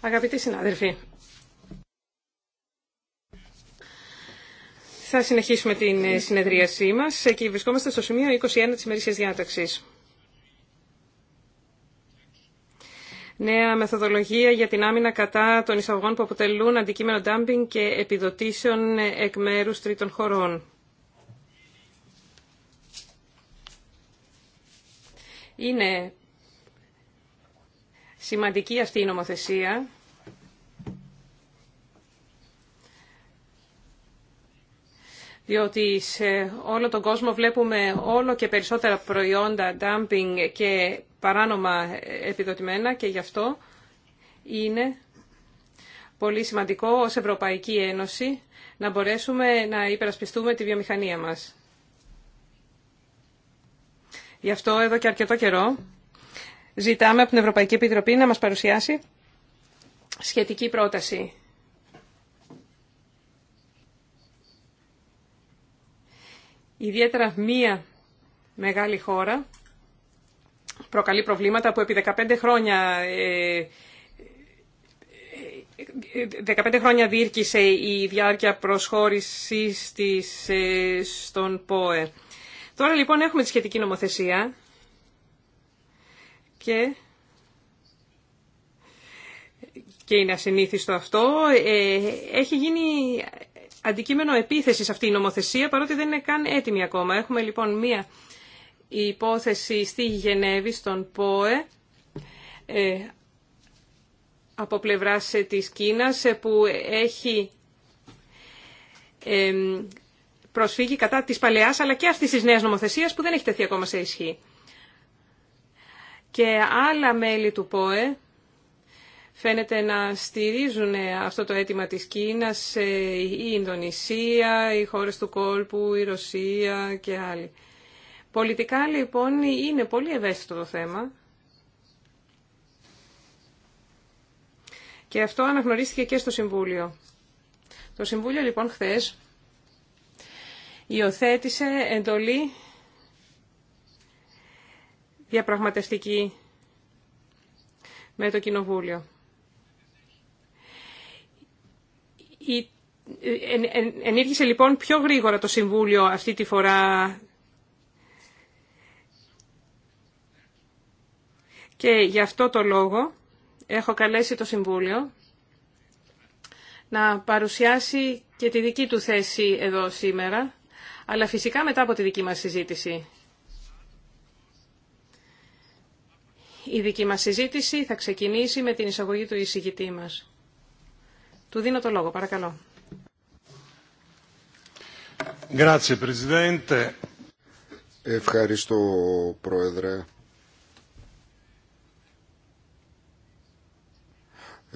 Αγαπητοί συνάδελφοι, θα συνεχίσουμε την ε, συνεδρίασή μας και βρισκόμαστε στο σημείο 21 της ημερήσιας διάταξης. Νέα μεθοδολογία για την άμυνα κατά των εισαγωγών που αποτελούν αντικείμενο ντάμπινγκ και επιδοτήσεων ε, εκ μέρους τρίτων χωρών. Είναι Σημαντική αυτή η νομοθεσία. διότι σε όλο τον κόσμο βλέπουμε όλο και περισσότερα προϊόντα dumping και παράνομα επιδοτημένα και γι' αυτό είναι πολύ σημαντικό ως Ευρωπαϊκή Ένωση να μπορέσουμε να υπερασπιστούμε τη βιομηχανία μας. Γι' αυτό εδώ και αρκετό καιρό ζητάμε από την Ευρωπαϊκή Επιτροπή να μας παρουσιάσει σχετική πρόταση. Ιδιαίτερα μία μεγάλη χώρα προκαλεί προβλήματα που επί 15 χρόνια 15 ε, ε, ε, χρόνια διήρκησε η διάρκεια προσχώρησης της στον ΠΟΕ. Τώρα λοιπόν έχουμε τη σχετική νομοθεσία και και είναι ασυνήθιστο αυτό, ε, έχει γίνει αντικείμενο επίθεσης αυτή η νομοθεσία, παρότι δεν είναι καν έτοιμη ακόμα. Έχουμε λοιπόν μία υπόθεση στη Γενέβη, στον ΠΟΕ, ε, από πλευράς της Κίνας, ε, που έχει προσφύγει κατά της παλαιάς, αλλά και αυτής της νέας νομοθεσίας που δεν έχει τεθεί ακόμα σε ισχύ και άλλα μέλη του ΠΟΕ φαίνεται να στηρίζουν αυτό το αίτημα της Κίνας, ε, η Ινδονησία, οι χώρες του κόλπου, η Ρωσία και άλλοι. Πολιτικά λοιπόν είναι πολύ ευαίσθητο το θέμα. Και αυτό αναγνωρίστηκε και στο Συμβούλιο. Το Συμβούλιο λοιπόν χθες υιοθέτησε εντολή διαπραγματευτική με το Κοινοβούλιο. Ενήργησε λοιπόν πιο γρήγορα το Συμβούλιο αυτή τη φορά και γι' αυτό το λόγο έχω καλέσει το Συμβούλιο να παρουσιάσει και τη δική του θέση εδώ σήμερα, αλλά φυσικά μετά από τη δική μας συζήτηση. Η δική μας συζήτηση θα ξεκινήσει με την εισαγωγή του εισηγητή μας. Του δίνω το λόγο, παρακαλώ. Ευχαριστώ, Πρόεδρε.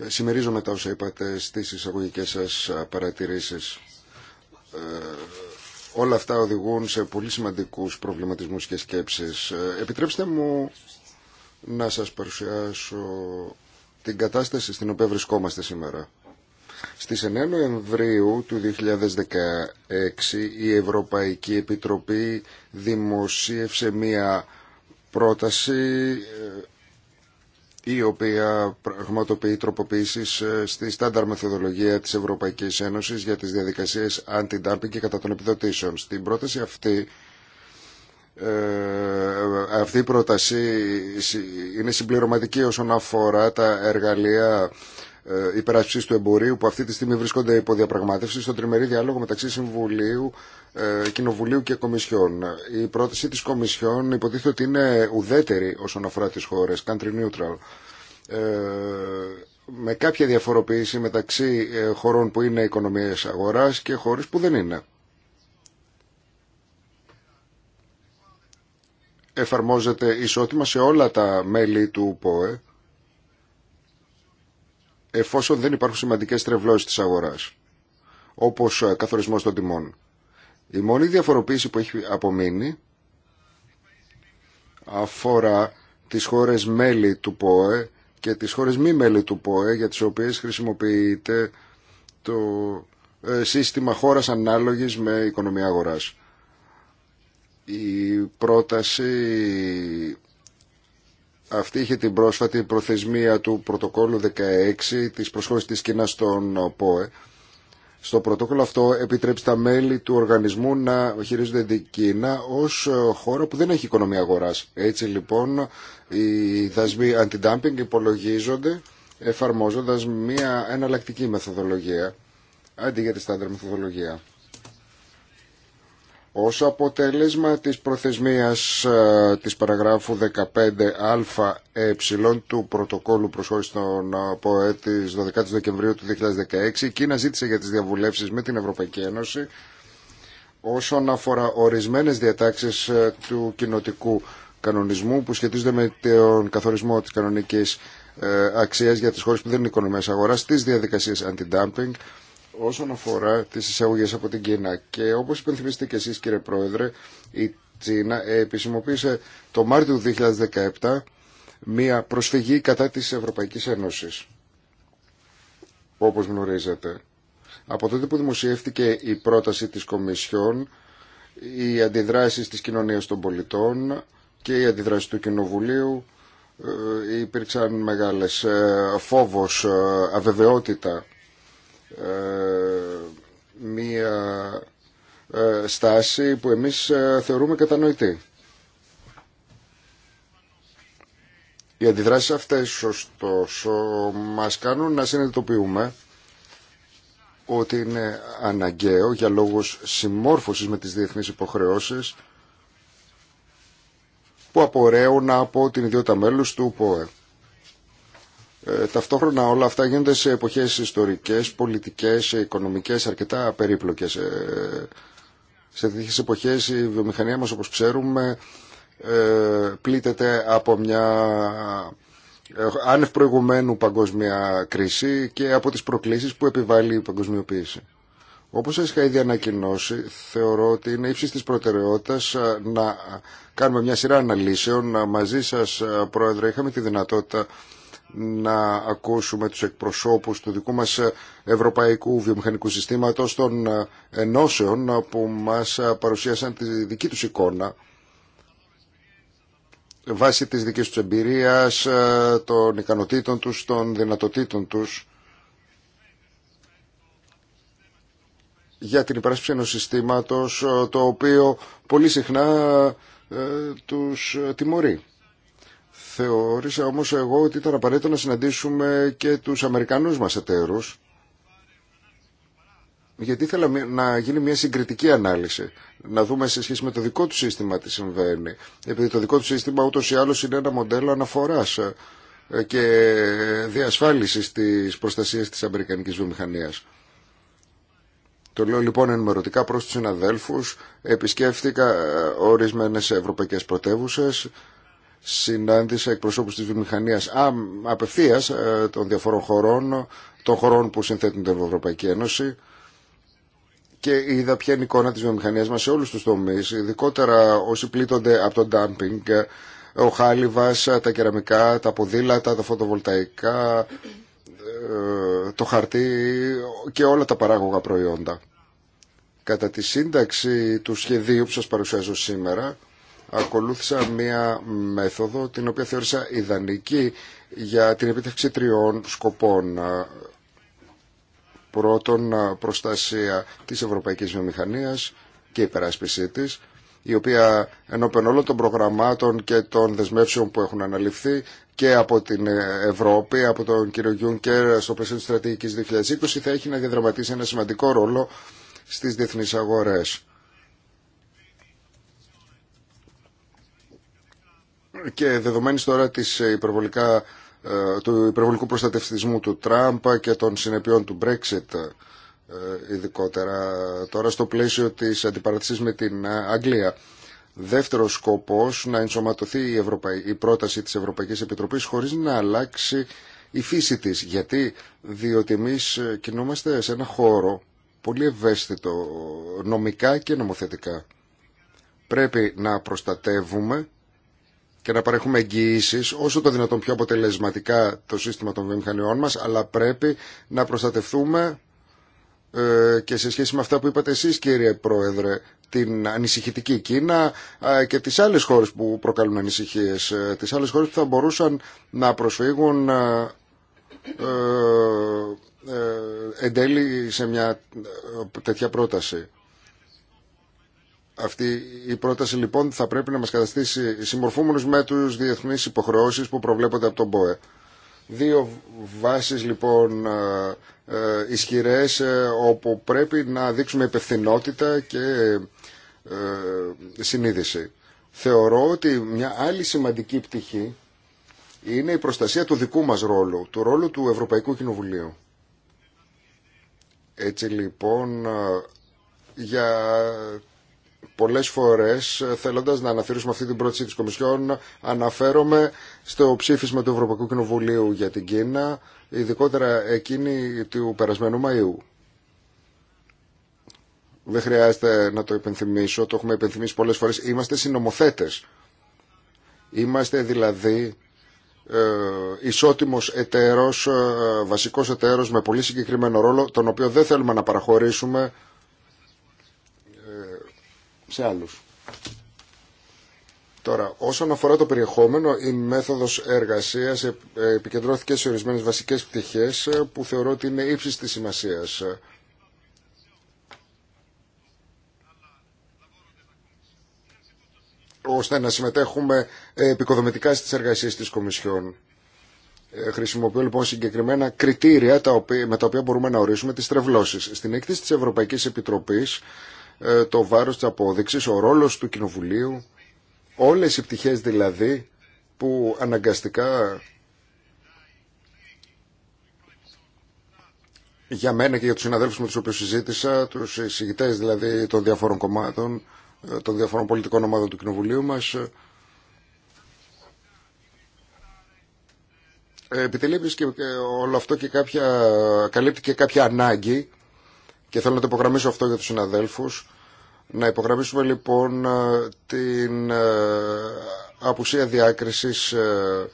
Συμμερίζομαι τα όσα είπατε στις εισαγωγικές σας παρατηρήσεις. Ε, όλα αυτά οδηγούν σε πολύ σημαντικούς προβληματισμούς και σκέψεις. Ε, επιτρέψτε μου να σας παρουσιάσω την κατάσταση στην οποία βρισκόμαστε σήμερα. Στις 9 Νοεμβρίου του 2016 η Ευρωπαϊκή Επιτροπή δημοσίευσε μία πρόταση ε, η οποία πραγματοποιεί τροποποίησεις ε, στη στάνταρ μεθοδολογία της Ευρωπαϊκής Ένωσης για τις διαδικασίες αντι-dumping και κατά των επιδοτήσεων. Στην πρόταση αυτή ε, αυτή η πρόταση είναι συμπληρωματική όσον αφορά τα εργαλεία ε, υπεράσπισης του εμπορίου που αυτή τη στιγμή βρίσκονται υπό διαπραγμάτευση στον τριμερή διάλογο μεταξύ Συμβουλίου, ε, Κοινοβουλίου και Κομισιόν. Η πρόταση της Κομισιόν υποτίθεται ότι είναι ουδέτερη όσον αφορά τις χώρες, country neutral. με κάποια διαφοροποίηση μεταξύ χωρών που είναι οικονομίες αγοράς και χώρες που δεν είναι. εφαρμόζεται ισότιμα σε όλα τα μέλη του ΠΟΕ εφόσον δεν υπάρχουν σημαντικές τρευλώσεις της αγοράς όπως ε, καθορισμός των τιμών. Η μόνη διαφοροποίηση που έχει απομείνει αφορά τις χώρες μέλη του ΠΟΕ και τις χώρες μη μέλη του ΠΟΕ για τις οποίες χρησιμοποιείται το ε, σύστημα χώρας ανάλογης με οικονομία αγοράς. Η πρόταση αυτή είχε την πρόσφατη προθεσμία του πρωτοκόλλου 16 της προσχώρησης της Κίνας στον ΠΟΕ. Στο πρωτόκολλο αυτό επιτρέπει στα μέλη του οργανισμού να χειρίζονται την Κίνα ως χώρα που δεν έχει οικονομία αγοράς. Έτσι λοιπόν οι δασμοί αντι-dumping υπολογίζονται εφαρμόζοντας μια εναλλακτική μεθοδολογία αντί για τη στάνταρ μεθοδολογία. Ως αποτέλεσμα της προθεσμίας ε, της παραγράφου 15αε ε του πρωτοκόλου προσχώρησης των ε, ΠΟΕ της 12 Δεκεμβρίου του 2016 η Κίνα ζήτησε για τις διαβουλεύσεις με την Ευρωπαϊκή Ένωση όσον αφορά ορισμένες διατάξεις του κοινοτικού κανονισμού που σχετίζονται με τον καθορισμό της κανονικής αξίας για τις χώρες που δεν είναι οικονομίας αγοράς, τις διαδικασίες αντι-dumping, όσον αφορά τις εισαγωγές από την Κίνα. Και όπως υπενθυμίσετε και εσείς κύριε Πρόεδρε, η Τσίνα επισημοποίησε το Μάρτιο του 2017 μία προσφυγή κατά της Ευρωπαϊκής Ένωσης, όπως γνωρίζετε. Από τότε που δημοσιεύτηκε η πρόταση της Κομισιόν, οι αντιδράσεις της κοινωνίας των πολιτών και οι αντιδράσει του Κοινοβουλίου ε, υπήρξαν μεγάλες ε, φόβος, ε, αβεβαιότητα ε, μία ε, στάση που εμείς ε, θεωρούμε κατανοητή. Οι αντιδράσεις αυτές, ωστόσο, μας κάνουν να συνειδητοποιούμε ότι είναι αναγκαίο για λόγους συμμόρφωσης με τις διεθνείς υποχρεώσεις που απορρέουν από την ιδιότητα μέλους του ΠΟΕ. Ε, ταυτόχρονα όλα αυτά γίνονται σε εποχές ιστορικές, πολιτικές, οικονομικές, αρκετά περίπλοκες. Ε, σε τέτοιες εποχές η βιομηχανία μας, όπως ξέρουμε, ε, πλήττεται από μια άνευ προηγουμένου παγκόσμια κρίση και από τις προκλήσεις που επιβάλλει η παγκοσμιοποίηση. Όπως σας είχα ήδη ανακοινώσει, θεωρώ ότι είναι ύψης της προτεραιότητας να κάνουμε μια σειρά αναλύσεων. Μαζί σας, Πρόεδρε, είχαμε τη δυνατότητα να ακούσουμε τους εκπροσώπους του δικού μας ε, Ευρωπαϊκού Βιομηχανικού Συστήματος των ε, ενώσεων ε, που μας παρουσίασαν τη δική τους εικόνα βάσει της δικής τους εμπειρίας, των ικανοτήτων τους, των δυνατοτήτων τους για την υπεράσπιση ενός συστήματος το οποίο πολύ συχνά τους τιμωρεί. Θεώρησα όμως εγώ ότι ήταν απαραίτητο να συναντήσουμε και τους Αμερικανούς μας εταίρους γιατί ήθελα να γίνει μια συγκριτική ανάλυση, να δούμε σε σχέση με το δικό του σύστημα τι συμβαίνει. Επειδή το δικό του σύστημα ούτω ή άλλω είναι ένα μοντέλο αναφορά ε, και διασφάλιση τη προστασία τη Αμερικανική βιομηχανία. Το λέω λοιπόν ενημερωτικά προς τους συναδέλφους. Επισκέφθηκα ε, ορισμένες ευρωπαϊκές πρωτεύουσες συνάντησα εκπροσώπους της βιομηχανίας απευθείας ε, των διαφορών χωρών, των χωρών που συνθέτουν την Ευρωπαϊκή Ένωση και είδα ποια είναι η εικόνα της βιομηχανίας μας σε όλους τους τομείς, ειδικότερα όσοι πλήττονται από το ντάμπινγκ, ο χάλιβας, τα κεραμικά, τα ποδήλατα, τα φωτοβολταϊκά, ε, το χαρτί και όλα τα παράγωγα προϊόντα. Κατά τη σύνταξη του σχεδίου που σας παρουσιάζω σήμερα, ακολούθησα μία μέθοδο την οποία θεώρησα ιδανική για την επίτευξη τριών σκοπών. Πρώτον, προστασία της ευρωπαϊκής βιομηχανίας και υπεράσπιση της, η οποία ενώπεν όλων των προγραμμάτων και των δεσμεύσεων που έχουν αναλυφθεί και από την Ευρώπη, από τον κύριο Γιούνκερ στο πλαίσιο της στρατηγικής 2020, θα έχει να διαδραματίσει ένα σημαντικό ρόλο στις διεθνείς αγορές και δεδομένη τώρα της ε, υπερβολικά, ε, του υπερβολικού προστατευτισμού του Τράμπα και των συνεπειών του Brexit ε, ειδικότερα τώρα στο πλαίσιο της αντιπαρατησής με την Αγγλία. Δεύτερος σκοπός να ενσωματωθεί η, η πρόταση της Ευρωπαϊκής Επιτροπής χωρίς να αλλάξει η φύση της. Γιατί, διότι εμεί κινούμαστε σε ένα χώρο πολύ ευαίσθητο νομικά και νομοθετικά. Πρέπει να προστατεύουμε και να παρέχουμε εγγυήσει όσο το δυνατόν πιο αποτελεσματικά το σύστημα των βιομηχανιών μας, αλλά πρέπει να προστατευτούμε ε, και σε σχέση με αυτά που είπατε εσείς κύριε Πρόεδρε, την ανησυχητική Κίνα ε, και τις άλλες χώρες που προκαλούν ανησυχίε, ε, τις άλλες χώρες που θα μπορούσαν να προσφύγουν ε, ε, εν τέλει σε μια τέτοια πρόταση. Αυτή η πρόταση λοιπόν θα πρέπει να μας καταστήσει συμμορφούμενους με τους διεθνείς υποχρεώσεις που προβλέπονται από τον ΠΟΕ. Δύο βάσεις λοιπόν ε, ε, ισχυρές ε, όπου πρέπει να δείξουμε υπευθυνότητα και συνείδηση. Θεωρώ ότι μια άλλη σημαντική πτυχή είναι η προστασία του δικού μας ρόλου, του ρόλου του Ευρωπαϊκού Κοινοβουλίου. Έτσι λοιπόν για Πολλέ φορέ, ε, θέλοντα να αναθεωρήσουμε αυτή την πρόταση τη Κομισιόν αναφέρομαι στο ψήφισμα του Ευρωπαϊκού Κοινοβουλίου για την Κίνα ειδικότερα εκείνη του περασμένου Μαΐου. Δεν χρειάζεται να το υπενθυμίσω, το έχουμε υπενθυμίσει πολλές φορές. Είμαστε συνομοθέτες. Είμαστε δηλαδή ε, ισότιμος εταίρος, ε, βασικός εταίρος με πολύ συγκεκριμένο ρόλο, τον οποίο δεν θέλουμε να παραχωρήσουμε σε άλλους. Τώρα, όσον αφορά το περιεχόμενο, η μέθοδος εργασίας ε, επικεντρώθηκε σε ορισμένες βασικές πτυχές ε, που θεωρώ ότι είναι ύψης της σημασίας. ώστε να συμμετέχουμε επικοδομητικά στις εργασίες της Κομισιόν. Ε, χρησιμοποιώ λοιπόν συγκεκριμένα κριτήρια με τα οποία μπορούμε να ορίσουμε τις τρευλώσεις. Στην έκθεση της Ευρωπαϊκής Επιτροπής ε, το βάρος της απόδειξης, ο ρόλος του Κοινοβουλίου, όλες οι πτυχές δηλαδή που αναγκαστικά για μένα και για τους συναδέλφους με τους οποίους συζήτησα, τους εισηγητές δηλαδή των διαφόρων κομμάτων, ε, των διαφόρων πολιτικών ομάδων του Κοινοβουλίου μας, ε, επιτελεί και όλο αυτό και κάποια, καλύπτει και κάποια ανάγκη και θέλω να το υπογραμμίσω αυτό για τους συναδέλφους. Να υπογραμμίσουμε λοιπόν ε, την ε, απουσία διάκρισης ε,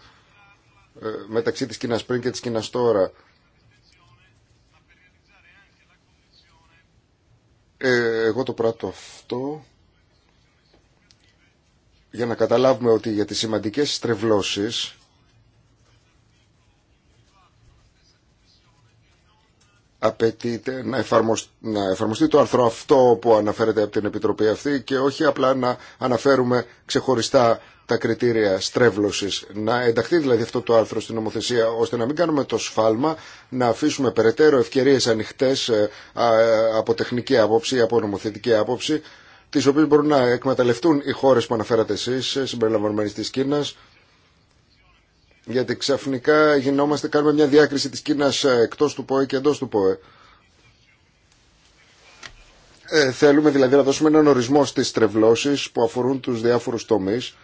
μεταξύ της Κίνας πριν και της Κίνας τώρα. εγώ το πράττω αυτό για να καταλάβουμε ότι για τις σημαντικές στρεβλώσεις απαιτείται να, εφαρμοστεί το άρθρο αυτό που αναφέρεται από την Επιτροπή αυτή και όχι απλά να αναφέρουμε ξεχωριστά τα κριτήρια στρέβλωσης. Να ενταχθεί δηλαδή αυτό το άρθρο στην νομοθεσία ώστε να μην κάνουμε το σφάλμα, να αφήσουμε περαιτέρω ευκαιρίες ανοιχτές ε, από τεχνική άποψη ή από νομοθετική άποψη τις οποίες μπορούν να εκμεταλλευτούν οι χώρες που αναφέρατε εσείς ε, συμπεριλαμβανομένες της Κίνας γιατί ξαφνικά γινόμαστε, κάνουμε μια διάκριση της Κίνας ε, εκτός του ΠΟΕ και εντός του ΠΟΕ. Ε, θέλουμε δηλαδή να δώσουμε έναν ορισμό στις τρευλώσεις που αφορούν τους διάφορους τομείς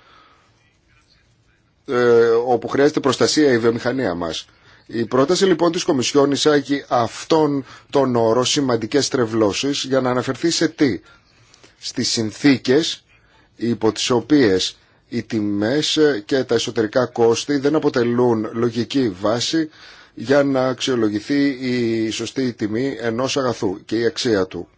ε, όπου χρειάζεται προστασία η βιομηχανία μας. Η πρόταση λοιπόν της Κομισιόν εισάγει αυτόν τον όρο σημαντικές τρευλώσεις για να αναφερθεί σε τι. Στις συνθήκες υπό τις οποίες οι τιμές και τα εσωτερικά κόστη δεν αποτελούν λογική βάση για να αξιολογηθεί η σωστή τιμή ενός αγαθού και η αξία του.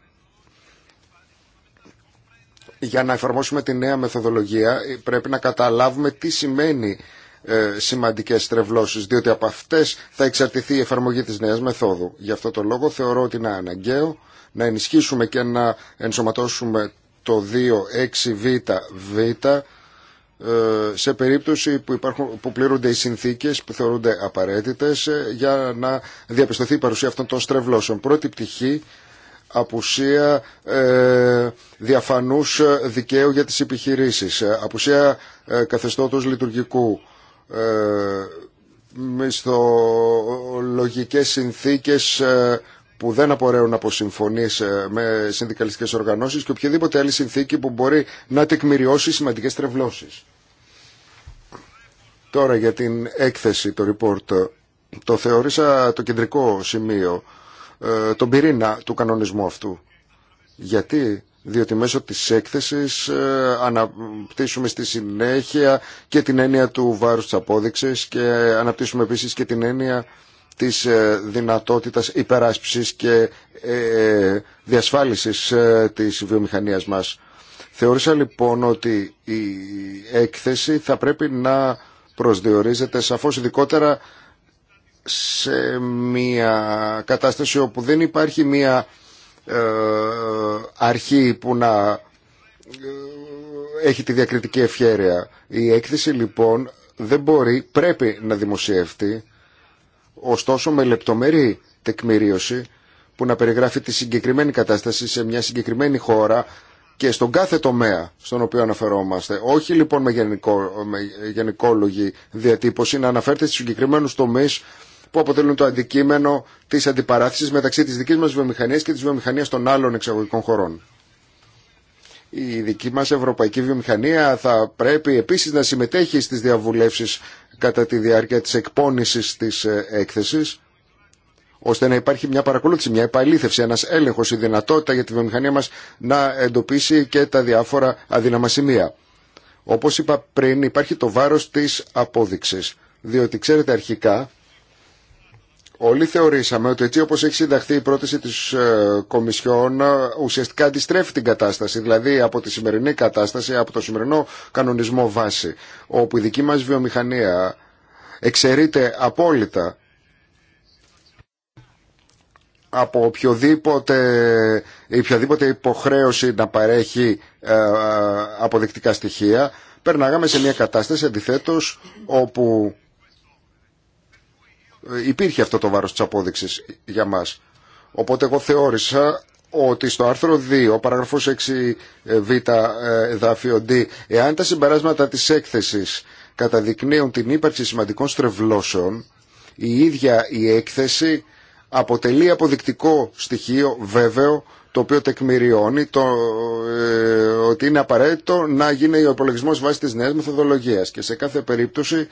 Για να εφαρμόσουμε τη νέα μεθοδολογία πρέπει να καταλάβουμε τι σημαίνει ε, σημαντικές στρεβλώσεις διότι από αυτές θα εξαρτηθεί η εφαρμογή της νέας μεθόδου. Γι' αυτό το λόγο θεωρώ ότι είναι αναγκαίο να ενισχύσουμε και να ενσωματώσουμε το 2.6β ε, σε περίπτωση που, υπάρχουν, που πληρούνται οι συνθήκες που θεωρούνται απαραίτητες ε, για να διαπιστωθεί η παρουσία αυτών των στρεβλώσεων. Πρώτη πτυχή, απουσία ε, διαφανούς ε, δικαίου για τις επιχειρήσεις, απουσία ε, καθεστώτος λειτουργικού, ε, μισθολογικές συνθήκες που δεν απορρέουν από συμφωνίε ε, με συνδικαλιστικές οργανώσει και οποιαδήποτε άλλη συνθήκη που μπορεί να τεκμηριώσει σημαντικές τρευλώσει. Τώρα για την έκθεση, το report, ε, το θεώρησα το κεντρικό σημείο, ε, τον πυρήνα του κανονισμού αυτού. Γιατί, διότι μέσω της έκθεσης αναπτύσσουμε στη συνέχεια και την έννοια του βάρους της απόδειξης και αναπτύσσουμε επίσης και την έννοια της ε, δυνατότητας υπεράσπισης και ε, διασφάλισης ε, της βιομηχανίας μας. Θεώρησα λοιπόν ότι η έκθεση θα πρέπει να προσδιορίζεται σαφώς ειδικότερα σε μια κατάσταση όπου δεν υπάρχει μια αρχή που να έχει τη διακριτική ευχέρεια. Η έκθεση λοιπόν δεν μπορεί, πρέπει να δημοσιεύτει ωστόσο με λεπτομερή τεκμηρίωση που να περιγράφει τη συγκεκριμένη κατάσταση σε μια συγκεκριμένη χώρα και στον κάθε τομέα στον οποίο αναφερόμαστε. Όχι λοιπόν με, γενικό, με γενικόλογη διατύπωση, να αναφέρεται στους συγκεκριμένους τομείς που αποτελούν το αντικείμενο της αντιπαράθεσης μεταξύ της δικής μας βιομηχανίας και της βιομηχανίας των άλλων εξαγωγικών χωρών η δική μας ευρωπαϊκή βιομηχανία θα πρέπει επίσης να συμμετέχει στις διαβουλεύσεις κατά τη διάρκεια της εκπόνησης της ε, έκθεσης ώστε να υπάρχει μια παρακολούθηση, μια επαλήθευση, ένας έλεγχος, η δυνατότητα για τη βιομηχανία μας να εντοπίσει και τα διάφορα αδύναμα σημεία. Όπως είπα πριν υπάρχει το βάρος της απόδειξης, διότι ξέρετε αρχικά Όλοι θεωρήσαμε ότι έτσι όπως έχει συνταχθεί η πρόταση της ε, Κομισιόν ε, ουσιαστικά αντιστρέφει την κατάσταση, δηλαδή από τη σημερινή κατάσταση, από το σημερινό κανονισμό βάση, όπου η δική μας βιομηχανία εξαιρείται απόλυτα από οποιοδήποτε, οποιαδήποτε υποχρέωση να παρέχει ε, αποδεικτικά στοιχεία, περνάγαμε σε μια κατάσταση αντιθέτως όπου υπήρχε αυτό το βάρος της απόδειξης για μας. Οπότε εγώ θεώρησα ότι στο άρθρο 2, παραγραφός 6β, ε, ε, εδάφιο D, εάν τα συμπεράσματα της έκθεσης καταδεικνύουν την ύπαρξη σημαντικών στρεβλώσεων, η ίδια η έκθεση αποτελεί αποδεικτικό στοιχείο βέβαιο, το οποίο τεκμηριώνει το, ε, ότι είναι απαραίτητο να γίνει ο υπολογισμός βάσει της νέα μεθοδολογία. Και σε κάθε περίπτωση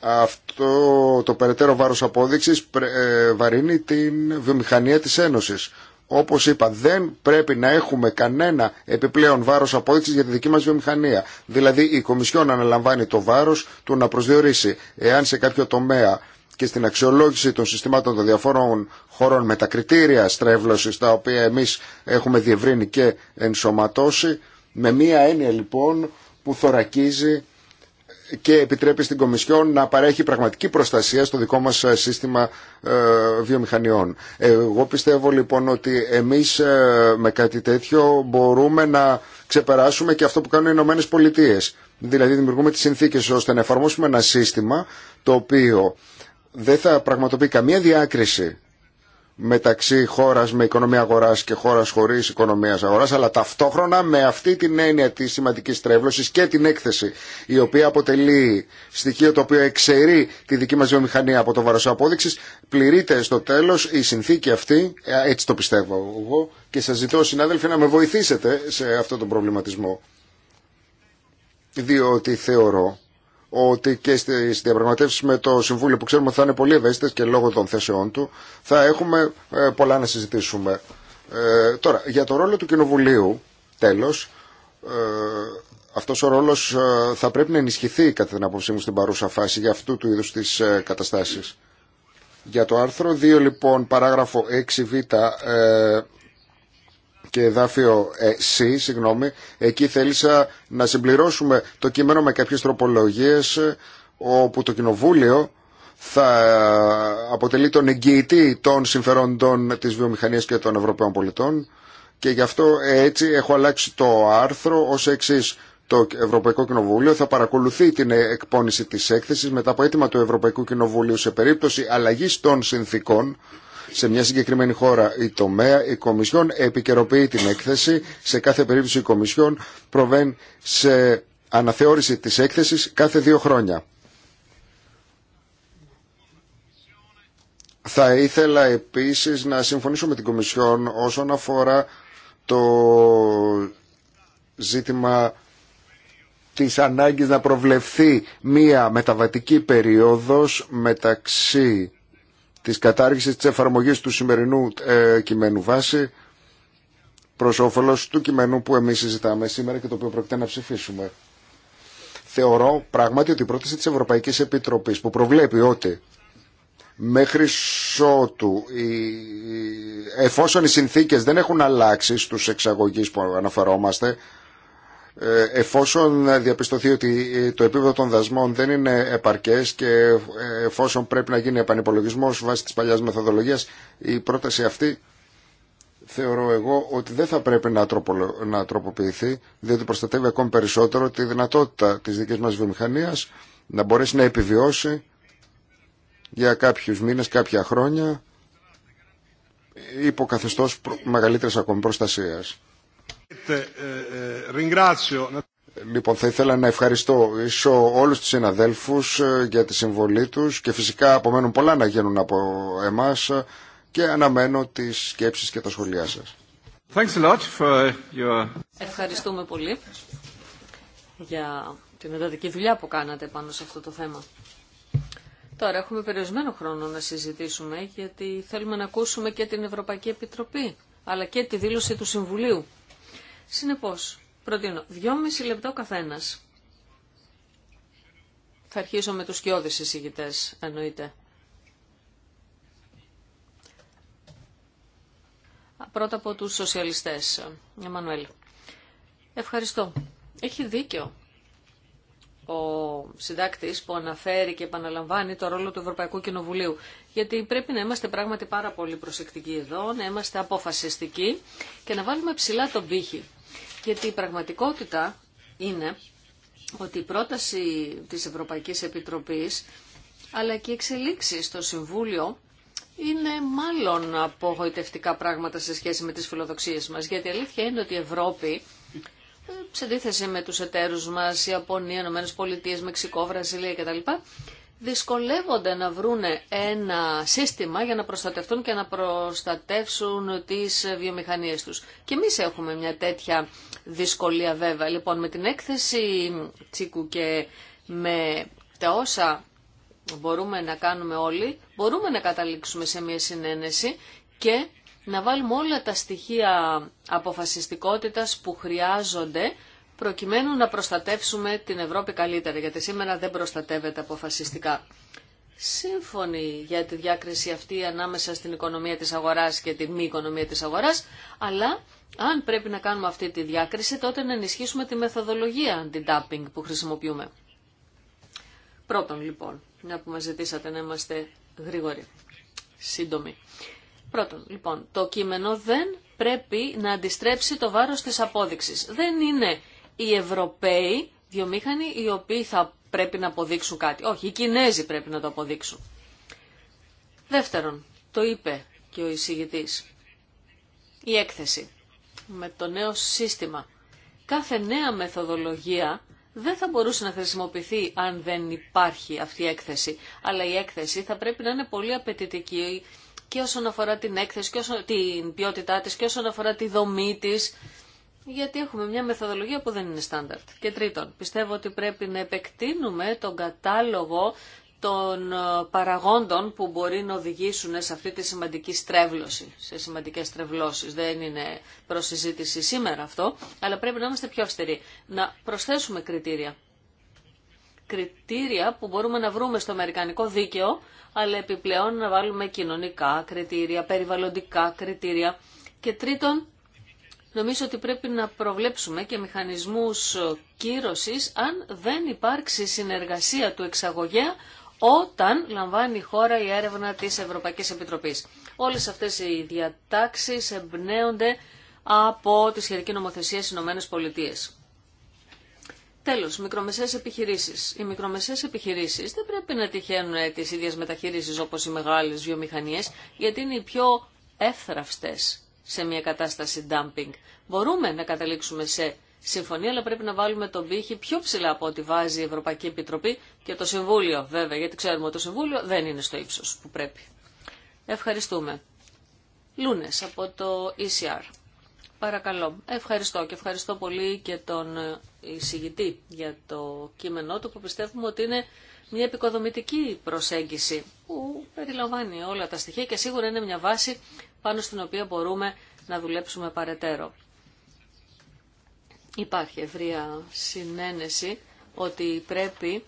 αυτό το περαιτέρω βάρος απόδειξης ε, βαρύνει την βιομηχανία της Ένωσης. Όπως είπα, δεν πρέπει να έχουμε κανένα επιπλέον βάρος απόδειξης για τη δική μας βιομηχανία. Δηλαδή η Κομισιόν αναλαμβάνει το βάρος του να προσδιορίσει εάν σε κάποιο τομέα και στην αξιολόγηση των συστημάτων των διαφόρων χωρών με τα κριτήρια στρέβλωσης τα οποία εμείς έχουμε διευρύνει και ενσωματώσει με μία έννοια λοιπόν που θωρακίζει και επιτρέπει στην Κομισιόν να παρέχει πραγματική προστασία στο δικό μας ε, σύστημα ε, βιομηχανιών. Εγώ πιστεύω λοιπόν ότι εμείς ε, με κάτι τέτοιο μπορούμε να ξεπεράσουμε και αυτό που κάνουν οι Ηνωμένε Πολιτείε. Δηλαδή δημιουργούμε τις συνθήκες ώστε να εφαρμόσουμε ένα σύστημα το οποίο δεν θα πραγματοποιεί καμία διάκριση μεταξύ χώρας με οικονομία αγοράς και χώρας χωρίς οικονομία αγοράς αλλά ταυτόχρονα με αυτή την έννοια της σημαντική τρέβλωσης και την έκθεση η οποία αποτελεί στοιχείο το οποίο εξαιρεί τη δική μας βιομηχανία από το βάρος απόδειξης πληρείται στο τέλος η συνθήκη αυτή, ε, έτσι το πιστεύω εγώ και σας ζητώ συνάδελφοι να με βοηθήσετε σε αυτόν τον προβληματισμό διότι θεωρώ ότι και στι διαπραγματεύσει με το Συμβούλιο που ξέρουμε θα είναι πολύ ευαίσθητε και λόγω των θέσεών του θα έχουμε ε, πολλά να συζητήσουμε. Ε, τώρα, για το ρόλο του Κοινοβουλίου, τέλο, ε, αυτό ο ρόλο ε, θα πρέπει να ενισχυθεί κατά την άποψή μου στην παρούσα φάση για αυτού του είδου τι ε, καταστάσει. Για το άρθρο 2, λοιπόν, παράγραφο 6β, ε, και εδάφιο C, ε, συγγνώμη, εκεί θέλησα να συμπληρώσουμε το κείμενο με κάποιες τροπολογίες ε, όπου το Κοινοβούλιο θα ε, αποτελεί τον εγγυητή των συμφερόντων της βιομηχανίας και των Ευρωπαίων πολιτών και γι' αυτό έτσι έχω αλλάξει το άρθρο ως εξή. Το Ευρωπαϊκό Κοινοβούλιο θα παρακολουθεί την εκπόνηση της έκθεσης μετά από αίτημα του Ευρωπαϊκού Κοινοβουλίου σε περίπτωση αλλαγής των συνθήκων σε μια συγκεκριμένη χώρα ή τομέα, η Κομισιόν επικαιροποιεί την έκθεση. Σε κάθε περίπτωση η Κομισιόν προβαίνει σε αναθεώρηση της έκθεσης κάθε δύο χρόνια. Θα ήθελα επίσης να συμφωνήσω με την Κομισιόν όσον αφορά το ζήτημα της ανάγκης να προβλεφθεί μία μεταβατική περίοδος μεταξύ της κατάργησης της εφαρμογής του σημερινού ε, κειμένου βάση προς όφελος του κειμένου που εμείς συζητάμε σήμερα και το οποίο πρόκειται να ψηφίσουμε. Θεωρώ πράγματι ότι η πρόταση της Ευρωπαϊκής Επιτροπής που προβλέπει ότι μέχρι σότου εφόσον οι συνθήκες δεν έχουν αλλάξει στους εξαγωγείς που αναφερόμαστε ε, εφόσον διαπιστωθεί ότι ε, το επίπεδο των δασμών δεν είναι επαρκές και ε, εφόσον πρέπει να γίνει επανυπολογισμός βάσει της παλιάς μεθοδολογίας η πρόταση αυτή θεωρώ εγώ ότι δεν θα πρέπει να, να τροποποιηθεί διότι προστατεύει ακόμη περισσότερο τη δυνατότητα της δικής μας βιομηχανίας να μπορέσει να επιβιώσει για κάποιους μήνες, κάποια χρόνια υπό καθεστώς μεγαλύτερης ακόμη προστασίας. Ε, ε, λοιπόν, θα ήθελα να ευχαριστώ ίσω όλους τους συναδέλφους ε, για τη συμβολή τους και φυσικά απομένουν πολλά να γίνουν από εμάς και αναμένω τις σκέψεις και τα σχολιά σας. Ευχαριστούμε πολύ για την εντατική δουλειά που κάνατε πάνω σε αυτό το θέμα. Τώρα έχουμε περιορισμένο χρόνο να συζητήσουμε γιατί θέλουμε να ακούσουμε και την Ευρωπαϊκή Επιτροπή αλλά και τη δήλωση του Συμβουλίου. Συνεπώς, προτείνω 2,5 λεπτό καθένας. Θα αρχίσω με τους σκιώδεις εισηγητές, εννοείται. Πρώτα από τους σοσιαλιστές, Εμμανουέλ. Ευχαριστώ. Έχει δίκιο ο συντάκτης που αναφέρει και επαναλαμβάνει το ρόλο του Ευρωπαϊκού Κοινοβουλίου. Γιατί πρέπει να είμαστε πράγματι πάρα πολύ προσεκτικοί εδώ, να είμαστε αποφασιστικοί και να βάλουμε ψηλά τον πύχη. Γιατί η πραγματικότητα είναι ότι η πρόταση της Ευρωπαϊκής Επιτροπής αλλά και οι εξελίξεις στο Συμβούλιο είναι μάλλον απογοητευτικά πράγματα σε σχέση με τις φιλοδοξίες μας. Γιατί η αλήθεια είναι ότι η Ευρώπη, ε, σε αντίθεση με τους εταίρους μας, Ιαπωνία, Ηνωμένες Πολιτείες, Μεξικό, Βραζιλία κτλ, δυσκολεύονται να βρούνε ένα σύστημα για να προστατευτούν και να προστατεύσουν τις βιομηχανίες τους. Και εμείς έχουμε μια τέτοια δυσκολία βέβαια. Λοιπόν, με την έκθεση Τσίκου και με τα όσα μπορούμε να κάνουμε όλοι, μπορούμε να καταλήξουμε σε μια συνένεση και να βάλουμε όλα τα στοιχεία αποφασιστικότητας που χρειάζονται προκειμένου να προστατεύσουμε την Ευρώπη καλύτερα, γιατί σήμερα δεν προστατεύεται αποφασιστικά. Σύμφωνοι για τη διάκριση αυτή ανάμεσα στην οικονομία της αγοράς και τη μη οικονομία της αγοράς, αλλά αν πρέπει να κάνουμε αυτή τη διάκριση, τότε να ενισχύσουμε τη μεθοδολογία anti-dumping που χρησιμοποιούμε. Πρώτον, λοιπόν, μια που μας ζητήσατε να είμαστε γρήγοροι, σύντομοι. Πρώτον, λοιπόν, το κείμενο δεν πρέπει να αντιστρέψει το βάρος της απόδειξης. Δεν είναι οι Ευρωπαίοι βιομήχανοι οι οποίοι θα πρέπει να αποδείξουν κάτι. Όχι, οι Κινέζοι πρέπει να το αποδείξουν. Δεύτερον, το είπε και ο εισηγητής, η έκθεση με το νέο σύστημα. Κάθε νέα μεθοδολογία δεν θα μπορούσε να χρησιμοποιηθεί αν δεν υπάρχει αυτή η έκθεση. Αλλά η έκθεση θα πρέπει να είναι πολύ απαιτητική και όσον αφορά την έκθεση, και την ποιότητά της και όσον αφορά τη δομή της γιατί έχουμε μια μεθοδολογία που δεν είναι στάνταρτ. Και τρίτον, πιστεύω ότι πρέπει να επεκτείνουμε τον κατάλογο των ε, παραγόντων που μπορεί να οδηγήσουν σε αυτή τη σημαντική στρέβλωση, σε σημαντικές στρεβλώσεις. Δεν είναι προσυζήτηση σήμερα αυτό, αλλά πρέπει να είμαστε πιο αυστηροί. Να προσθέσουμε κριτήρια. Κριτήρια που μπορούμε να βρούμε στο Αμερικανικό δίκαιο, αλλά επιπλέον να βάλουμε κοινωνικά κριτήρια, περιβαλλοντικά κριτήρια. Και τρίτον, Νομίζω ότι πρέπει να προβλέψουμε και μηχανισμούς κύρωσης αν δεν υπάρξει συνεργασία του εξαγωγέα όταν λαμβάνει η χώρα η έρευνα της Ευρωπαϊκής Επιτροπής. Όλες αυτές οι διατάξεις εμπνέονται από τη σχετική νομοθεσία στις Ηνωμένες Πολιτείες. Τέλος, μικρομεσαίες επιχειρήσεις. Οι μικρομεσαίες επιχειρήσεις δεν πρέπει να τυχαίνουν τις ίδιες μεταχείρισεις όπως οι μεγάλες βιομηχανίες, γιατί είναι οι πιο εύθραυστες σε μια κατάσταση dumping. Μπορούμε να καταλήξουμε σε συμφωνία, αλλά πρέπει να βάλουμε τον πύχη πιο ψηλά από ό,τι βάζει η Ευρωπαϊκή Επιτροπή και το Συμβούλιο, βέβαια, γιατί ξέρουμε ότι το Συμβούλιο δεν είναι στο ύψο που πρέπει. Ευχαριστούμε. Λούνε από το ECR. Παρακαλώ. Ευχαριστώ και ευχαριστώ πολύ και τον ε, εισηγητή για το κείμενό του που πιστεύουμε ότι είναι μια επικοδομητική προσέγγιση που περιλαμβάνει όλα τα στοιχεία και σίγουρα είναι μια βάση πάνω στην οποία μπορούμε να δουλέψουμε παρετέρω. Υπάρχει ευρεία συνένεση ότι πρέπει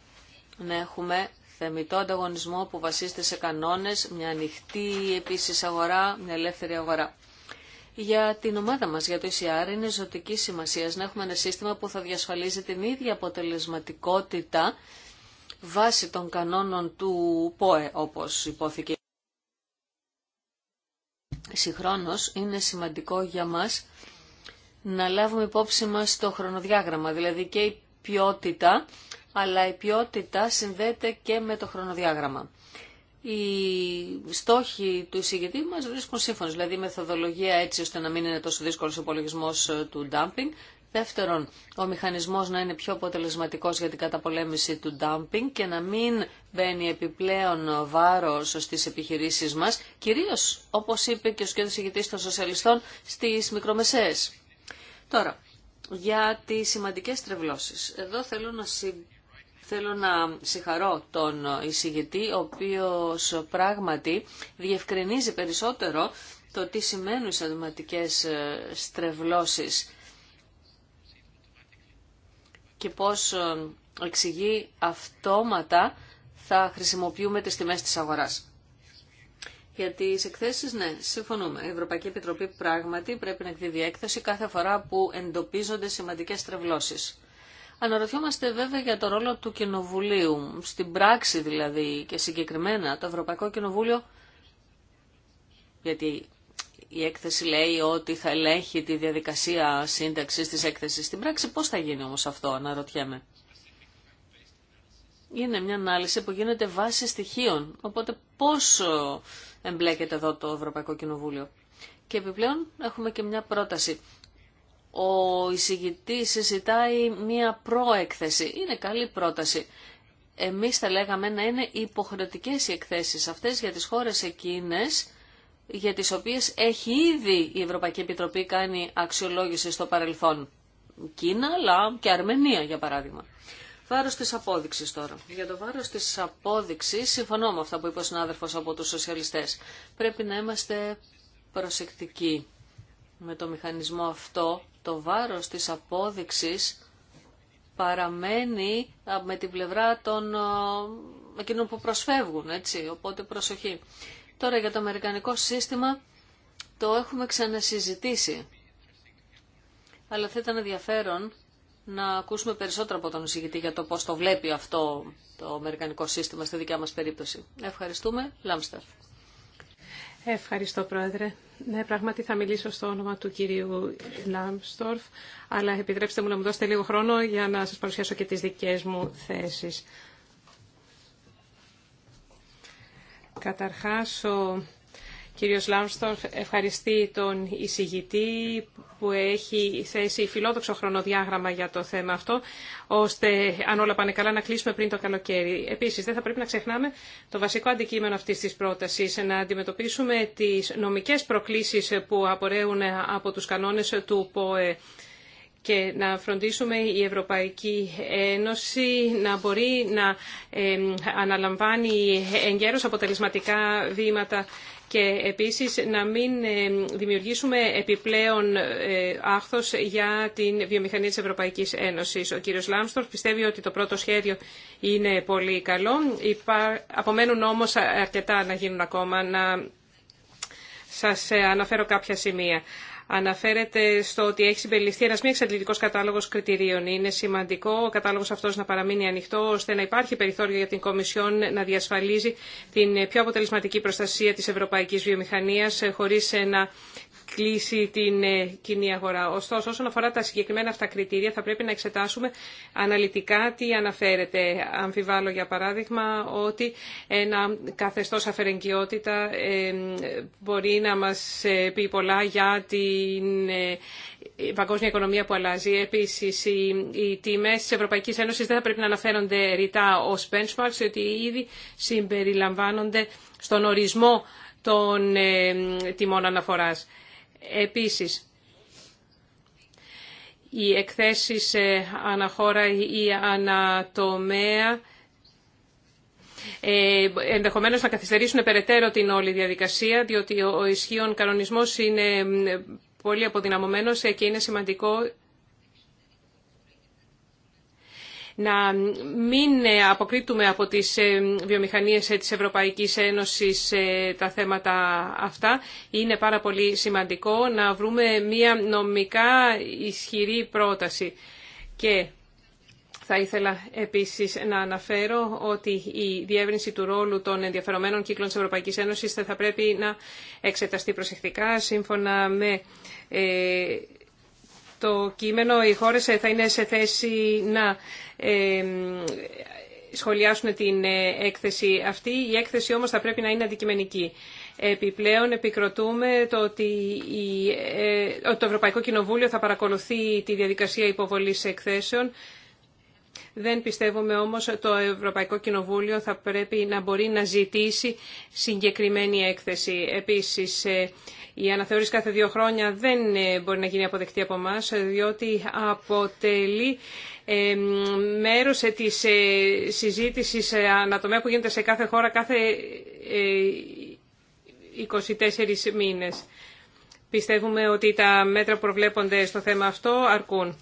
να έχουμε θεμητό ανταγωνισμό που βασίζεται σε κανόνες, μια ανοιχτή επίσης αγορά, μια ελεύθερη αγορά. Για την ομάδα μας, για το ECR, είναι ζωτική σημασία να έχουμε ένα σύστημα που θα διασφαλίζει την ίδια αποτελεσματικότητα βάσει των κανόνων του ΠΟΕ, όπως υπόθηκε. Συγχρόνως είναι σημαντικό για μας να λάβουμε υπόψη μας το χρονοδιάγραμμα, δηλαδή και η ποιότητα, αλλά η ποιότητα συνδέεται και με το χρονοδιάγραμμα. Οι στόχοι του εισηγητή μας βρίσκουν σύμφωνος, δηλαδή η μεθοδολογία έτσι ώστε να μην είναι τόσο δύσκολος ο υπολογισμό ε, του dumping Δεύτερον, ο μηχανισμός να είναι πιο αποτελεσματικός για την καταπολέμηση του dumping και να μην μπαίνει επιπλέον βάρος στις επιχειρήσεις μας, κυρίως, όπως είπε και ο σκέτος ηγητής των σοσιαλιστών, στις μικρομεσαίες. Τώρα, για τις σημαντικές τρευλώσεις. Εδώ θέλω να, θέλω να συγχαρώ τον εισηγητή, ο οποίος πράγματι διευκρινίζει περισσότερο το τι σημαίνουν οι σημαντικές ε, στρεβλώσεις και πώς ε, εξηγεί αυτόματα θα χρησιμοποιούμε τις τιμές της αγοράς. Για τις εκθέσεις, ναι, συμφωνούμε. Η Ευρωπαϊκή Επιτροπή πράγματι πρέπει να εκδίδει έκθεση κάθε φορά που εντοπίζονται σημαντικές τρευλώσεις. Αναρωτιόμαστε βέβαια για το ρόλο του Κοινοβουλίου, στην πράξη δηλαδή και συγκεκριμένα το Ευρωπαϊκό Κοινοβούλιο, γιατί η έκθεση λέει ότι θα ελέγχει τη διαδικασία σύνταξης της έκθεσης. Στην πράξη πώς θα γίνει όμως αυτό, αναρωτιέμαι. Είναι μια ανάλυση που γίνεται βάση στοιχείων, οπότε πώς ε, εμπλέκεται εδώ το Ευρωπαϊκό Κοινοβούλιο. Και επιπλέον έχουμε και μια πρόταση. Ο εισηγητής συζητάει μια προέκθεση. Είναι καλή πρόταση εμείς θα λέγαμε να είναι υποχρεωτικές οι εκθέσεις αυτές για τις χώρες εκείνες για τις οποίες έχει ήδη η Ευρωπαϊκή Επιτροπή κάνει αξιολόγηση στο παρελθόν. Κίνα, αλλά και Αρμενία για παράδειγμα. Βάρος της απόδειξης τώρα. Για το βάρος της απόδειξης συμφωνώ με αυτά που είπε ο συνάδελφος από τους σοσιαλιστές. Πρέπει να είμαστε προσεκτικοί με το μηχανισμό αυτό. Το βάρος της απόδειξης παραμένει με την πλευρά των εκείνων που προσφεύγουν, έτσι, οπότε προσοχή. Τώρα για το αμερικανικό σύστημα το έχουμε ξανασυζητήσει. Αλλά θα ήταν ενδιαφέρον να ακούσουμε περισσότερο από τον εισηγητή για το πώς το βλέπει αυτό το αμερικανικό σύστημα στη δικιά μας περίπτωση. Ευχαριστούμε. Λάμστερ. Ευχαριστώ, Πρόεδρε. Ναι, πράγματι θα μιλήσω στο όνομα του κυρίου Λάμστορφ, αλλά επιτρέψτε μου να μου δώσετε λίγο χρόνο για να σας παρουσιάσω και τις δικές μου θέσεις. Καταρχάς, ο κύριος Λάμστορφ ευχαριστεί τον εισηγητή που έχει θέσει φιλόδοξο χρονοδιάγραμμα για το θέμα αυτό, ώστε αν όλα πάνε καλά να κλείσουμε πριν το καλοκαίρι. Επίσης, δεν θα πρέπει να ξεχνάμε το βασικό αντικείμενο αυτής της πρότασης, να αντιμετωπίσουμε τις νομικές προκλήσεις που απορρέουν από τους κανόνες του ΠΟΕ και να φροντίσουμε η Ευρωπαϊκή Ένωση να μπορεί να αναλαμβάνει εγκαίρως αποτελεσματικά βήματα και επίσης να μην δημιουργήσουμε επιπλέον ε, άχθος για την βιομηχανία της Ευρωπαϊκής Ένωσης. Ο κύριος Λάμστορ πιστεύει ότι το πρώτο σχέδιο είναι πολύ καλό. Απομένουν όμως αρκετά να γίνουν ακόμα. Να σας ε, αναφέρω κάποια σημεία αναφέρεται στο ότι έχει συμπεριληφθεί ένα μη εξαντλητικό κατάλογο κριτηρίων. Είναι σημαντικό ο κατάλογο αυτό να παραμείνει ανοιχτό, ώστε να υπάρχει περιθώριο για την Κομισιόν να διασφαλίζει την πιο αποτελεσματική προστασία τη ευρωπαϊκή βιομηχανία, ε, χωρί να κλείσει την ε, κοινή αγορά. Ωστόσο, όσον αφορά τα συγκεκριμένα αυτά κριτήρια, θα πρέπει να εξετάσουμε αναλυτικά τι αναφέρεται. Αμφιβάλλω, για παράδειγμα, ότι ένα καθεστώς αφαιρεγκιότητα ε, μπορεί να μας ε, πει πολλά για την παγκόσμια οικονομία που αλλάζει. Επίση, οι τιμέ τη ευρωπαϊκή Ένωση δεν θα πρέπει να αναφέρονται ρητά ω benchmarks, διότι ήδη συμπεριλαμβάνονται στον ορισμό των τιμών αναφοράς. Επίσης, οι εκθέσεις ε, αναχώρα ή ανατομέα ε, ενδεχομένως να καθυστερήσουν περαιτέρω την όλη διαδικασία, διότι ο ισχύων κανονισμός είναι ε, πολύ αποδυναμωμένος και είναι σημαντικό να μην ε, αποκρίτουμε από τις ε, βιομηχανίες ε, της Ευρωπαϊκής Ένωσης τα θέματα αυτά. Είναι πάρα πολύ σημαντικό να βρούμε μια νομικά ισχυρή πρόταση. Και θα ήθελα επίσης να αναφέρω ότι η διεύρυνση του ρόλου των ενδιαφερομένων κύκλων της Ευρωπαϊκής Ένωσης θα πρέπει να εξεταστεί προσεκτικά σύμφωνα με το κείμενο οι χώρες ε, θα είναι σε θέση να ε, σχολιάσουν την ε, έκθεση αυτή. Η έκθεση όμως θα πρέπει να είναι αντικειμενική. Επιπλέον επικροτούμε το ότι το Ευρωπαϊκό Κοινοβούλιο θα παρακολουθεί τη διαδικασία υποβολής εκθέσεων δεν πιστεύουμε όμως το Ευρωπαϊκό Κοινοβούλιο θα πρέπει να μπορεί να ζητήσει συγκεκριμένη έκθεση. Επίσης, ε, η αναθεώρηση κάθε δύο χρόνια δεν ε, μπορεί να γίνει αποδεκτή από εμά, διότι αποτελεί ε, μέρος της συζήτησης ανατομέα που γίνεται σε κάθε χώρα κάθε 24 μήνες. Πιστεύουμε ότι τα μέτρα που προβλέπονται στο θέμα αυτό αρκούν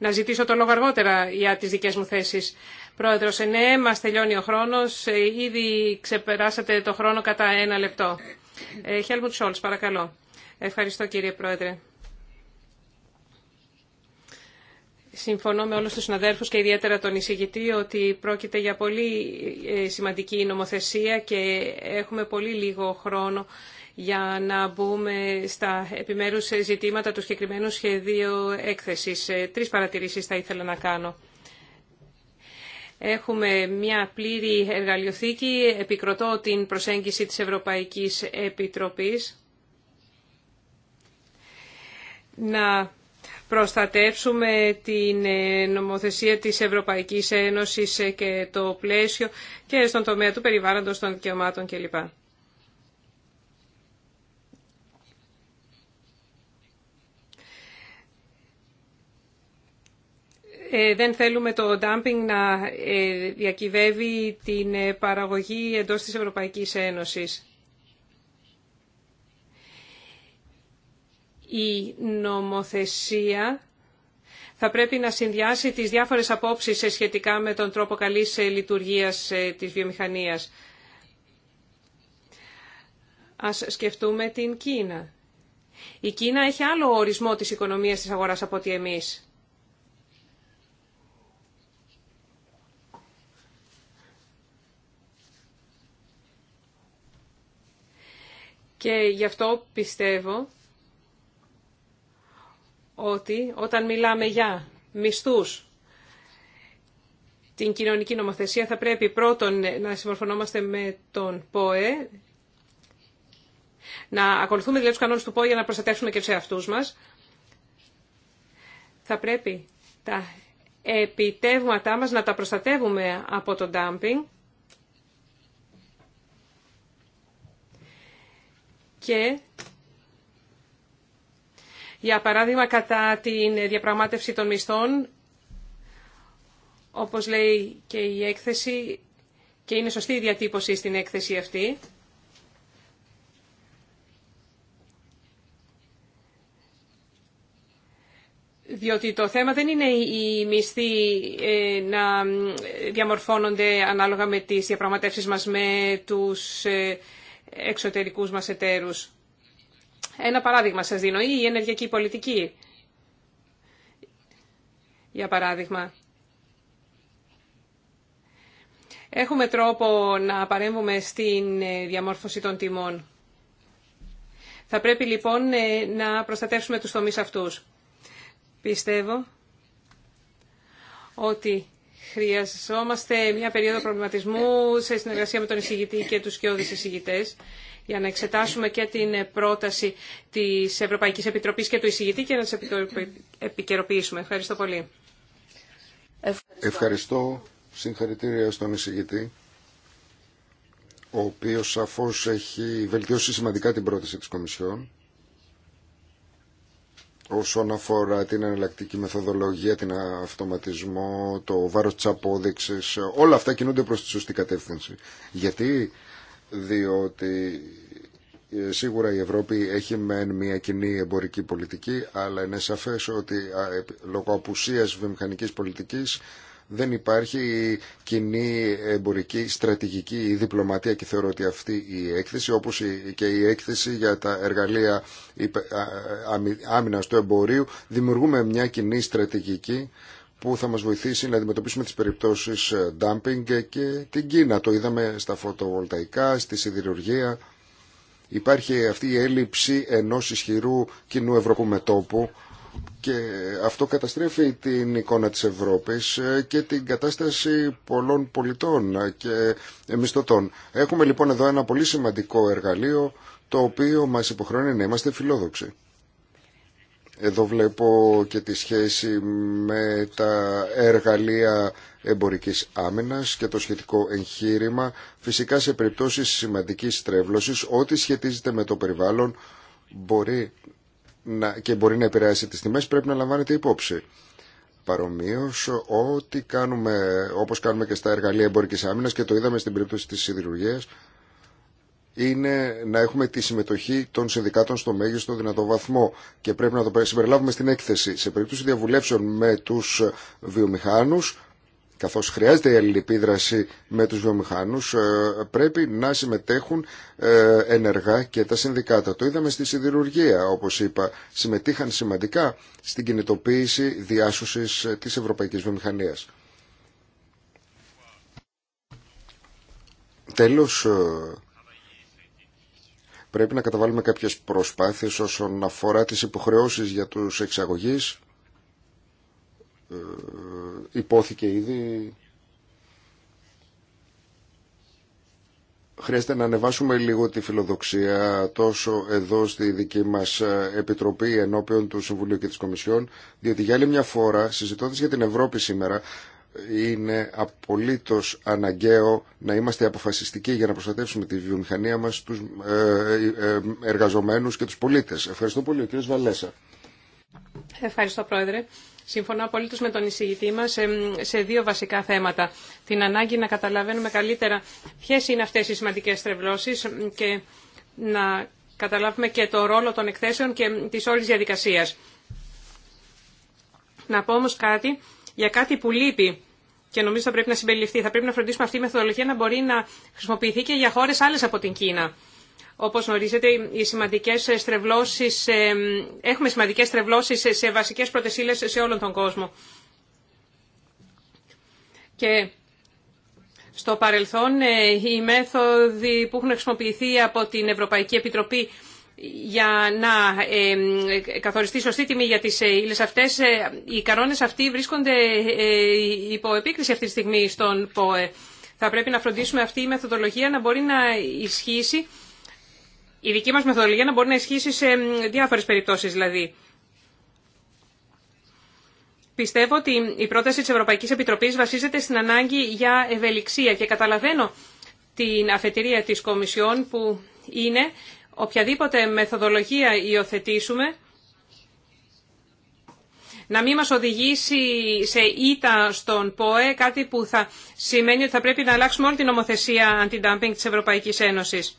να ζητήσω το λόγο αργότερα για τις δικές μου θέσεις. Πρόεδρος, ναι, μας τελειώνει ο χρόνος. Ήδη ξεπεράσατε το χρόνο κατά ένα λεπτό. Ε, Χέλμουντ Σόλτς, παρακαλώ. Ευχαριστώ κύριε Πρόεδρε. Συμφωνώ με όλους τους συναδέρφους και ιδιαίτερα τον εισηγητή ότι πρόκειται για πολύ ε, σημαντική νομοθεσία και έχουμε πολύ λίγο χρόνο για να μπούμε στα επιμέρους ζητήματα του συγκεκριμένου σχεδίου έκθεσης. Ε, τρεις παρατηρήσεις θα ήθελα να κάνω. Έχουμε μια πλήρη εργαλειοθήκη, επικροτώ την προσέγγιση της Ευρωπαϊκής Επιτροπής να προστατεύσουμε την ε, νομοθεσία της Ευρωπαϊκής Ένωσης ε, και το πλαίσιο και στον τομέα του περιβάλλοντος των δικαιωμάτων κλπ. Ε, δεν θέλουμε το dumping να ε, διακυβεύει την ε, παραγωγή εντός της Ευρωπαϊκής Ένωσης. Η νομοθεσία θα πρέπει να συνδυάσει τις διάφορες απόψεις σχετικά με τον τρόπο καλής λειτουργίας της βιομηχανίας. Ας σκεφτούμε την Κίνα. Η Κίνα έχει άλλο ορισμό της οικονομίας της αγοράς από ότι εμείς. Και γι' αυτό πιστεύω ότι όταν μιλάμε για μισθούς, την κοινωνική νομοθεσία θα πρέπει πρώτον να συμμορφωνόμαστε με τον ΠΟΕ, να ακολουθούμε δηλαδή τους κανόνες του ΠΟΕ για να προστατεύσουμε και τους εαυτούς μας. Θα πρέπει τα επιτεύγματά μας να τα προστατεύουμε από το ντάμπινγκ και για παράδειγμα κατά την διαπραγμάτευση των μισθών, όπως λέει και η έκθεση, και είναι σωστή η διατύπωση στην έκθεση αυτή, διότι το θέμα δεν είναι οι μισθοί ε, να διαμορφώνονται ανάλογα με τις διαπραγματεύσεις μας με τους ε, εξωτερικούς μας εταίρους. Ένα παράδειγμα σας δίνω, η ενεργειακή πολιτική. Για παράδειγμα, έχουμε τρόπο να παρέμβουμε στην ε, διαμόρφωση των τιμών. Θα πρέπει λοιπόν ε, να προστατεύσουμε τους τομείς αυτούς. Πιστεύω ότι Χρειαζόμαστε μια περίοδο προβληματισμού σε συνεργασία με τον εισηγητή και τους σκιώδεις εισηγητέ για να εξετάσουμε και την πρόταση της Ευρωπαϊκής Επιτροπής και του εισηγητή και να τις επικαιροποιήσουμε. Ευχαριστώ πολύ. Ευχαριστώ. Ευχαριστώ. Συγχαρητήρια στον εισηγητή ο οποίος σαφώς έχει βελτιώσει σημαντικά την πρόταση της Κομισιόν όσον αφορά την εναλλακτική μεθοδολογία, την αυτοματισμό, το βάρος της απόδειξης, όλα αυτά κινούνται προς τη σωστή κατεύθυνση. Γιατί, διότι ε, σίγουρα η Ευρώπη έχει μεν μια κοινή εμπορική πολιτική, αλλά είναι σαφές ότι λόγω απουσίας βιομηχανικής πολιτικής δεν υπάρχει κοινή εμπορική στρατηγική ή διπλωματία και θεωρώ ότι αυτή η έκθεση όπως και η έκθεση για τα εργαλεία άμυνας του εμπορίου δημιουργούμε μια κοινή στρατηγική που θα μας βοηθήσει να αντιμετωπίσουμε τις περιπτώσεις ε, dumping και την Κίνα. Το είδαμε στα φωτοβολταϊκά, στη σιδηρουργία. Υπάρχει αυτή η έλλειψη ενός ισχυρού κοινού ευρωπαϊκού και αυτό καταστρέφει την εικόνα της Ευρώπης ε, και την κατάσταση πολλών πολιτών ε, και μισθωτών. Έχουμε λοιπόν εδώ ένα πολύ σημαντικό εργαλείο το οποίο μας υποχρεώνει να είμαστε φιλόδοξοι. Εδώ βλέπω και τη σχέση με τα εργαλεία εμπορικής άμυνας και το σχετικό εγχείρημα. Φυσικά σε περιπτώσεις σημαντικής τρέβλωσης, ό,τι σχετίζεται με το περιβάλλον μπορεί να, και μπορεί να επηρεάσει τις τιμές πρέπει να λαμβάνεται υπόψη. Παρομοίως, ό,τι κάνουμε, όπως κάνουμε και στα εργαλεία εμπορικής άμυνας και το είδαμε στην περίπτωση της σιδηρουργίας, είναι να έχουμε τη συμμετοχή των συνδικάτων στο μέγιστο δυνατό βαθμό και πρέπει να το συμπεριλάβουμε στην έκθεση. Σε περίπτωση διαβουλεύσεων με τους βιομηχάνους καθώς χρειάζεται η αλληλεπίδραση με τους βιομηχάνους, ε, πρέπει να συμμετέχουν ε, ενεργά και τα συνδικάτα. Το είδαμε στη σιδηρουργία, όπως είπα, συμμετείχαν σημαντικά στην κινητοποίηση διάσωσης ε, της ευρωπαϊκής βιομηχανίας. Τέλος, πρέπει να καταβάλουμε κάποιες προσπάθειες όσον αφορά τις υποχρεώσεις για τους εξαγωγείς, ε, υπόθηκε ήδη. Χρειάζεται να ανεβάσουμε λίγο τη φιλοδοξία τόσο εδώ στη δική μας ε, Επιτροπή ενώπιον του Συμβουλίου και της Κομισιόν, διότι για άλλη μια φορά, συζητώντας για την Ευρώπη σήμερα, είναι απολύτως αναγκαίο να είμαστε αποφασιστικοί για να προστατεύσουμε τη βιομηχανία μας, τους ε, εργαζομένους και τους πολίτες. Ευχαριστώ πολύ, κύριε Βαλέσα. Ευχαριστώ, Πρόεδρε. Συμφωνώ απολύτω με τον εισηγητή μα σε δύο βασικά θέματα. Την ανάγκη να καταλαβαίνουμε καλύτερα ποιε είναι αυτέ οι σημαντικέ στρεβλώσει και να καταλάβουμε και το ρόλο των εκθέσεων και τη όλη διαδικασία. Να πω όμω κάτι για κάτι που λείπει και νομίζω θα πρέπει να συμπεριληφθεί. Θα πρέπει να φροντίσουμε αυτή η μεθοδολογία να μπορεί να χρησιμοποιηθεί και για χώρε άλλε από την Κίνα. Όπως γνωρίζετε, οι σημαντικές στρεβλώσεις, ε, έχουμε σημαντικές στρεβλώσεις σε βασικές πρωτεσίλες σε όλον τον κόσμο. Και στο παρελθόν, ε, οι μέθοδοι που έχουν χρησιμοποιηθεί από την Ευρωπαϊκή Επιτροπή για να ε, καθοριστεί σωστή τιμή για τις ύλες αυτές, οι κανόνες αυτοί βρίσκονται υπό επίκριση αυτή τη στιγμή στον ΠΟΕ. Θα πρέπει να φροντίσουμε αυτή η μεθοδολογία να μπορεί να ισχύσει η δική μας μεθοδολογία να μπορεί να ισχύσει σε διάφορες περιπτώσεις δηλαδή. Πιστεύω ότι η πρόταση της Ευρωπαϊκής Επιτροπής βασίζεται στην ανάγκη για ευελιξία και καταλαβαίνω την αφετηρία της Κομισιόν που είναι οποιαδήποτε μεθοδολογία υιοθετήσουμε να μην μας οδηγήσει σε ήττα στον ΠΟΕ, κάτι που θα σημαίνει ότι θα πρέπει να αλλάξουμε όλη την νομοθεσία αντι-dumping της Ευρωπαϊκής Ένωσης.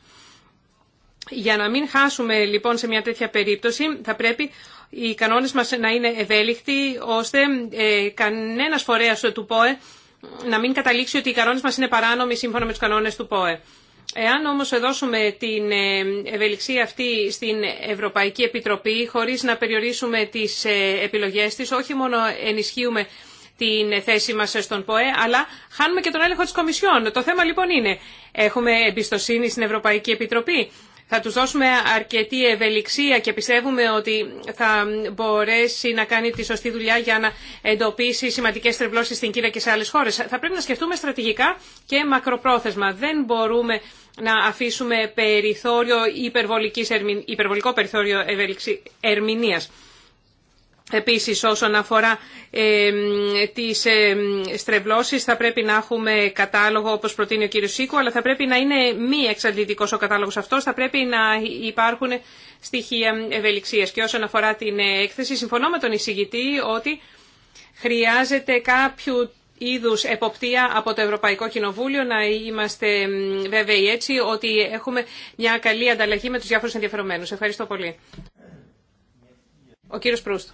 Για να μην χάσουμε λοιπόν σε μια τέτοια περίπτωση θα πρέπει οι κανόνες μας να είναι ευέλικτοι ώστε ε, κανένας φορέας του ΠΟΕ να μην καταλήξει ότι οι κανόνες μας είναι παράνομοι σύμφωνα με τους κανόνες του ΠΟΕ. Εάν όμως δώσουμε την ε, ευελιξία αυτή στην Ευρωπαϊκή Επιτροπή χωρίς να περιορίσουμε τις ε, επιλογές της, όχι μόνο ενισχύουμε την θέση μας στον ΠΟΕ, αλλά χάνουμε και τον έλεγχο της Κομισιόν. Το θέμα λοιπόν είναι, έχουμε εμπιστοσύνη στην Ευρωπαϊκή Επιτροπή. Θα τους δώσουμε αρκετή ευελιξία και πιστεύουμε ότι θα μπορέσει να κάνει τη σωστή δουλειά για να εντοπίσει σημαντικές τρευλώσεις στην Κίνα και σε άλλες χώρες. Θα πρέπει να σκεφτούμε στρατηγικά και μακροπρόθεσμα. Δεν μπορούμε να αφήσουμε περιθώριο υπερβολικό περιθώριο ερμηνείας. Επίσης, όσον αφορά ε, τις στρεβλώσεις, θα πρέπει να έχουμε κατάλογο, όπως προτείνει ο κύριος Σίκου, αλλά θα πρέπει να είναι μη εξαντλητικός ο κατάλογος αυτός, θα πρέπει να υπάρχουν στοιχεία ευελιξίας. Και όσον αφορά την ε, έκθεση, συμφωνώ με τον εισηγητή ότι χρειάζεται κάποιο είδους εποπτεία από το Ευρωπαϊκό Κοινοβούλιο, να είμαστε βέβαιοι έτσι ότι έχουμε μια καλή ανταλλαγή με τους διάφορους ενδιαφερομένους. Ευχαριστώ πολύ. Ο κύριος Προύστ.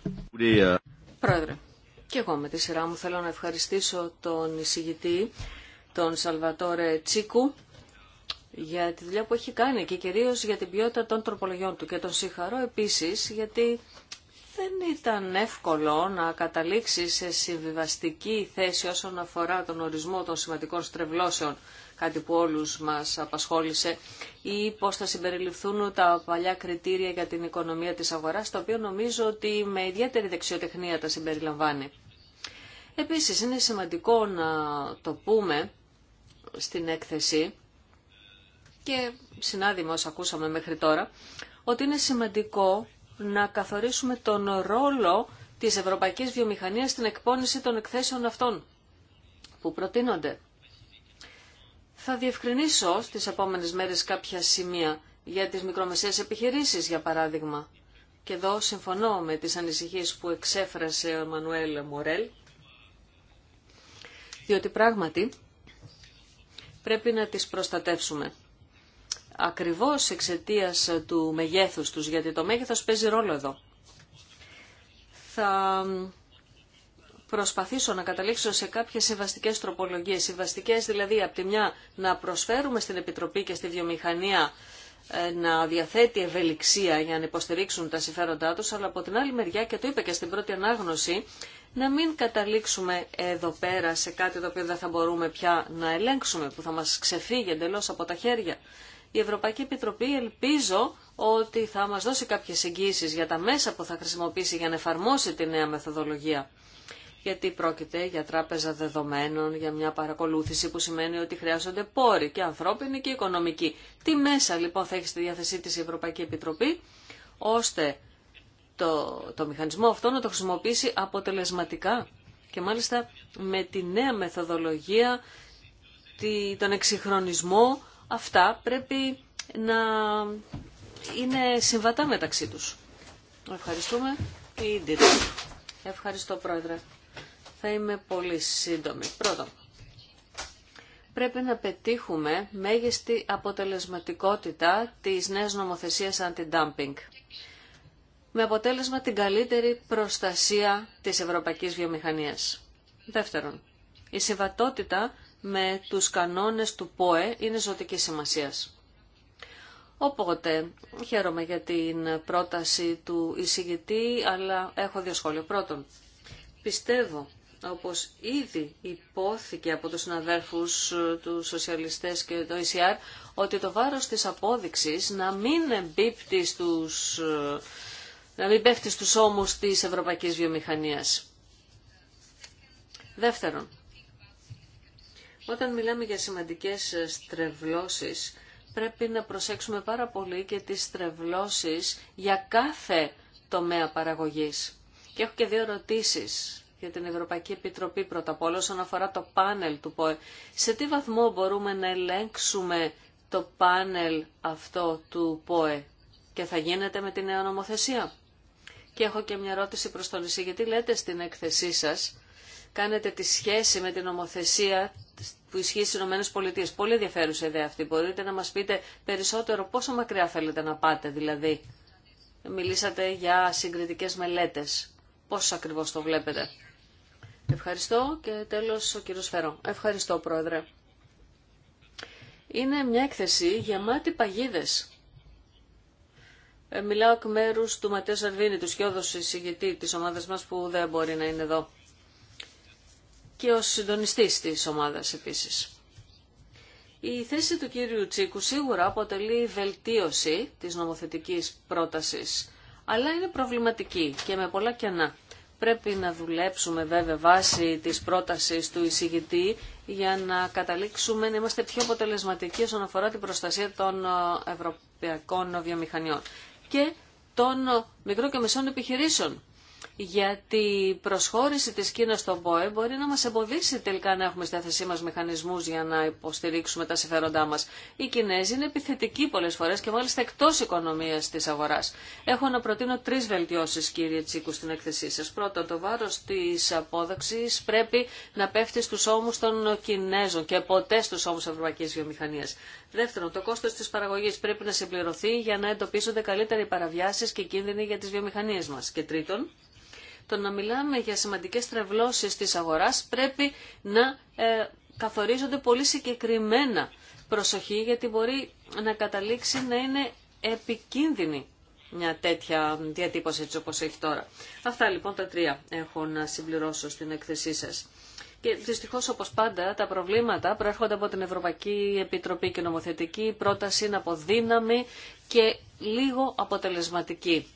Πρόεδρε, και εγώ με τη σειρά μου θέλω να ευχαριστήσω τον εισηγητή, τον Σαλβατόρε Τσίκου, για τη δουλειά που έχει κάνει και κυρίως για την ποιότητα των τροπολογιών του. Και τον συγχαρώ επίσης γιατί δεν ήταν εύκολο να καταλήξει σε συμβιβαστική θέση όσον αφορά τον ορισμό των σημαντικών στρεβλώσεων κάτι που όλους μας απασχόλησε, ή πώς θα συμπεριληφθούν τα παλιά κριτήρια για την οικονομία της αγοράς, το οποίο νομίζω ότι με ιδιαίτερη δεξιοτεχνία τα συμπεριλαμβάνει. Επίσης, είναι σημαντικό να το πούμε στην έκθεση και συνάδει με ακούσαμε μέχρι τώρα, ότι είναι σημαντικό να καθορίσουμε τον ρόλο της ευρωπαϊκής βιομηχανίας στην εκπόνηση των εκθέσεων αυτών που προτείνονται. Θα διευκρινίσω στις επόμενες μέρες κάποια σημεία για τις μικρομεσαίες επιχειρήσεις, για παράδειγμα. Και εδώ συμφωνώ με τις ανησυχίες που εξέφρασε ο Μανουέλ Μορέλ, διότι πράγματι πρέπει να τις προστατεύσουμε. Ακριβώς εξαιτίας του μεγέθους τους, γιατί το μέγεθος παίζει ρόλο εδώ. Θα προσπαθήσω να καταλήξω σε κάποιες συμβαστικές τροπολογίες. Συμβαστικές δηλαδή από τη μια να προσφέρουμε στην Επιτροπή και στη βιομηχανία ε, να διαθέτει ευελιξία για να υποστηρίξουν τα συμφέροντά τους, αλλά από την άλλη μεριά, και το είπα και στην πρώτη ανάγνωση, να μην καταλήξουμε εδώ πέρα σε κάτι το οποίο δεν θα μπορούμε πια να ελέγξουμε, που θα μας ξεφύγει εντελώ από τα χέρια. Η Ευρωπαϊκή Επιτροπή ελπίζω ότι θα μας δώσει κάποιες εγγύσεις για τα μέσα που θα χρησιμοποιήσει για να εφαρμόσει τη νέα μεθοδολογία γιατί πρόκειται για τράπεζα δεδομένων, για μια παρακολούθηση που σημαίνει ότι χρειάζονται πόροι και ανθρώπινοι και οικονομικοί. Τι μέσα λοιπόν θα έχει στη διάθεσή της η Ευρωπαϊκή Επιτροπή, ώστε το, το μηχανισμό αυτό να το χρησιμοποιήσει αποτελεσματικά και μάλιστα με τη νέα μεθοδολογία, τη, τον εξυγχρονισμό, αυτά πρέπει να είναι συμβατά μεταξύ τους. Ευχαριστούμε. Ευχαριστώ, Πρόεδρε. Θα είμαι πολύ σύντομη. Πρώτον, πρέπει να πετύχουμε μέγιστη αποτελεσματικότητα της νέας νομοθεσίας αντι-dumping με αποτέλεσμα την καλύτερη προστασία της ευρωπαϊκής βιομηχανίας. Δεύτερον, η συμβατότητα με τους κανόνες του ΠΟΕ είναι ζωτική σημασίας. Οπότε, χαίρομαι για την πρόταση του εισηγητή, αλλά έχω δύο σχόλια. Πρώτον, πιστεύω όπως ήδη υπόθηκε από τους συναδέρφους ε, του σοσιαλιστές και το ECR, ότι το βάρος της απόδειξης να μην εμπίπτει στους, ε, να μην πέφτει στους ώμους της ευρωπαϊκής βιομηχανίας. Δεύτερον, όταν μιλάμε για σημαντικές ε, στρεβλώσεις, πρέπει να προσέξουμε πάρα πολύ και τις στρεβλώσεις για κάθε τομέα παραγωγής. Και έχω και δύο ερωτήσεις για την Ευρωπαϊκή Επιτροπή πρώτα απ' όλα όσον αφορά το πάνελ του ΠΟΕ. Σε τι βαθμό μπορούμε να ελέγξουμε το πάνελ αυτό του ΠΟΕ και θα γίνεται με τη νέα νομοθεσία. Και έχω και μια ερώτηση προς τον εισηγητή λέτε στην έκθεσή σας, κάνετε τη σχέση με την νομοθεσία που ισχύει στι ΗΠΑ. Πολύ ενδιαφέρουσα ιδέα αυτή. Μπορείτε να μας πείτε περισσότερο πόσο μακριά θέλετε να πάτε, δηλαδή. Μιλήσατε για συγκριτικές μελέτες. Πώς ακριβώς το βλέπετε. Ευχαριστώ και τέλος ο κύριος Φερό. Ευχαριστώ πρόεδρε. Είναι μια έκθεση γεμάτη παγίδες. Ε, μιλάω εκ μέρους του Ματές Σαρβίνη, του σκιώδους εισηγητή της ομάδας μας που δεν μπορεί να είναι εδώ. Και ο συντονιστής της ομάδας επίσης. Η θέση του κύριου Τσίκου σίγουρα αποτελεί βελτίωση της νομοθετικής πρότασης, αλλά είναι προβληματική και με πολλά κενά. Πρέπει να δουλέψουμε βέβαια βάσει της πρότασης του εισηγητή για να καταλήξουμε να είμαστε πιο αποτελεσματικοί όσον αφορά την προστασία των ε, ευρωπαϊκών βιομηχανιών και των μικρών και μεσών επιχειρήσεων γιατί η προσχώρηση της Κίνας στον ΠΟΕ μπορεί να μας εμποδίσει τελικά να έχουμε στη θέση μας μηχανισμούς για να υποστηρίξουμε τα συμφέροντά μας. Οι Κινέζοι είναι επιθετικοί πολλές φορές και μάλιστα εκτός οικονομίας της αγοράς. Έχω να προτείνω τρεις βελτιώσεις κύριε Τσίκου στην έκθεσή σας. Πρώτον, το βάρος της απόδοξης πρέπει να πέφτει στους ώμους των Κινέζων και ποτέ στους ώμους Ευρωπαϊκής Βιομηχανίας. Δεύτερον, το κόστος της παραγωγής πρέπει να συμπληρωθεί για να εντοπίζονται καλύτερα οι παραβιάσεις και κίνδυνοι για τις βιομηχανίε μα. Και τρίτον, το να μιλάμε για σημαντικές τρευλώσει τη αγορά πρέπει να ε, καθορίζονται πολύ συγκεκριμένα. Προσοχή γιατί μπορεί να καταλήξει να είναι επικίνδυνη μια τέτοια διατύπωση έτσι όπως έχει τώρα. Αυτά λοιπόν τα τρία έχω να συμπληρώσω στην έκθεσή σας. Και δυστυχώς όπως πάντα τα προβλήματα προέρχονται από την Ευρωπαϊκή Επιτροπή και νομοθετική πρόταση είναι αποδύναμη και λίγο αποτελεσματική.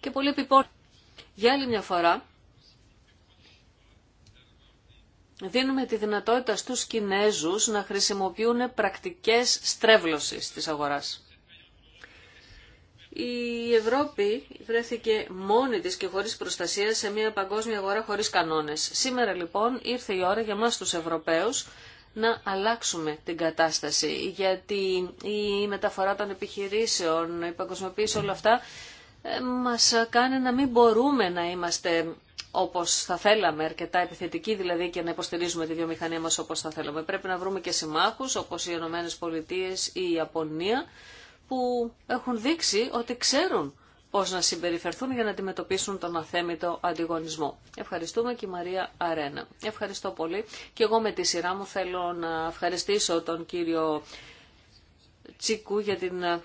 Και πολύ επιπόλαια. Για άλλη μια φορά δίνουμε τη δυνατότητα στους Κινέζους να χρησιμοποιούν πρακτικές στρέβλωσης της αγοράς η Ευρώπη βρέθηκε μόνη της και χωρίς προστασία σε μια παγκόσμια αγορά χωρίς κανόνες. Σήμερα λοιπόν ήρθε η ώρα για μας τους Ευρωπαίους να αλλάξουμε την κατάσταση, γιατί η μεταφορά των επιχειρήσεων, η παγκοσμιοποίηση, όλα αυτά ε, μας κάνει να μην μπορούμε να είμαστε όπως θα θέλαμε, αρκετά επιθετικοί δηλαδή και να υποστηρίζουμε τη βιομηχανία μας όπως θα θέλαμε. Πρέπει να βρούμε και συμμάχους όπως οι Ηνωμένε Πολιτείες ή η Ιαπωνία, που έχουν δείξει ότι ξέρουν πώς να συμπεριφερθούν για να αντιμετωπίσουν τον αθέμητο αντιγωνισμό. Ευχαριστούμε και η Μαρία Αρένα. Ευχαριστώ πολύ. Και εγώ με τη σειρά μου θέλω να ευχαριστήσω τον κύριο Τσίκου για την ε,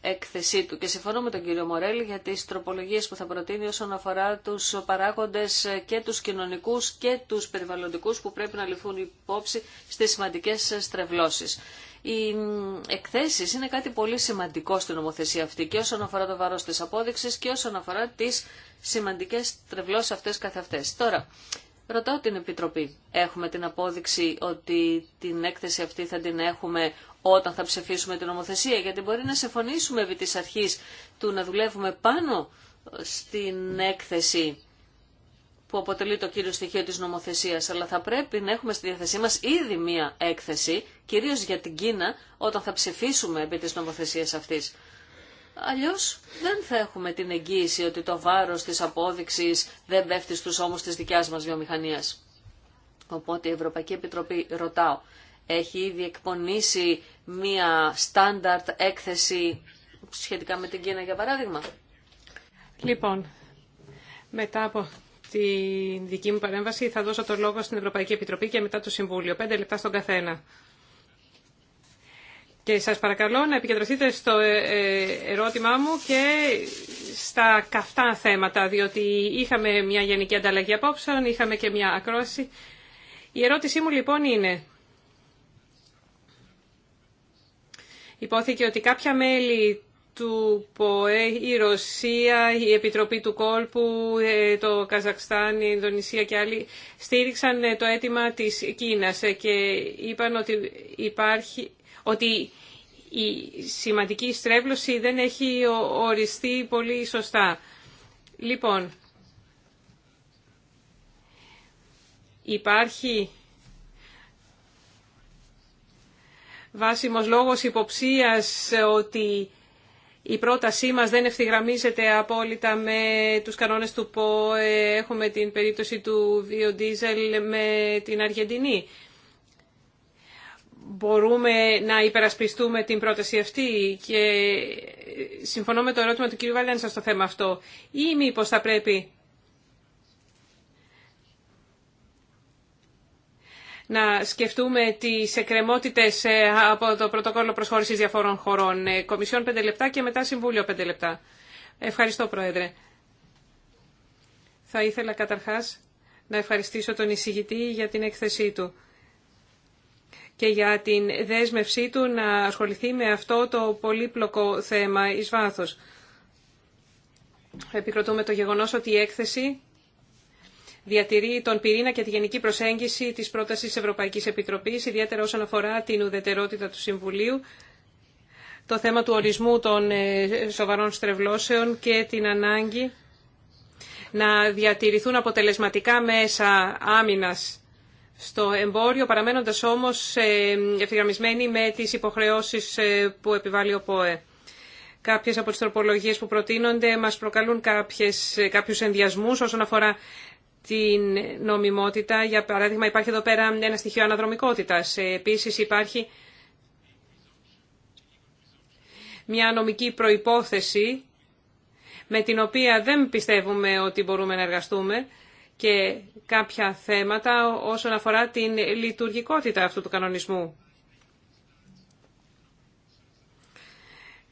έκθεσή του. Και συμφωνώ με τον κύριο Μορέλη για τις τροπολογίες που θα προτείνει όσον αφορά τους παράγοντες ε, και τους κοινωνικούς και τους περιβαλλοντικούς που πρέπει να ληφθούν υπόψη στις σημαντικές ε, στρεβλώσεις. Οι εκθέσεις είναι κάτι πολύ σημαντικό στην νομοθεσία αυτή και όσον αφορά το βαρός της απόδειξης και όσον αφορά τις σημαντικές τρευλώσεις αυτές καθ' αυτές. Τώρα, ρωτάω την Επιτροπή. Έχουμε την απόδειξη ότι την έκθεση αυτή θα την έχουμε όταν θα ψηφίσουμε την νομοθεσία, γιατί μπορεί να συμφωνήσουμε επί της αρχής του να δουλεύουμε πάνω στην έκθεση που αποτελεί το κύριο στοιχείο της νομοθεσίας, αλλά θα πρέπει να έχουμε στη διάθεσή μας ήδη μία έκθεση, κυρίως για την Κίνα, όταν θα ψηφίσουμε επί της νομοθεσίας αυτής. Αλλιώς δεν θα έχουμε την εγγύηση ότι το βάρος της απόδειξης δεν πέφτει στους ώμους της δικιάς μας βιομηχανίας. Οπότε η Ευρωπαϊκή Επιτροπή, ρωτάω, έχει ήδη εκπονήσει μία στάνταρτ έκθεση σχετικά με την Κίνα, για παράδειγμα. Λοιπόν, μετά από την δική μου παρέμβαση θα δώσω το λόγο στην Ευρωπαϊκή Επιτροπή και μετά το Συμβούλιο. Πέντε λεπτά στον καθένα. Και σας παρακαλώ να επικεντρωθείτε στο ε, ε, ερώτημά μου και στα καυτά θέματα, διότι είχαμε μια γενική ανταλλαγή απόψεων, είχαμε και μια ακρόση. Η ερώτησή μου λοιπόν είναι... Υπόθηκε ότι κάποια μέλη του η Ρωσία, η Επιτροπή του Κόλπου, ε, το Καζακστάν, η Ινδονησία και άλλοι στήριξαν ε, το αίτημα της Κίνας ε, και είπαν ότι, υπάρχει, ότι η σημαντική στρέβλωση δεν έχει οριστεί πολύ σωστά. Λοιπόν, υπάρχει βάσιμος λόγος υποψίας ότι η πρότασή μας δεν ευθυγραμμίζεται απόλυτα με τους κανόνες του ΠΟΕ. Έχουμε την περίπτωση του βιοντίζελ με την Αργεντινή. Μπορούμε να υπερασπιστούμε την πρόταση αυτή και συμφωνώ με το ερώτημα του κ. Βαλένσα στο θέμα αυτό. Ή μήπω θα πρέπει να σκεφτούμε τις εκκρεμότητες ε, από το πρωτοκόλλο προσχώρησης διαφόρων χωρών. Ε, Κομισιόν πέντε λεπτά και μετά Συμβούλιο πέντε λεπτά. Ευχαριστώ Πρόεδρε. Θα ήθελα καταρχάς να ευχαριστήσω τον εισηγητή για την έκθεσή του και για την δέσμευσή του να ασχοληθεί με αυτό το πολύπλοκο θέμα εις βάθος. Επικροτούμε το γεγονός ότι η έκθεση διατηρεί τον πυρήνα και τη γενική προσέγγιση της πρότασης της Ευρωπαϊκής Επιτροπής, ιδιαίτερα όσον αφορά την ουδετερότητα του Συμβουλίου, το θέμα του ορισμού των ε, σοβαρών στρεβλώσεων και την ανάγκη να διατηρηθούν αποτελεσματικά μέσα άμυνας στο εμπόριο, παραμένοντας όμως ε, ευθυγραμμισμένοι με τις υποχρεώσεις ε, που επιβάλλει ο ΠΟΕ. Κάποιες από τις τροπολογίες που προτείνονται μας προκαλούν κάποιες, κάποιους ενδιασμούς όσον αφορά την νομιμότητα. Για παράδειγμα υπάρχει εδώ πέρα ένα στοιχείο αναδρομικότητας. Επίσης υπάρχει μια νομική προϋπόθεση με την οποία δεν πιστεύουμε ότι μπορούμε να εργαστούμε και κάποια θέματα όσον αφορά την λειτουργικότητα αυτού του κανονισμού.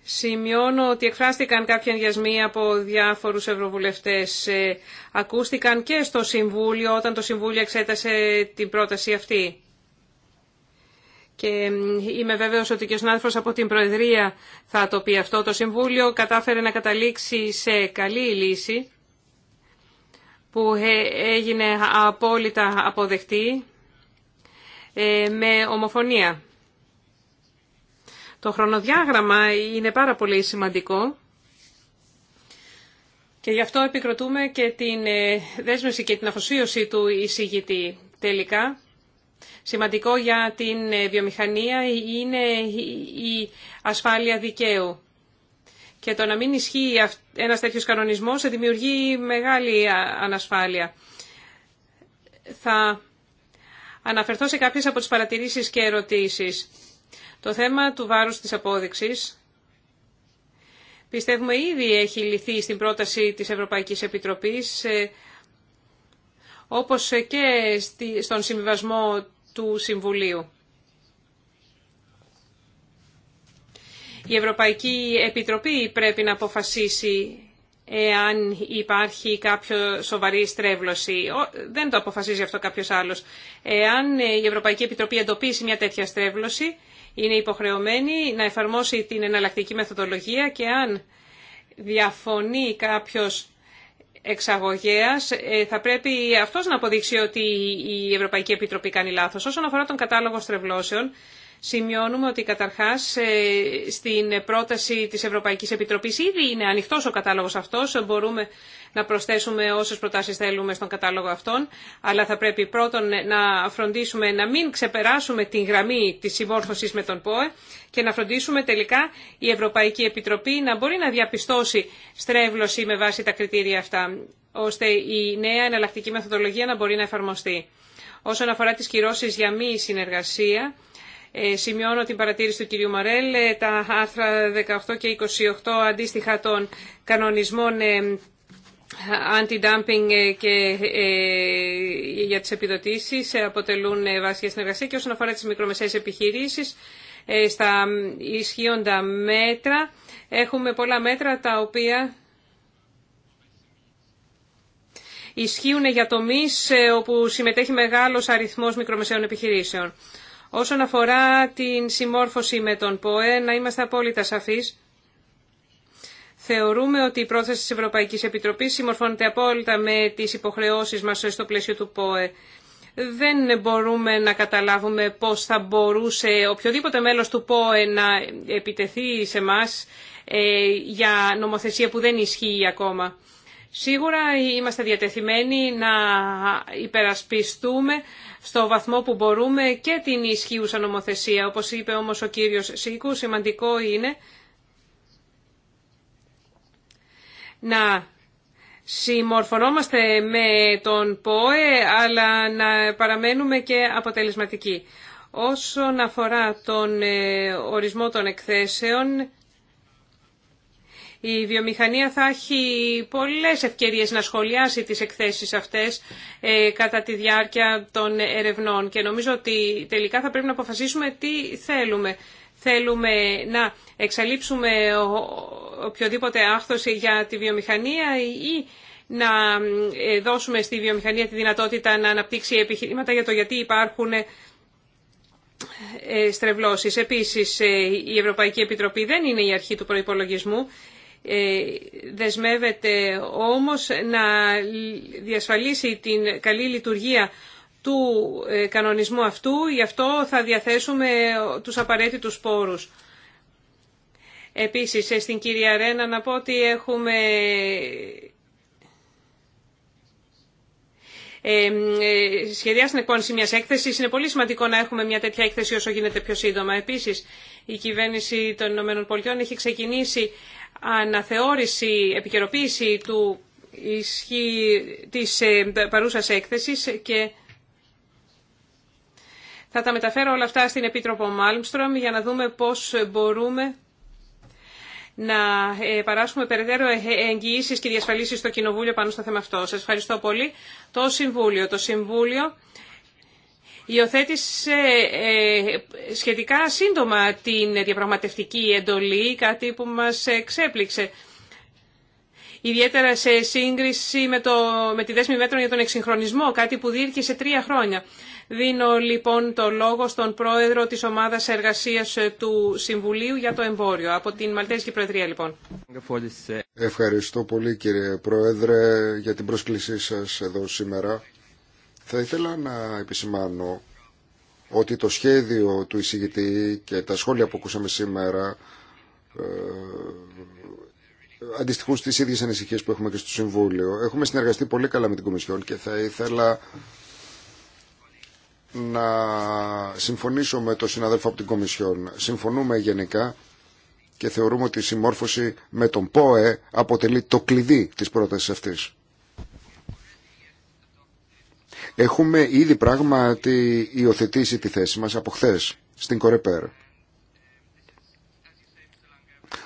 Σημειώνω ότι εκφράστηκαν κάποιοι ενδιασμοί από διάφορους ευρωβουλευτές. Ε, ακούστηκαν και στο Συμβούλιο όταν το Συμβούλιο εξέτασε την πρόταση αυτή. Και είμαι βέβαιος ότι και ο συνάδελφος από την Προεδρία θα το πει αυτό. Το Συμβούλιο κατάφερε να καταλήξει σε καλή λύση που ε, έγινε απόλυτα αποδεκτή ε, με ομοφωνία. Το χρονοδιάγραμμα είναι πάρα πολύ σημαντικό και γι' αυτό επικροτούμε και την ε, δέσμευση και την αφοσίωση του εισηγητή. Τελικά, σημαντικό για την ε, βιομηχανία είναι η ασφάλεια δικαίου. Και το να μην ισχύει ένας τέτοιος κανονισμός δημιουργεί μεγάλη ανασφάλεια. Θα αναφερθώ σε κάποιες από τις παρατηρήσεις και ερωτήσεις. Το θέμα του βάρους της απόδειξης πιστεύουμε ήδη έχει λυθεί στην πρόταση της Ευρωπαϊκής Επιτροπής ε, όπως και στον συμβιβασμό του Συμβουλίου. Η Ευρωπαϊκή Επιτροπή πρέπει να αποφασίσει εάν υπάρχει κάποιο σοβαρή στρέβλωση. Δεν το αποφασίζει αυτό κάποιος άλλος. Εάν η Ευρωπαϊκή Επιτροπή εντοπίσει μια τέτοια στρέβλωση, είναι υποχρεωμένη να εφαρμόσει την εναλλακτική μεθοδολογία και αν διαφωνεί κάποιος εξαγωγέας, ε, θα πρέπει αυτός να αποδείξει ότι η Ευρωπαϊκή Επιτροπή κάνει λάθος. Όσον αφορά τον κατάλογο στρεβλώσεων, σημειώνουμε ότι καταρχάς ε, στην πρόταση της Ευρωπαϊκής Επιτροπής ήδη είναι ανοιχτός ο κατάλογος αυτός, μπορούμε να προσθέσουμε όσες προτάσεις θέλουμε στον κατάλογο αυτόν, αλλά θα πρέπει πρώτον να φροντίσουμε να μην ξεπεράσουμε την γραμμή της συμμόρφωσης με τον ΠΟΕ και να φροντίσουμε τελικά η Ευρωπαϊκή Επιτροπή να μπορεί να διαπιστώσει στρέβλωση με βάση τα κριτήρια αυτά, ώστε η νέα εναλλακτική μεθοδολογία να μπορεί να εφαρμοστεί. Όσον αφορά τις κυρώσεις για μη συνεργασία, ε, σημειώνω την παρατήρηση του κυρίου Μαρέλ, ε, τα άρθρα 18 και 28 αντίστοιχα των κανονισμών anti-dumping ε, και για τις επιδοτήσεις αποτελούν βάση για συνεργασία και όσον αφορά τις μικρομεσαίες επιχειρήσεις στα ισχύοντα μέτρα έχουμε πολλά μέτρα τα οποία ισχύουν για τομείς όπου συμμετέχει μεγάλος αριθμός μικρομεσαίων επιχειρήσεων. Όσον αφορά την συμμόρφωση με τον ΠΟΕ, να είμαστε απόλυτα σαφείς. Θεωρούμε ότι η πρόθεση της Ευρωπαϊκής Επιτροπής συμμορφώνεται απόλυτα με τις υποχρεώσεις μας στο πλαίσιο του ΠΟΕ. Δεν μπορούμε να καταλάβουμε πώς θα μπορούσε οποιοδήποτε μέλος του ΠΟΕ να επιτεθεί σε μας ε, για νομοθεσία που δεν ισχύει ακόμα. Σίγουρα είμαστε διατεθειμένοι να υπερασπιστούμε στο βαθμό που μπορούμε και την ισχύουσα νομοθεσία. Όπως είπε όμως ο κύριος Σίκου, σημαντικό είναι να συμμορφωνόμαστε με τον ΠΟΕ, αλλά να παραμένουμε και αποτελεσματικοί. Όσον αφορά τον ε, ορισμό των εκθέσεων, η βιομηχανία θα έχει πολλές ευκαιρίες να σχολιάσει τις εκθέσεις αυτές ε, κατά τη διάρκεια των ερευνών και νομίζω ότι τελικά θα πρέπει να αποφασίσουμε τι θέλουμε. Θέλουμε να εξαλείψουμε οποιοδήποτε άχθος για τη βιομηχανία ή να ε, δώσουμε στη βιομηχανία τη δυνατότητα να αναπτύξει επιχειρήματα για το γιατί υπάρχουν ε, στρεβλώσεις. Επίσης, η Ευρωπαϊκή Επιτροπή δεν είναι η αρχή του προϋπολογισμού ε, δεσμεύεται όμως να διασφαλίσει την καλή λειτουργία του ε, κανονισμού αυτού, γι' αυτό θα διαθέσουμε ε, τους απαραίτητους πόρους. Επίσης, στην κυρία Ρένα να πω ότι έχουμε ε, σχεδιάσει την εκπόνηση μια έκθεση. Είναι πολύ σημαντικό να έχουμε μια τέτοια έκθεση όσο γίνεται πιο σύντομα. Επίση, η κυβέρνηση των Ηνωμένων έχει ξεκινήσει αναθεώρηση, επικαιροποίηση του ισχύ, της ε, παρούσας έκθεσης και θα τα μεταφέρω όλα αυτά στην Επίτροπο Μάλμστρομ για να δούμε πώς μπορούμε να ε, παράσουμε περαιτέρω ε, εγγυήσεις και διασφαλίσεις στο Κοινοβούλιο πάνω στο θέμα αυτό. Σας ευχαριστώ πολύ. Το Συμβούλιο. Το Συμβούλιο υιοθέτησε ε, σχετικά σύντομα την διαπραγματευτική εντολή, κάτι που μας εξέπληξε. Ιδιαίτερα σε σύγκριση με, το, με τη δέσμη μέτρων για τον εξυγχρονισμό, κάτι που σε τρία χρόνια. Δίνω λοιπόν το λόγο στον πρόεδρο της ομάδας εργασίας του Συμβουλίου για το εμπόριο. Από την Μαλτέζικη Προεδρία λοιπόν. Ευχαριστώ πολύ κύριε Πρόεδρε για την πρόσκλησή σας εδώ σήμερα. Θα ήθελα να επισημάνω ότι το σχέδιο του εισηγητή και τα σχόλια που ακούσαμε σήμερα ε, αντιστοιχούν στις ίδιες ανησυχίες που έχουμε και στο Συμβούλιο. Έχουμε συνεργαστεί πολύ καλά με την Κομισιόν και θα ήθελα να συμφωνήσω με τον συναδέλφο από την Κομισιόν. Συμφωνούμε γενικά και θεωρούμε ότι η συμμόρφωση με τον ΠΟΕ αποτελεί το κλειδί της πρότασης αυτής. Έχουμε ήδη πράγματι υιοθετήσει τη θέση μας από χθε στην Κορεπέρ.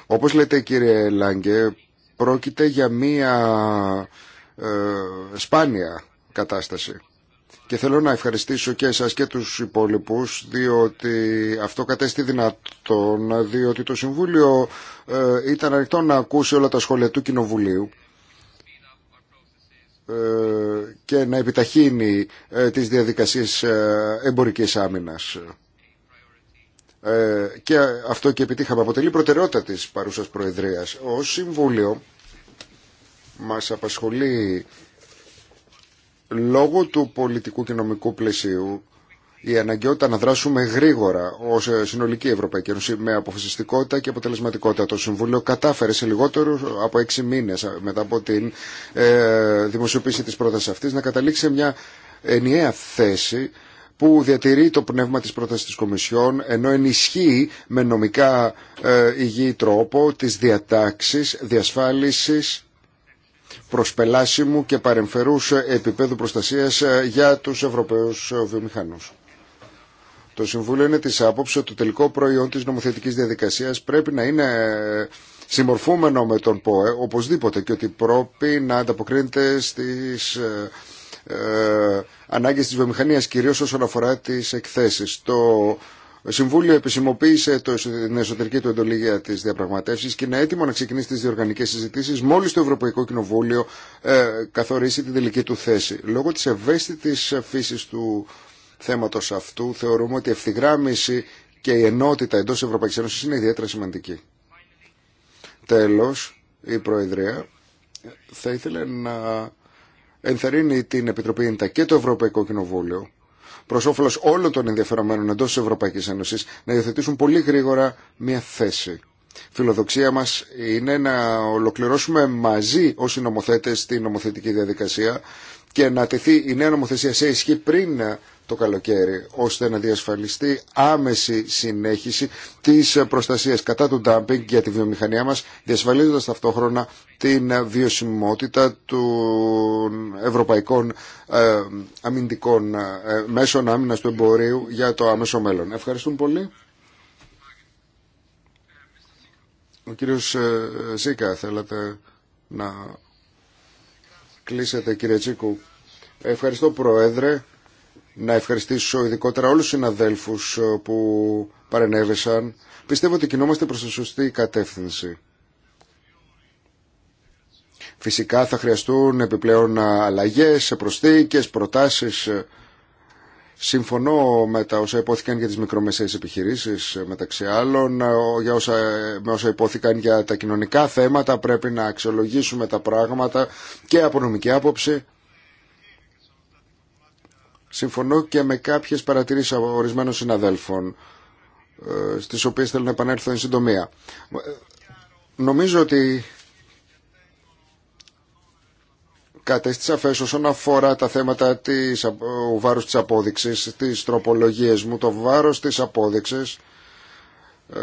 Όπως λέτε κύριε Λάγκε, πρόκειται για μία ε, σπάνια κατάσταση. Και θέλω να ευχαριστήσω και εσάς και τους υπόλοιπους, διότι αυτό κατέστη δυνατόν, διότι το Συμβούλιο ε, ήταν ανοιχτό να ακούσει όλα τα σχόλια του Κοινοβουλίου ε, και να επιταχύνει ε, τις διαδικασίες ε, εμπορικής άμυνας. Και αυτό και επιτύχαμε. Αποτελεί προτεραιότητα της παρούσας Προεδρίας. Ο Συμβούλιο μας απασχολεί λόγω του πολιτικού και νομικού πλαισίου η αναγκαιότητα να δράσουμε γρήγορα ω ε, συνολική Ευρωπαϊκή Ένωση με αποφασιστικότητα και αποτελεσματικότητα. Το Συμβούλιο κατάφερε σε λιγότερο από έξι μήνε μετά από την ε, δημοσιοποίηση τη πρόταση αυτή να καταλήξει σε μια ενιαία θέση που διατηρεί το πνεύμα της πρότασης της Κομισιόν ενώ ενισχύει με νομικά ε, υγιή τρόπο τις διατάξεις διασφάλισης προσπελάσιμου και παρεμφερούς επίπεδου προστασίας ε, για τους Ευρωπαίους βιομηχανούς. Το Συμβούλιο είναι της άποψη ότι το τελικό προϊόν της νομοθετικής διαδικασίας πρέπει να είναι ε, συμμορφούμενο με τον ΠΟΕ οπωσδήποτε και ότι πρέπει να ανταποκρίνεται στις ε, ε, ανάγκες της βιομηχανίας κυρίως όσον αφορά τις εκθέσεις. Το Συμβούλιο επισημοποίησε το, την εσωτερική του εντολή για τι διαπραγματεύσει και είναι έτοιμο να ξεκινήσει τι διοργανικέ συζητήσει μόλι το Ευρωπαϊκό Κοινοβούλιο ε, καθορίσει την τελική του θέση. Λόγω τη ευαίσθητη φύση του θέματος αυτού θεωρούμε ότι η ευθυγράμμιση και η ενότητα εντός Ευρωπαϊκή Ευρωπαϊκής είναι ιδιαίτερα σημαντική. Τέλος, η Προεδρία θα ήθελε να ενθαρρύνει την Επιτροπή ΕΝΤΑ και το Ευρωπαϊκό Κοινοβούλιο προ όφελο όλων των ενδιαφερομένων εντό τη Ευρωπαϊκή Ένωση να υιοθετήσουν πολύ γρήγορα μια θέση. Φιλοδοξία μα είναι να ολοκληρώσουμε μαζί ω νομοθέτε την νομοθετική διαδικασία και να τεθεί η νέα νομοθεσία σε ισχύ πριν το καλοκαίρι, ώστε να διασφαλιστεί άμεση συνέχιση της προστασίας κατά του ντάμπινγκ για τη βιομηχανία μας, διασφαλίζοντας ταυτόχρονα την βιωσιμότητα των ευρωπαϊκών ε, αμυντικών ε, μέσων άμυνας του εμπορίου για το άμεσο μέλλον. Ευχαριστούμε πολύ. Ο κύριος Σίκα, ε, θέλατε να κλείσετε κύριε Τσίκου. Ευχαριστώ Πρόεδρε να ευχαριστήσω ειδικότερα όλους τους συναδέλφους ε, που παρενέβησαν. Πιστεύω ότι κινούμαστε προς τη σωστή κατεύθυνση. Φυσικά θα χρειαστούν επιπλέον αλλαγές, προσθήκες, προτάσεις. Συμφωνώ με τα όσα υπόθηκαν για τις μικρομεσαίες επιχειρήσεις, ε, μεταξύ άλλων, ε, για όσα, με όσα υπόθηκαν για τα κοινωνικά θέματα, πρέπει να αξιολογήσουμε τα πράγματα και από νομική άποψη Συμφωνώ και με κάποιες παρατηρήσεις ορισμένων συναδέλφων, ε, στις οποίες θέλω να επανέλθω εν συντομία. Νομίζω ότι κατέστησα σαφέ όσον αφορά τα θέματα της, ο βάρος της απόδειξης, τις τροπολογίες μου, το βάρος της απόδειξης ε,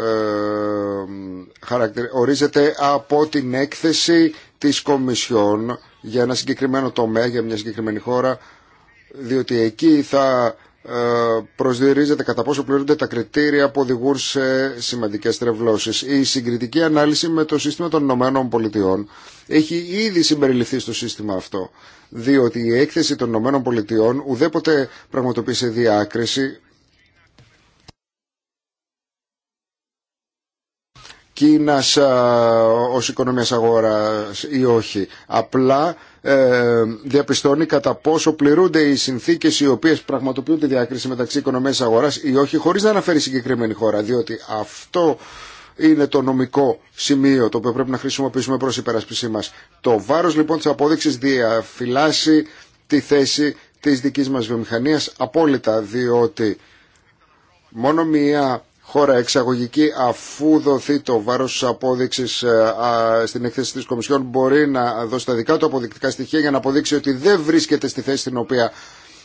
ορίζεται από την έκθεση της Κομισιόν για ένα συγκεκριμένο τομέα, για μια συγκεκριμένη χώρα διότι εκεί θα ε, προσδιορίζεται κατά πόσο πληρούνται τα κριτήρια που οδηγούν σε σημαντικές τρευλώσεις. Η συγκριτική ανάλυση με το σύστημα των Ηνωμένων Πολιτειών έχει ήδη συμπεριληφθεί στο σύστημα αυτό, διότι η έκθεση των Ηνωμένων Πολιτειών ουδέποτε σε διάκριση Κίνας ε, ως οικονομίας αγοράς ή όχι. Απλά ε, διαπιστώνει κατά πόσο πληρούνται οι συνθήκε οι οποίε πραγματοποιούν τη διάκριση μεταξύ οικονομία αγορά ή όχι χωρίς να αναφέρει συγκεκριμένη χώρα διότι αυτό είναι το νομικό σημείο το οποίο πρέπει να χρησιμοποιήσουμε προς υπερασπισή μα. Το βάρος λοιπόν τη απόδειξης διαφυλάσσει τη θέση τη δική μα βιομηχανία, απόλυτα διότι μόνο μία χώρα εξαγωγική αφού δοθεί το βάρος της απόδειξης ε, στην εκθέση της Κομισιόν μπορεί να δώσει τα δικά του αποδεικτικά στοιχεία για να αποδείξει ότι δεν βρίσκεται στη θέση στην οποία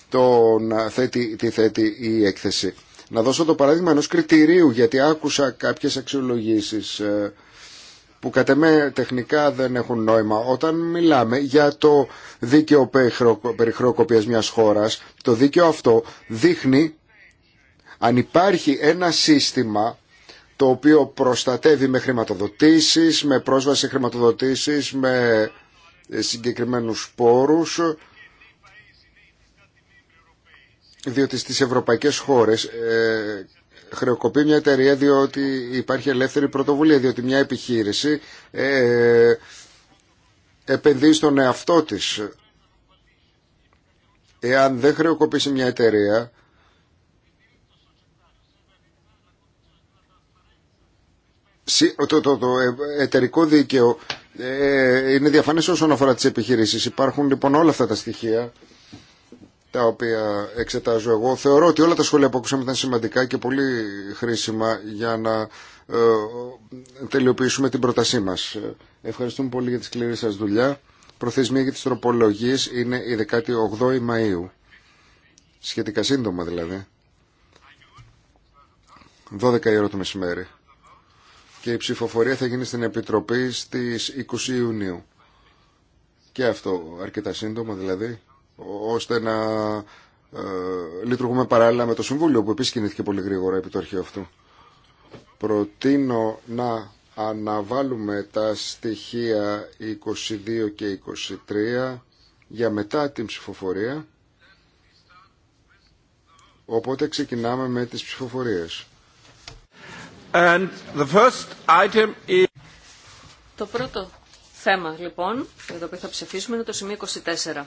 τον θέτει, τη θέτει η έκθεση. Να δώσω το παράδειγμα ενός κριτηρίου γιατί άκουσα κάποιες αξιολογήσεις ε, που κατ' εμέ τεχνικά δεν έχουν νόημα. Όταν μιλάμε για το δίκαιο περιχροκοπίας μιας χώρας, το δίκαιο αυτό δείχνει αν υπάρχει ένα σύστημα το οποίο προστατεύει με χρηματοδοτήσεις, με πρόσβαση χρηματοδοτήσεις, με ε, συγκεκριμένους πόρους, διότι στις ευρωπαϊκές χώρες ε, χρεοκοπεί μια εταιρεία διότι υπάρχει ελεύθερη πρωτοβουλία, διότι μια επιχείρηση ε, επενδύει στον εαυτό της. Εάν δεν χρεοκοπήσει μια εταιρεία, το, το, το ε, εταιρικό δίκαιο ε, είναι διαφανές όσον αφορά τις επιχειρήσεις. Υπάρχουν λοιπόν όλα αυτά τα στοιχεία τα οποία εξετάζω εγώ. Θεωρώ ότι όλα τα σχόλια που ακούσαμε ήταν σημαντικά και πολύ χρήσιμα για να ε, τελειοποιήσουμε την πρότασή μας. Ευχαριστούμε πολύ για τη σκληρή σας δουλειά. Προθεσμία για τις τροπολογίες είναι η 18η Μαΐου. Σχετικά σύντομα δηλαδή. 12 η ώρα το μεσημέρι και η ψηφοφορία θα γίνει στην Επιτροπή στις 20 Ιουνίου. Και αυτό αρκετά σύντομα δηλαδή, ώστε να ε, λειτουργούμε παράλληλα με το Συμβούλιο που επίσης κινήθηκε πολύ γρήγορα επί το αρχείο αυτού. Προτείνω να αναβάλουμε τα στοιχεία 22 και 23 για μετά την ψηφοφορία. Οπότε ξεκινάμε με τις ψηφοφορίες. And the first item is... Το πρώτο θέμα, λοιπόν, για το οποίο θα ψηφίσουμε είναι το σημείο 24.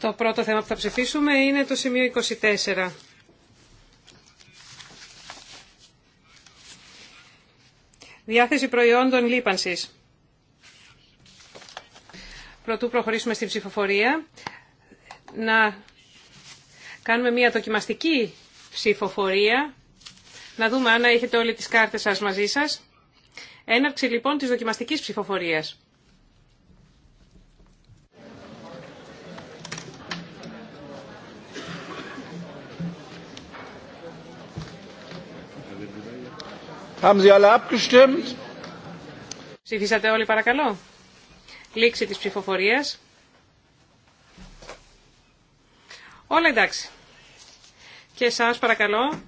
Το πρώτο θέμα που θα ψηφίσουμε είναι το σημείο 24. Διάθεση προϊόντων λίπανσης. Πρωτού προχωρήσουμε στην ψηφοφορία, να κάνουμε μια δοκιμαστική ψηφοφορία, να δούμε αν έχετε όλοι τις κάρτες σας μαζί σας. Έναρξη λοιπόν της δοκιμαστικής ψηφοφορίας. Haben Sie alle abgestimmt? όλοι παρακαλώ. Λήξη της ψηφοφορίας. Όλα εντάξει. Και εσάς παρακαλώ.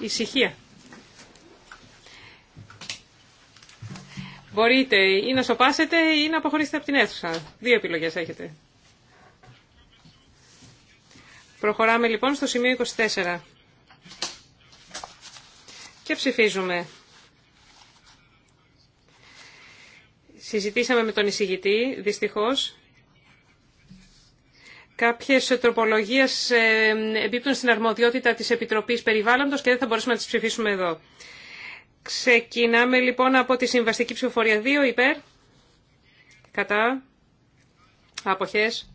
Ησυχία. Μπορείτε ή να σοπάσετε ή να αποχωρήσετε από την αίθουσα. Δύο επιλογές έχετε. Προχωράμε λοιπόν στο σημείο 24. Και ψηφίζουμε. Συζητήσαμε με τον εισηγητή, δυστυχώς. Κάποιες τροπολογίες ε, εμπίπτουν στην αρμοδιότητα της Επιτροπής Περιβάλλοντος και δεν θα μπορέσουμε να τις ψηφίσουμε εδώ. Ξεκινάμε λοιπόν από τη συμβαστική ψηφοφορία 2 υπέρ, κατά, αποχές,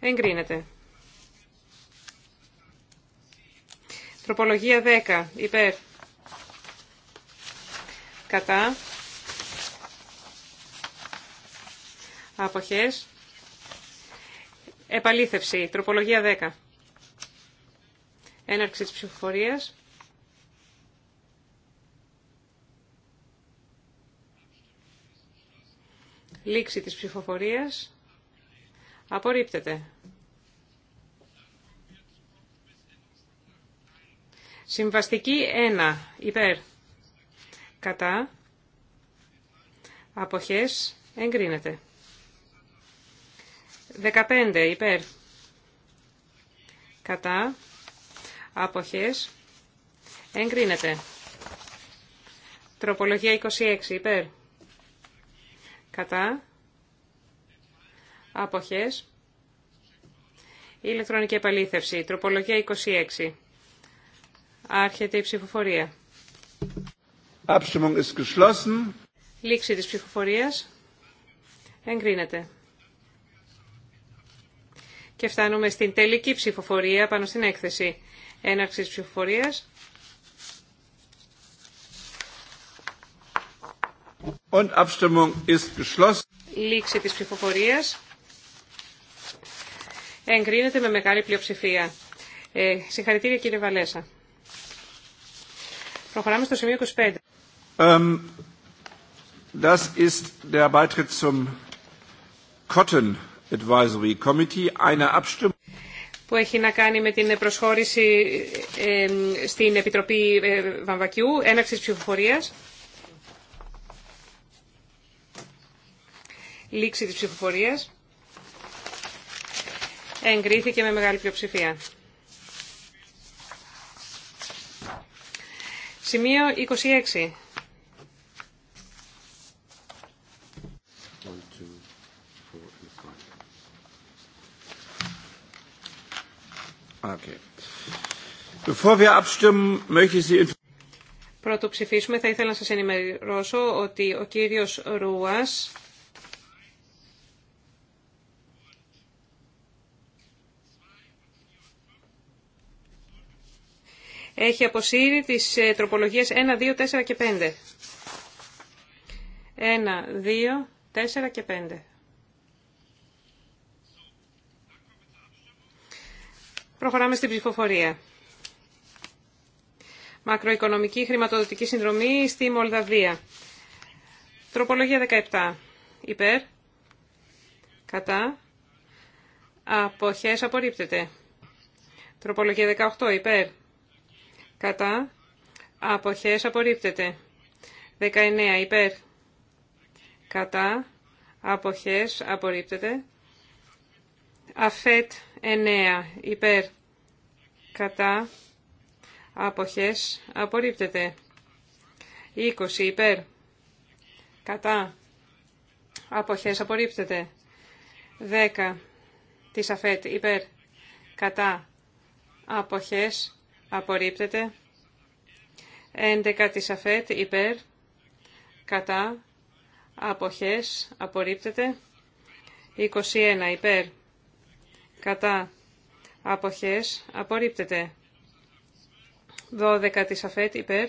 εγκρίνεται. Τροπολογία 10 υπέρ, κατά, αποχές, Επαλήθευση. Τροπολογία 10. Έναρξη της ψηφοφορίας. Λήξη της ψηφοφορίας. Απορρίπτεται. Συμβαστική 1. Υπέρ. Κατά. Αποχές. Εγκρίνεται. 15 υπέρ. Κατά. Αποχές. Εγκρίνεται. Τροπολογία 26 υπέρ. Κατά. Αποχές. Ηλεκτρονική επαλήθευση. Τροπολογία 26. Άρχεται η ψηφοφορία. ist geschlossen. Λήξη της ψηφοφορίας. Εγκρίνεται. Και φτάνουμε στην τελική ψηφοφορία πάνω στην έκθεση έναρξης ψηφοφορίας. Und Abstimmung ist Λήξη της ψηφοφορίας. Εγκρίνεται με μεγάλη πλειοψηφία. Ε, συγχαρητήρια κύριε Βαλέσα. Προχωράμε στο σημείο 25. Um, das ist der που έχει να κάνει με την προσχώρηση στην Επιτροπή ε, Βαμβακιού, έναρξης ψηφοφορίας. Λήξη της ψηφοφορίας. Εγκρίθηκε με μεγάλη πλειοψηφία. Σημείο 26. Πρώτο ψηφίσουμε, θα ήθελα να σας ενημερώσω ότι ο κύριος Ρούας έχει αποσύρει τις ε, τροπολογίες 1, 2, 4 και 5. 1, 2, 4 και 5. Προχωράμε στην ψηφοφορία. Μακροοικονομική χρηματοδοτική συνδρομή στη Μολδαβία. Τροπολογία 17. Υπέρ. Κατά. Αποχές απορρίπτεται. Τροπολογία 18. Υπέρ. Κατά. Αποχές απορρίπτεται. 19. Υπέρ. Κατά. Αποχές απορρίπτεται. Αφέτ 9 υπέρ κατά αποχές απορρίπτεται. 20 υπέρ κατά αποχές απορρίπτεται. 10 της ΑΦΕΤ υπέρ κατά αποχές απορρίπτεται. 11 της ΑΦΕΤ υπέρ κατά αποχές απορρίπτεται. 21 υπέρ κατά αποχές απορρίπτεται. 12 της ΑΦΕΤ υπέρ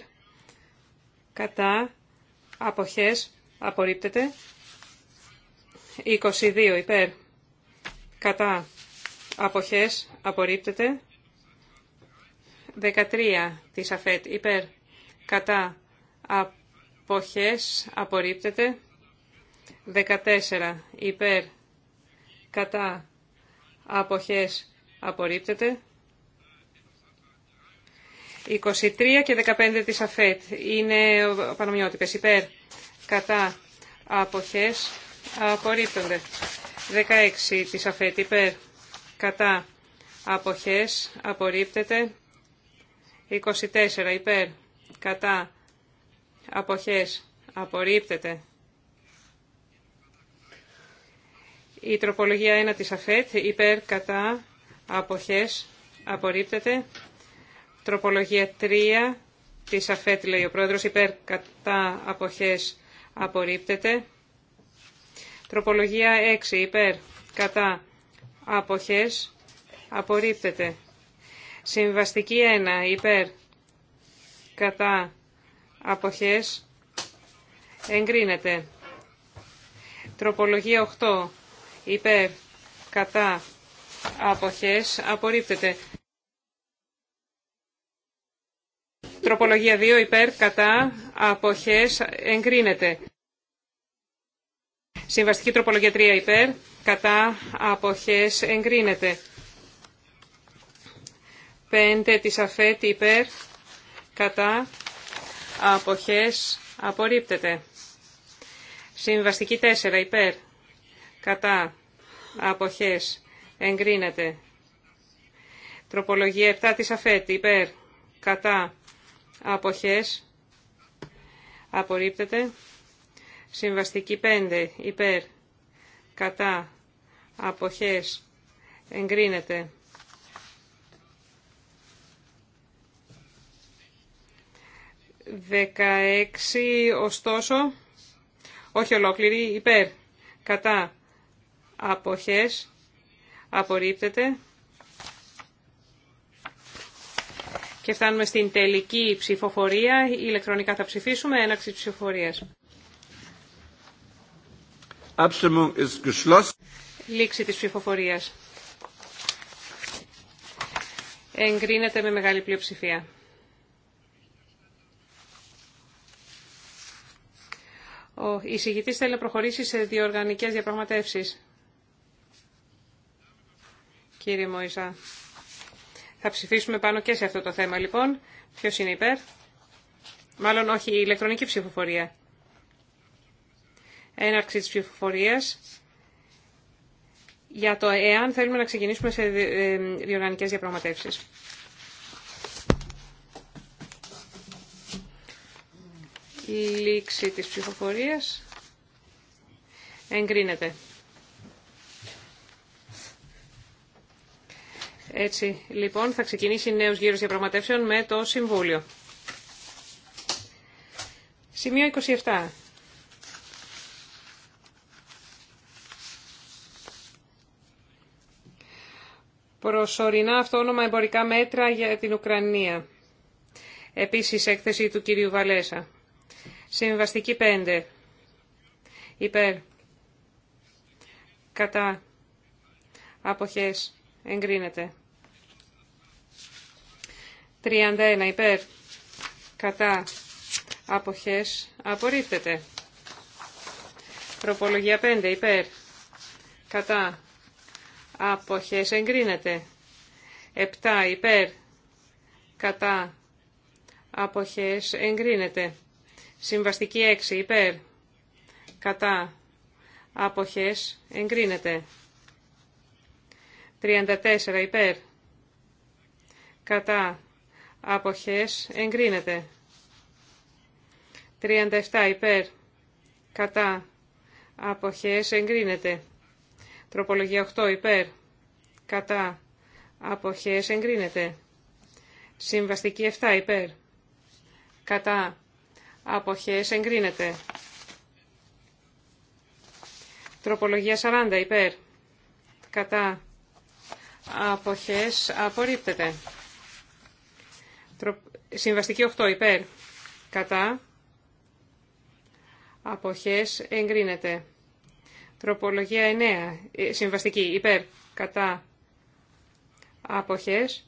κατά αποχές απορρίπτεται. 22 υπέρ κατά αποχές απορρίπτεται. 13 της ΑΦΕΤ υπέρ κατά αποχές απορρίπτεται. 14 υπέρ κατά αποχές απορρίπτεται. 23 και 15 της ΑΦΕΤ είναι πανομοιότυπες υπέρ κατά αποχές απορρίπτονται. 16 της ΑΦΕΤ υπέρ κατά αποχές απορρίπτεται. 24 υπέρ κατά αποχές απορρίπτεται. Η τροπολογία 1 της ΑΦΕΤ υπέρ κατά αποχές απορρίπτεται. Τροπολογία 3 της ΑΦΕΤ λέει ο πρόεδρος υπέρ κατά αποχές απορρίπτεται. Τροπολογία 6 υπέρ κατά αποχές απορρίπτεται. Συμβαστική 1 υπέρ κατά αποχές εγκρίνεται. Τροπολογία 8 υπέρ κατά αποχές απορρίπτεται. Τροπολογία 2 υπέρ κατά αποχές εγκρίνεται. Συμβαστική τροπολογία 3 υπέρ κατά αποχές εγκρίνεται. 5 της αφέτ υπέρ κατά αποχές απορρίπτεται. Συμβαστική 4 υπέρ κατά αποχές εγκρίνεται. Τροπολογία 7 της αφέτη υπέρ κατά αποχές απορρίπτεται. Συμβαστική 5 υπέρ κατά αποχές εγκρίνεται. Δεκαέξι, ωστόσο, όχι ολόκληρη, υπέρ, κατά, αποχές απορρίπτεται. Και φτάνουμε στην τελική ψηφοφορία. Ηλεκτρονικά θα ψηφίσουμε. Έναξη ψηφοφορίας. Λήξη της ψηφοφορίας. Εγκρίνεται με μεγάλη πλειοψηφία. Ο εισηγητής θέλει να προχωρήσει σε διοργανικές διαπραγματεύσεις. Κύριε Μωυσά, θα ψηφίσουμε πάνω και σε αυτό το θέμα λοιπόν. Ποιο είναι υπέρ. Μάλλον όχι, η ηλεκτρονική ψηφοφορία. Έναρξη της ψηφοφορίας για το εάν θέλουμε να ξεκινήσουμε σε ε, διοργανικές διαπραγματεύσεις. Η λήξη της ψηφοφορίας εγκρίνεται. Έτσι λοιπόν θα ξεκινήσει νέος γύρος διαπραγματεύσεων με το Συμβούλιο. Σημείο 27. Προσωρινά αυτόνομα εμπορικά μέτρα για την Ουκρανία. Επίσης έκθεση του κυρίου Βαλέσα. Συμβαστική 5. Υπέρ. Κατά. Αποχές. Εγκρίνεται. 31 υπέρ κατά αποχές απορρίπτεται. Τροπολογία 5 υπέρ κατά αποχές εγκρίνεται. 7 υπέρ κατά αποχές εγκρίνεται. Συμβαστική 6 υπέρ κατά αποχές εγκρίνεται. 34 υπέρ κατά αποχές εγκρίνεται. 37 υπέρ κατά αποχές εγκρίνεται. Τροπολογία 8 υπέρ κατά αποχές εγκρίνεται. Συμβαστική 7 υπέρ κατά αποχές εγκρίνεται. Τροπολογία 40 υπέρ κατά αποχές απορρίπτεται. Συμβαστική 8 υπέρ. Κατά. Αποχές εγκρίνεται. Τροπολογία 9. Ε, συμβαστική υπέρ. Κατά. Αποχές.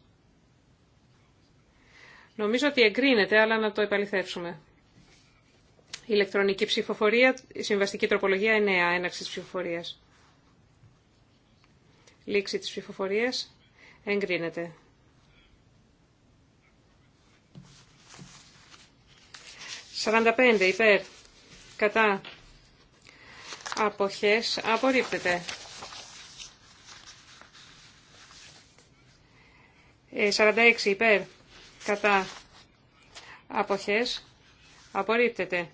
Νομίζω ότι εγκρίνεται, αλλά να το επαληθεύσουμε. Ηλεκτρονική ψηφοφορία, συμβαστική τροπολογία 9, έναρξη της ψηφοφορίας. Λήξη της ψηφοφορίας, εγκρίνεται. 45 υπέρ κατά αποχές απορρίπτεται. 46 ε, υπέρ κατά αποχές απορρίπτεται.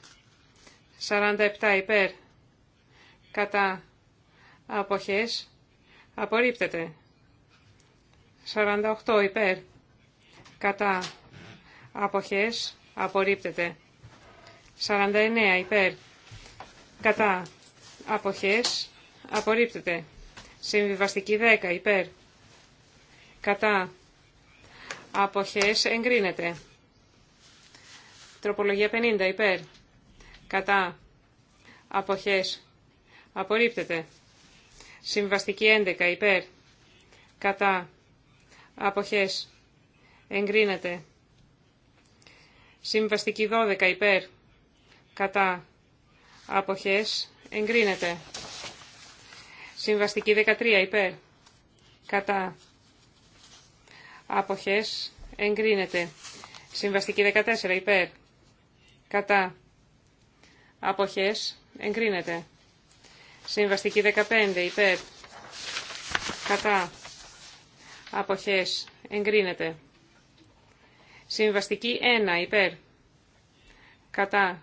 47 υπέρ κατά αποχές απορρίπτεται. 48 υπέρ κατά αποχές απορρίπτεται. 49 υπέρ κατά αποχές απορρίπτεται. Συμβιβαστική 10 υπέρ κατά αποχές εγκρίνεται. Τροπολογία 50 υπέρ κατά αποχές απορρίπτεται. Συμβαστική 11 υπέρ κατά αποχές εγκρίνεται. Συμβαστική 12 υπέρ κατά αποχές εγκρίνεται. Συμβαστική 13 υπέρ κατά αποχές εγκρίνεται. Συμβαστική 14 υπέρ κατά αποχές εγκρίνεται. Συμβαστική 15 υπέρ κατά αποχές εγκρίνεται. Συμβαστική 1 υπέρ κατά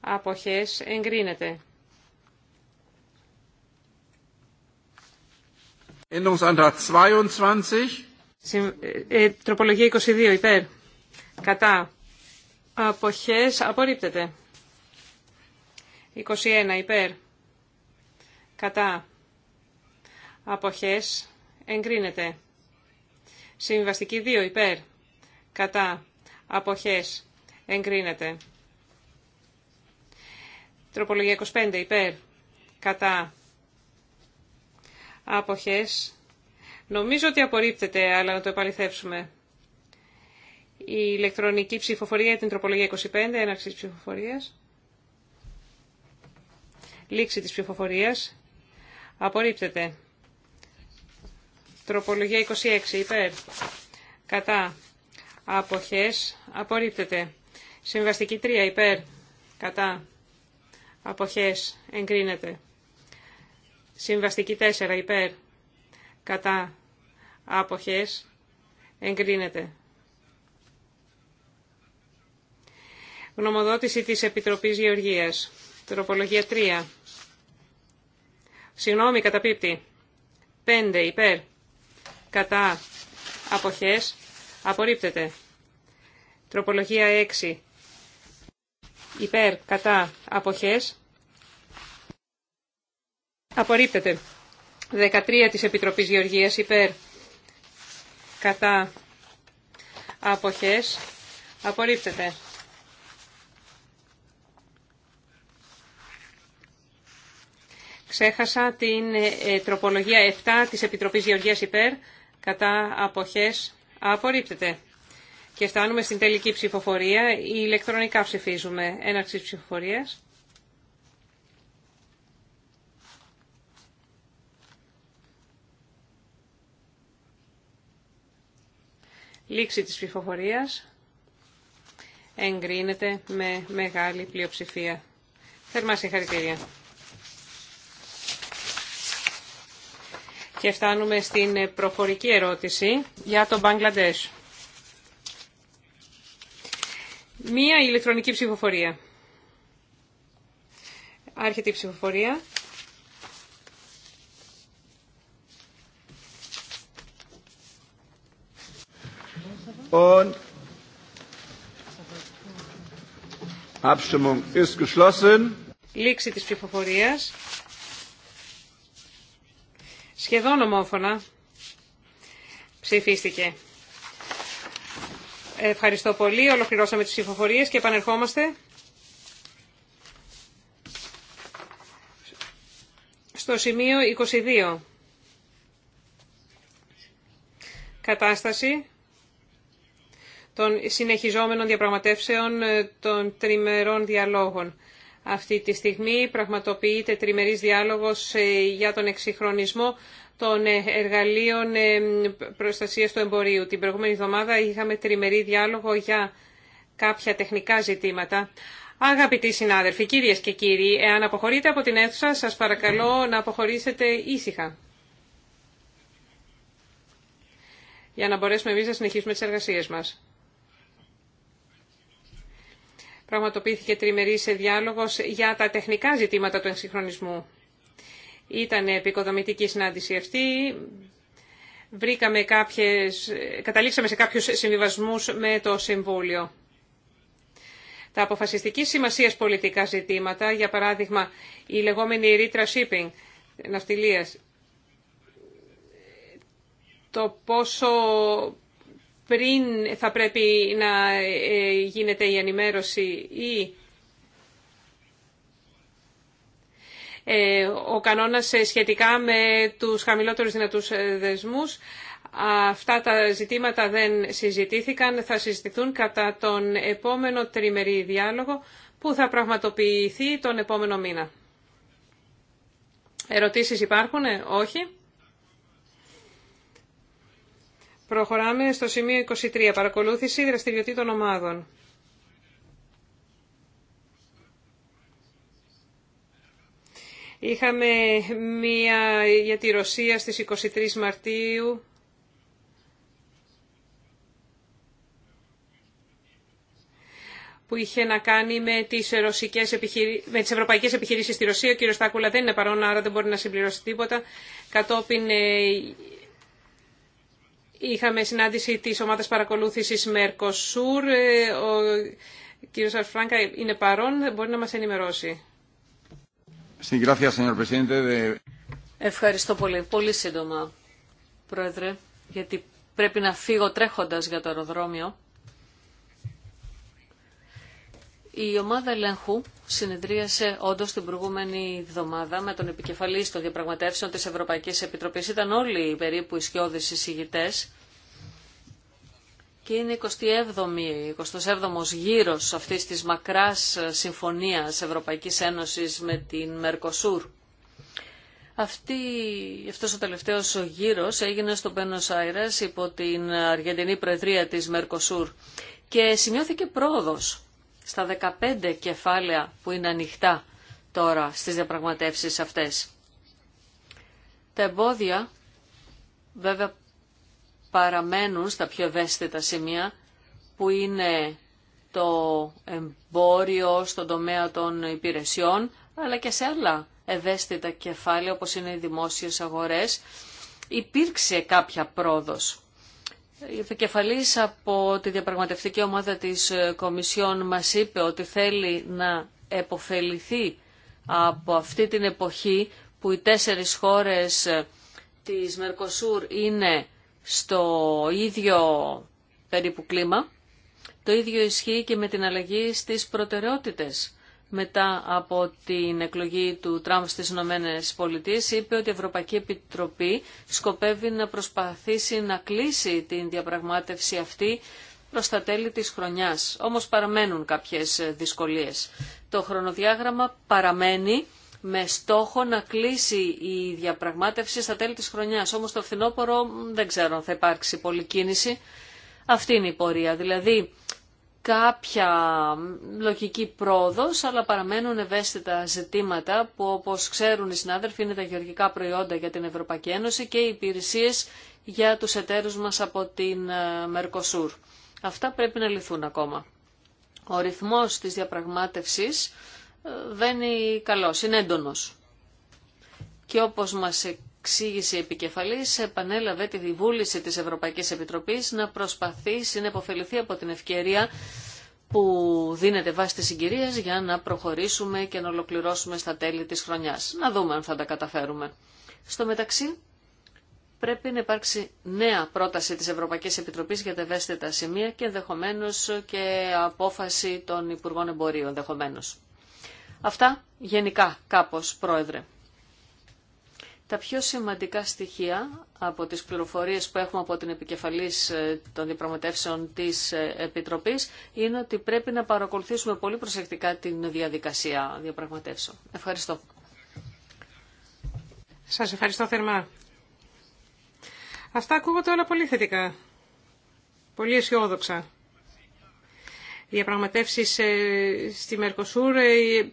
αποχές εγκρίνεται. Änderungsantrag 22. Ε, ε, τροπολογία 22 υπέρ. Κατά. Αποχές απορρίπτεται. 21 υπέρ. Κατά. Αποχές εγκρίνεται. Συμβαστική 2 υπέρ. Κατά. Αποχές εγκρίνεται. Τροπολογία 25 υπέρ κατά αποχές. Νομίζω ότι απορρίπτεται, αλλά να το επαληθεύσουμε. Η ηλεκτρονική ψηφοφορία είναι την τροπολογία 25, έναρξη της ψηφοφορίας. Λήξη της ψηφοφορίας. Απορρίπτεται. Τροπολογία 26, υπέρ. Κατά. Αποχές. Απορρίπτεται. Συμβαστική 3, υπέρ. Κατά αποχές εγκρίνεται. Συμβαστική 4 υπέρ κατά αποχές εγκρίνεται. Γνωμοδότηση της Επιτροπής Γεωργίας. Τροπολογία 3. Συγγνώμη, καταπίπτει. 5 υπέρ κατά αποχές απορρίπτεται. Τροπολογία 6 υπέρ, κατά, αποχές, απορρίπτεται. 13 της Επιτροπής Γεωργίας υπέρ, κατά, αποχές, απορρίπτεται. Ξέχασα την ε, ε, τροπολογία 7 της Επιτροπής Γεωργίας υπέρ, κατά, αποχές, απορρίπτεται. Και φτάνουμε στην τελική ψηφοφορία. Η ηλεκτρονικά ψηφίζουμε. Έναρξη ψηφοφορίας. Λήξη της ψηφοφορίας εγκρίνεται με μεγάλη πλειοψηφία. Θερμά συγχαρητήρια. Και φτάνουμε στην προφορική ερώτηση για τον Μπαγκλαντές. Μία ηλεκτρονική ψηφοφορία. Άρχεται η ψηφοφορία. Und Abstimmung ist geschlossen. Λήξη της ψηφοφορίας. Σχεδόν ομόφωνα ψηφίστηκε. Ευχαριστώ πολύ. Ολοκληρώσαμε τις ψηφοφορίες και επανερχόμαστε στο σημείο 22. Κατάσταση των συνεχιζόμενων διαπραγματεύσεων ε, των τριμερών διαλόγων. Αυτή τη στιγμή πραγματοποιείται τριμερής διάλογος ε, για τον εξυγχρονισμό των ε, εργαλείων ε, προστασίας του εμπορίου. Την προηγούμενη εβδομάδα είχαμε τριμερή διάλογο για κάποια τεχνικά ζητήματα. Αγαπητοί συνάδελφοι, κυρίες και κύριοι, εάν αποχωρείτε από την αίθουσα, σας παρακαλώ να αποχωρήσετε ήσυχα. Για να μπορέσουμε εμείς να συνεχίσουμε τις εργασίες μας. Πραγματοποιήθηκε σε διάλογος για τα τεχνικά ζητήματα του εξυγχρονισμού. Ήταν επικοδομητική συνάντηση αυτή. Βρήκαμε κάποιες, καταλήξαμε σε κάποιους συμβιβασμούς με το Συμβούλιο. Τα αποφασιστική σημασίας πολιτικά ζητήματα, για παράδειγμα η λεγόμενη ρήτρα shipping ναυτιλίας, το πόσο πριν θα πρέπει να ε, γίνεται η ενημέρωση ή Ε, ο κανόνας ε, σχετικά με τους χαμηλότερους δυνατούς ε, δεσμούς. Αυτά τα ζητήματα δεν συζητήθηκαν, θα συζητηθούν κατά τον επόμενο τριμερή διάλογο που θα πραγματοποιηθεί τον επόμενο μήνα. Ερωτήσεις υπάρχουν, όχι. Προχωράμε στο σημείο 23, παρακολούθηση δραστηριοτήτων ομάδων. Είχαμε μία για τη Ρωσία στις 23 Μαρτίου. που είχε να κάνει με τις, ρωσικές με τις ευρωπαϊκές επιχειρήσεις στη Ρωσία. Ο κύριος Στάκουλα δεν είναι παρόν, άρα δεν μπορεί να συμπληρώσει τίποτα. Κατόπιν ε, είχαμε συνάντηση της ομάδας παρακολούθησης Mercosur. Ε, ο κύριος Αρφράγκα είναι παρόν, μπορεί να μας ενημερώσει. Ευχαριστώ πολύ. Πολύ σύντομα, Πρόεδρε, γιατί πρέπει να φύγω τρέχοντας για το αεροδρόμιο. Η ομάδα ελέγχου συνεδρίασε όντω την προηγούμενη εβδομάδα με τον επικεφαλή των διαπραγματεύσεων τη Ευρωπαϊκή Επιτροπή. Ήταν όλοι περίπου ισχυώδει εισηγητέ και είναι 27η, 27ος γύρος αυτής της μακράς ε, συμφωνίας Ευρωπαϊκής Ένωσης με την Μερκοσούρ. Αυτή, αυτός ο τελευταίος γύρος έγινε στο Πένος Άιρες υπό την Αργεντινή Προεδρία της Μερκοσούρ και σημειώθηκε πρόοδος στα 15 κεφάλαια που είναι ανοιχτά τώρα στις διαπραγματεύσεις αυτές. Τα εμπόδια βέβαια παραμένουν στα πιο ευαίσθητα σημεία που είναι το εμπόριο στον τομέα των υπηρεσιών αλλά και σε άλλα ευαίσθητα κεφάλαια όπως είναι οι δημόσιες αγορές υπήρξε κάποια πρόοδος. Η επικεφαλής από τη διαπραγματευτική ομάδα της Κομισιόν μας είπε ότι θέλει να εποφεληθεί από αυτή την εποχή που οι τέσσερις χώρες της Μερκοσούρ είναι στο ίδιο περίπου κλίμα. Το ίδιο ισχύει και με την αλλαγή στις προτεραιότητες. Μετά από την εκλογή του Τραμπ στις Ηνωμένε Πολιτείες είπε ότι η Ευρωπαϊκή Επιτροπή σκοπεύει να προσπαθήσει να κλείσει την διαπραγμάτευση αυτή προς τα τέλη της χρονιάς. Όμως παραμένουν κάποιες δυσκολίες. Το χρονοδιάγραμμα παραμένει με στόχο να κλείσει η διαπραγμάτευση στα τέλη της χρονιάς. Όμως το φθινόπωρο δεν ξέρω αν θα υπάρξει πολλή κίνηση. Αυτή είναι η πορεία. Δηλαδή κάποια λογική πρόοδος, αλλά παραμένουν ευαίσθητα ζητήματα που όπως ξέρουν οι συνάδελφοι είναι τα γεωργικά προϊόντα για την Ευρωπαϊκή Ένωση και οι υπηρεσίες για τους εταίρους μας από την ε, Μερκοσούρ. Αυτά πρέπει να λυθούν ακόμα. Ο ρυθμός της διαπραγμάτευσης βαίνει καλός, είναι έντονος. Και όπως μας εξήγησε η επικεφαλής, επανέλαβε τη βούληση της Ευρωπαϊκής Επιτροπής να προσπαθήσει να υποφεληθεί από την ευκαιρία που δίνεται βάση της συγκυρίας για να προχωρήσουμε και να ολοκληρώσουμε στα τέλη της χρονιάς. Να δούμε αν θα τα καταφέρουμε. Στο μεταξύ, πρέπει να υπάρξει νέα πρόταση της Ευρωπαϊκής Επιτροπής για τα ευαίσθητα σημεία και ενδεχομένω και απόφαση των Υπουργών Εμπορίου ενδεχομένως. Αυτά γενικά κάπως, Πρόεδρε. Τα πιο σημαντικά στοιχεία από τις πληροφορίες που έχουμε από την επικεφαλής ε, των διαπραγματεύσεων της ε, Επιτροπής είναι ότι πρέπει να παρακολουθήσουμε πολύ προσεκτικά την διαδικασία διαπραγματεύσεων. Ευχαριστώ. Σας ευχαριστώ θερμά. Αυτά ακούγονται όλα πολύ θετικά. Πολύ αισιόδοξα διαπραγματεύσεις ε, στη Μερκοσούρ ε, ε,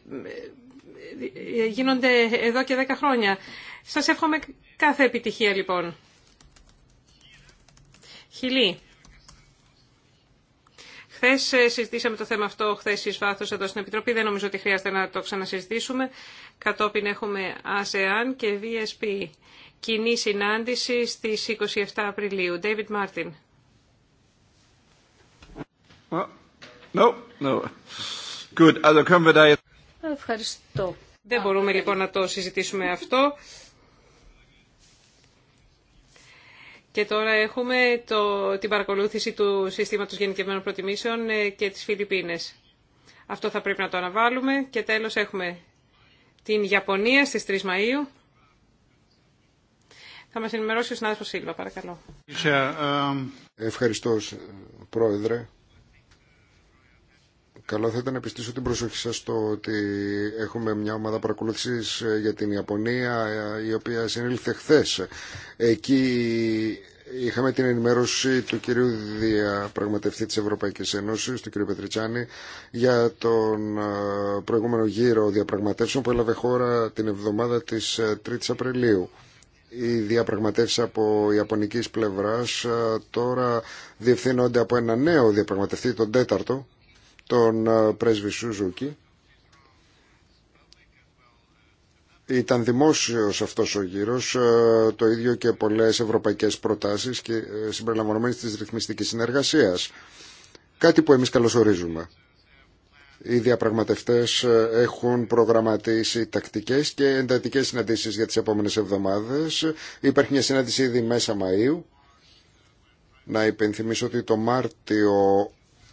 γίνονται εδώ και 10 χρόνια. Σας εύχομαι κάθε επιτυχία λοιπόν. Χιλή. Χθε συζητήσαμε το θέμα αυτό, χθε ει βάθο εδώ στην Επιτροπή. Δεν νομίζω ότι χρειάζεται να το ξανασυζητήσουμε. Κατόπιν έχουμε ASEAN και VSP. Κοινή συνάντηση στι 27 Απριλίου. David Martin. Δεν μπορούμε λοιπόν να το συζητήσουμε αυτό. Και τώρα έχουμε την παρακολούθηση του συστήματος γενικευμένων προτιμήσεων ε, και της Φιλιππίνες. Αυτό θα πρέπει να το αναβάλουμε. Και τέλος έχουμε την Ιαπωνία στις 3 Μαΐου. Θα μας ενημερώσει ο συνάδελφος Σίλβα, παρακαλώ. Ευχαριστώ, ε, Πρόεδρε. Καλό θα ήταν να πιστήσω την προσοχή σας στο ότι έχουμε μια ομάδα παρακολούθησης ε, για την Ιαπωνία ε, η οποία συνήλθε χθε. Εκεί είχαμε την ενημέρωση του κυρίου διαπραγματευτή της Ευρωπαϊκής Ένωσης, του κυρίου Πετριτσάνη, για τον ε, προηγούμενο γύρο διαπραγματεύσεων που έλαβε χώρα την εβδομάδα της 3ης Απριλίου οι διαπραγματεύσει από ιαπωνικής πλευράς τώρα διευθύνονται από ένα νέο διαπραγματευτή, τον τέταρτο, τον ε, πρέσβη Σουζούκη. Ήταν δημόσιος αυτός ο γύρος, ε, το ίδιο και πολλές ευρωπαϊκές προτάσεις και ε, συμπεριλαμβανόμενες της ρυθμιστικής συνεργασίας. Κάτι που εμείς καλωσορίζουμε. Οι διαπραγματευτές έχουν προγραμματίσει τακτικές και εντατικές συναντήσεις για τις επόμενες εβδομάδες. Υπάρχει μια συνάντηση ήδη μέσα Μαΐου. Να υπενθυμίσω ότι το Μάρτιο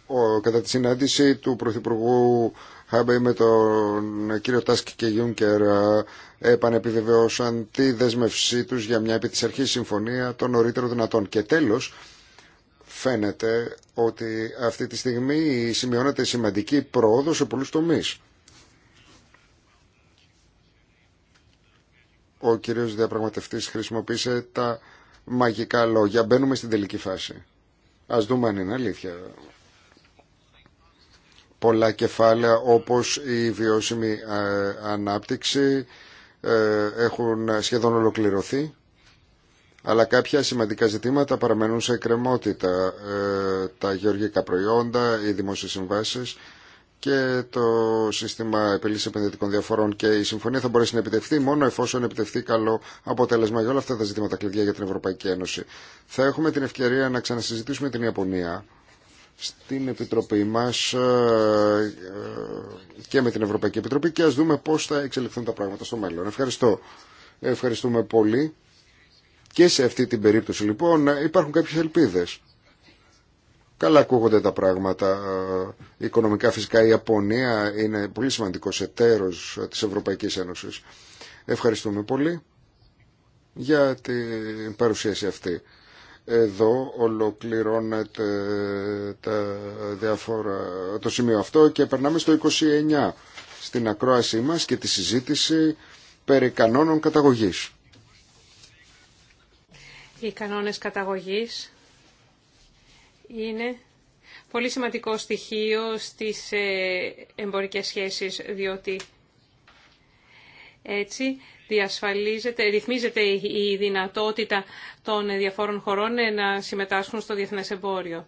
ο, κατά τη συνάντηση του Πρωθυπουργού Χάμπεϊ με τον κύριο Τάσκη και Γιούνκερ ε, επανεπιβεβαιώσαν τη δέσμευσή τους για μια επί της αρχής συμφωνία των νωρίτερων δυνατών. Και τέλος, φαίνεται ότι αυτή τη στιγμή σημειώνεται σημαντική πρόοδο σε πολλούς τομείς. Ο κύριος διαπραγματευτής χρησιμοποίησε τα μαγικά λόγια. Μπαίνουμε στην τελική φάση. Ας δούμε αν είναι αλήθεια πολλά κεφάλαια όπως η βιώσιμη ε, ανάπτυξη ε, έχουν σχεδόν ολοκληρωθεί αλλά κάποια σημαντικά ζητήματα παραμένουν σε εκκρεμότητα. Ε, τα γεωργικά προϊόντα, οι δημόσιες συμβάσεις και το σύστημα επίλυσης επενδυτικών διαφορών και η συμφωνία θα μπορέσει να επιτευχθεί μόνο εφόσον επιτευχθεί καλό αποτέλεσμα για όλα αυτά τα ζητήματα κλειδιά για την Ευρωπαϊκή Ένωση. Θα έχουμε την ευκαιρία να ξανασυζητήσουμε την Ιαπωνία στην Επιτροπή μας ε, ε, και με την Ευρωπαϊκή Επιτροπή και ας δούμε πώς θα εξελιχθούν τα πράγματα στο μέλλον. Ευχαριστώ. Ευχαριστούμε πολύ. Και σε αυτή την περίπτωση λοιπόν υπάρχουν κάποιες ελπίδες. Καλά ακούγονται τα πράγματα. Ε, οικονομικά φυσικά η Ιαπωνία είναι πολύ σημαντικός εταίρος της Ευρωπαϊκής Ένωσης. Ευχαριστούμε πολύ για την παρουσίαση αυτή. Εδώ ολοκληρώνεται τα διάφορα, το σημείο αυτό και περνάμε στο 29 στην ακρόασή μας και τη συζήτηση περί κανόνων καταγωγής. Οι κανόνες καταγωγής είναι πολύ σημαντικό στοιχείο στις ε, εμπορικές σχέσεις, διότι έτσι διασφαλίζεται, ρυθμίζεται η δυνατότητα των διαφόρων χωρών ε, να συμμετάσχουν στο διεθνές εμπόριο.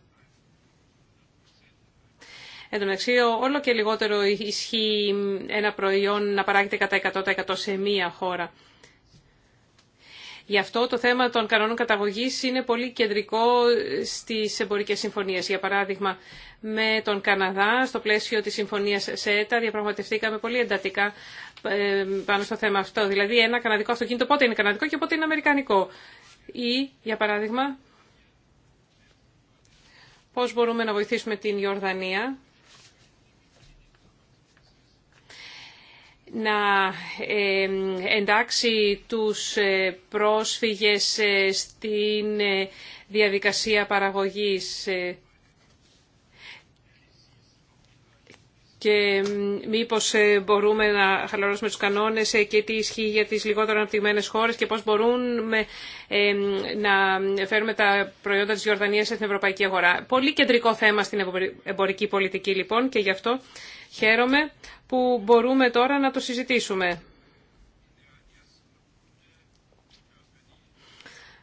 Εν τω μεταξύ, όλο και λιγότερο ισχύει ένα προϊόν να παράγεται κατά 100% σε μία χώρα. Γι' αυτό το θέμα των κανόνων καταγωγής είναι πολύ κεντρικό στις εμπορικές συμφωνίες. Για παράδειγμα, με τον Καναδά, στο πλαίσιο τη Συμφωνία ΣΕΤΑ, διαπραγματευτήκαμε πολύ εντατικά ε, πάνω στο θέμα αυτό. Δηλαδή, ένα καναδικό αυτοκίνητο πότε είναι καναδικό και πότε είναι αμερικανικό. Ή, για παράδειγμα, πώς μπορούμε να βοηθήσουμε την Ιορδανία να εντάξει τους ε, πρόσφυγες ε, στην ε, διαδικασία παραγωγής και μήπως μπορούμε να χαλαρώσουμε τους κανόνες και τι ισχύει για τις λιγότερο αναπτυγμένες χώρες και πώς μπορούμε να φέρουμε τα προϊόντα της Ιορδανίας στην ευρωπαϊκή αγορά. Πολύ κεντρικό θέμα στην εμπορική πολιτική λοιπόν και γι' αυτό Χαίρομαι που μπορούμε τώρα να το συζητήσουμε.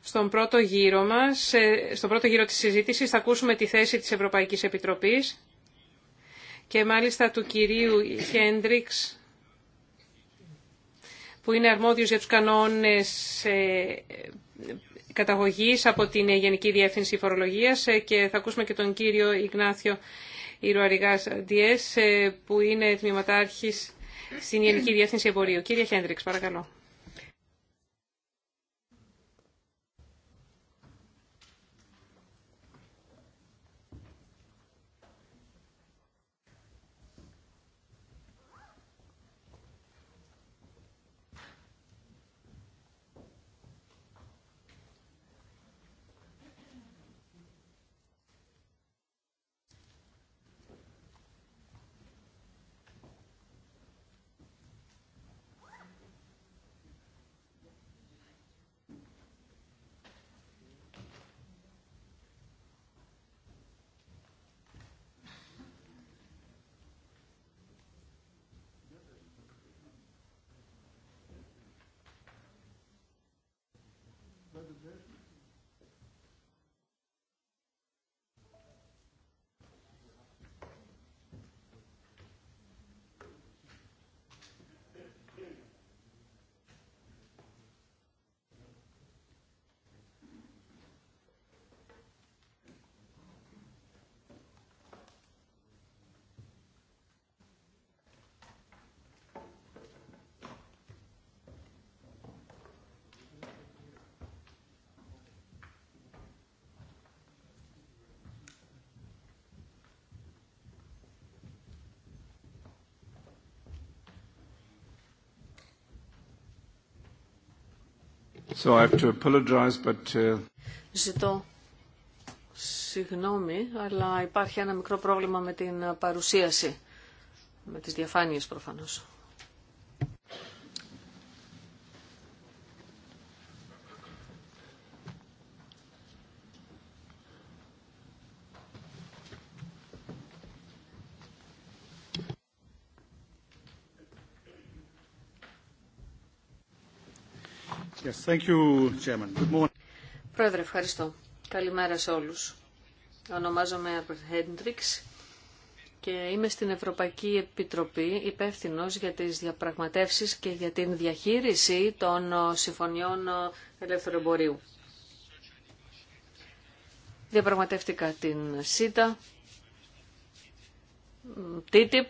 Στον πρώτο γύρο μας, στον πρώτο γύρο της συζήτησης θα ακούσουμε τη θέση της Ευρωπαϊκής Επιτροπής και μάλιστα του κυρίου Χέντριξ που είναι αρμόδιος για τους κανόνες ε, καταγωγής από την Γενική Διεύθυνση Φορολογίας ε, και θα ακούσουμε και τον κύριο Ιγνάθιο Ιρουαριγάς Διές, ε, που είναι τμήματάρχη στην Γενική Διεύθυνση Εμπορίου. Κύριε Χέντριξ, παρακαλώ. Ευχαριστώ. Uh, Ζητώ συγγνώμη, αλλά υπάρχει ένα μικρό πρόβλημα με την παρουσίαση, με τις διαφάνειες προφανώς. Πρόεδρε, ευχαριστώ. Καλημέρα σε όλους. Ονομάζομαι Albert Χέντριξ και είμαι στην Ευρωπαϊκή Επιτροπή υπεύθυνο για τις διαπραγματεύσεις και για την διαχείριση των συμφωνιών ελεύθερου εμπορίου. Διαπραγματεύτηκα την ΣΥΤΑ, TTIP,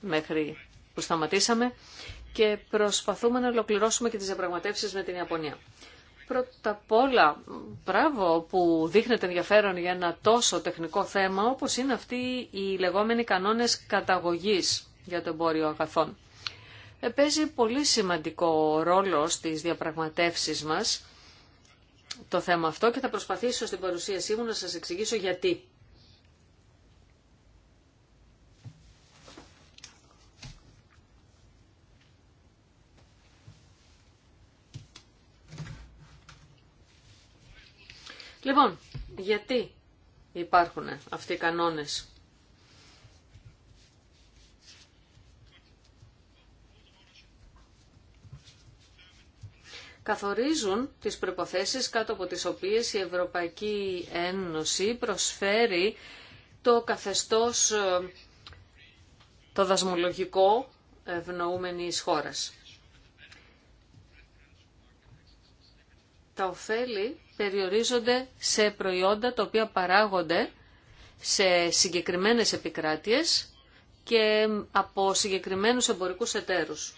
μέχρι που σταματήσαμε και προσπαθούμε να ολοκληρώσουμε και τις διαπραγματεύσεις με την Ιαπωνία. Πρώτα απ' όλα, μπράβο που δείχνετε ενδιαφέρον για ένα τόσο τεχνικό θέμα όπως είναι αυτοί οι λεγόμενοι κανόνες καταγωγής για το εμπόριο αγαθών. Ε, παίζει πολύ σημαντικό ρόλο στις διαπραγματεύσεις μας το θέμα αυτό και θα προσπαθήσω στην παρουσίασή μου να σας εξηγήσω γιατί. Λοιπόν, γιατί υπάρχουν αυτοί οι κανόνες. καθορίζουν τις προϋποθέσεις κάτω από τις οποίες η Ευρωπαϊκή Ένωση προσφέρει το καθεστώς ε, το δασμολογικό ευνοούμενης χώρας. τα ωφέλη περιορίζονται σε προϊόντα τα οποία παράγονται σε συγκεκριμένες επικράτειες και από συγκεκριμένους εμπορικούς εταίρους.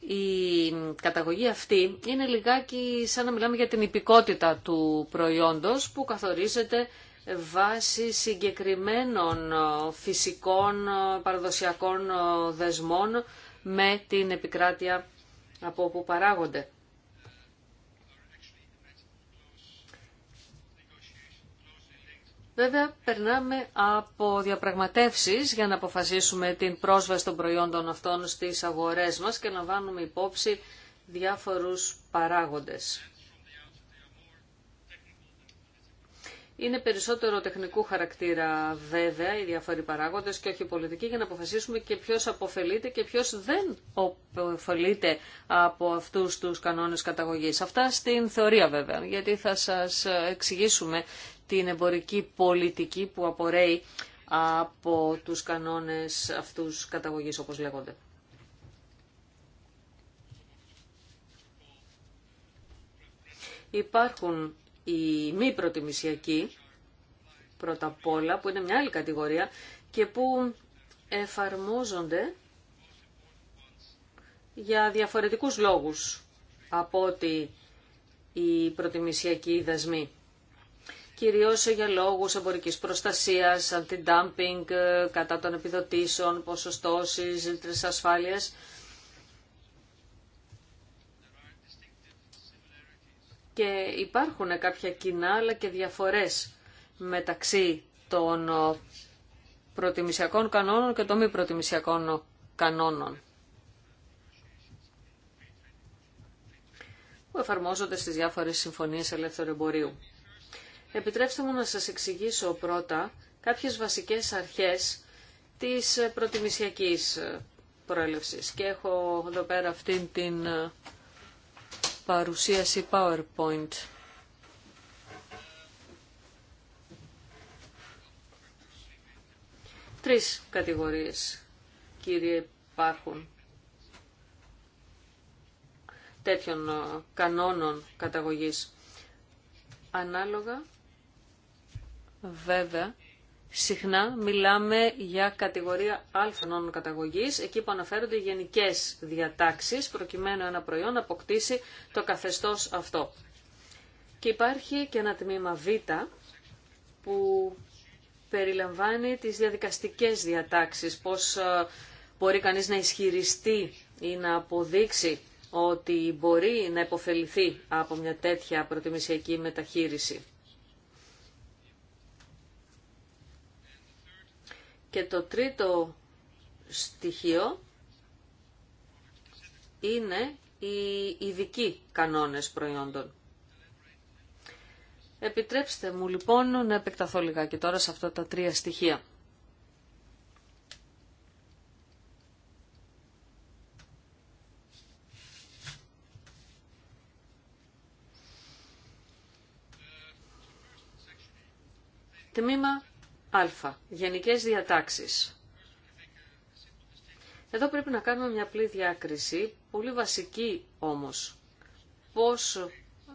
Η καταγωγή αυτή είναι λιγάκι σαν να μιλάμε για την υπηκότητα του προϊόντος που καθορίζεται βάσει συγκεκριμένων φυσικών παραδοσιακών δεσμών με την επικράτεια από όπου παράγονται. Βέβαια, περνάμε από διαπραγματεύσεις για να αποφασίσουμε την πρόσβαση των προϊόντων αυτών στις αγορές μας και να βάλουμε υπόψη διάφορους παράγοντες. Είναι περισσότερο τεχνικού χαρακτήρα βέβαια οι διάφοροι παράγοντες και όχι πολιτικοί για να αποφασίσουμε και ποιος αποφελείται και ποιος δεν αποφελείται από αυτούς τους κανόνες καταγωγής. Αυτά στην θεωρία βέβαια, γιατί θα σας εξηγήσουμε την εμπορική πολιτική που απορρέει από τους κανόνες αυτούς καταγωγής όπως λέγονται. Υπάρχουν οι μη προτιμησιακοί, πρώτα απ' όλα, που είναι μια άλλη κατηγορία και που εφαρμόζονται για διαφορετικούς λόγους από ότι οι προτιμησιακοί δασμοί κυρίως για λόγους εμπορικής προστασίας, αντι-dumping, ε, κατά των επιδοτήσεων, ποσοστώσεις, ρήτρες ασφάλειας. Και υπάρχουν κάποια κοινά αλλά και διαφορές μεταξύ των ε, προτιμησιακών κανόνων και των μη προτιμησιακών κανόνων. που εφαρμόζονται στις διάφορες συμφωνίες ελεύθερου εμπορίου. Επιτρέψτε μου να σας εξηγήσω πρώτα κάποιες βασικές αρχές της προτιμησιακής προέλευσης. Και έχω εδώ πέρα αυτήν την ε, παρουσίαση PowerPoint. Τρεις κατηγορίες, κύριε, υπάρχουν τέτοιων ε, κανόνων καταγωγής. Ανάλογα Βέβαια, συχνά μιλάμε για κατηγορία νόμου καταγωγής, εκεί που αναφέρονται γενικές διατάξεις, προκειμένου ένα προϊόν να αποκτήσει το καθεστώς αυτό. Και υπάρχει και ένα τμήμα Β, που περιλαμβάνει τις διαδικαστικές διατάξεις, πώς ε, μπορεί κανείς να ισχυριστεί ή να αποδείξει ότι μπορεί να υποφεληθεί από μια τέτοια προτιμησιακή μεταχείριση. Και το τρίτο στοιχείο είναι οι ειδικοί κανόνες προϊόντων. Επιτρέψτε μου λοιπόν να επεκταθώ λιγάκι τώρα σε αυτά τα τρία στοιχεία. Τμήμα Α. Γενικές διατάξεις. Εδώ πρέπει να κάνουμε μια απλή διάκριση, πολύ βασική όμως. Πώς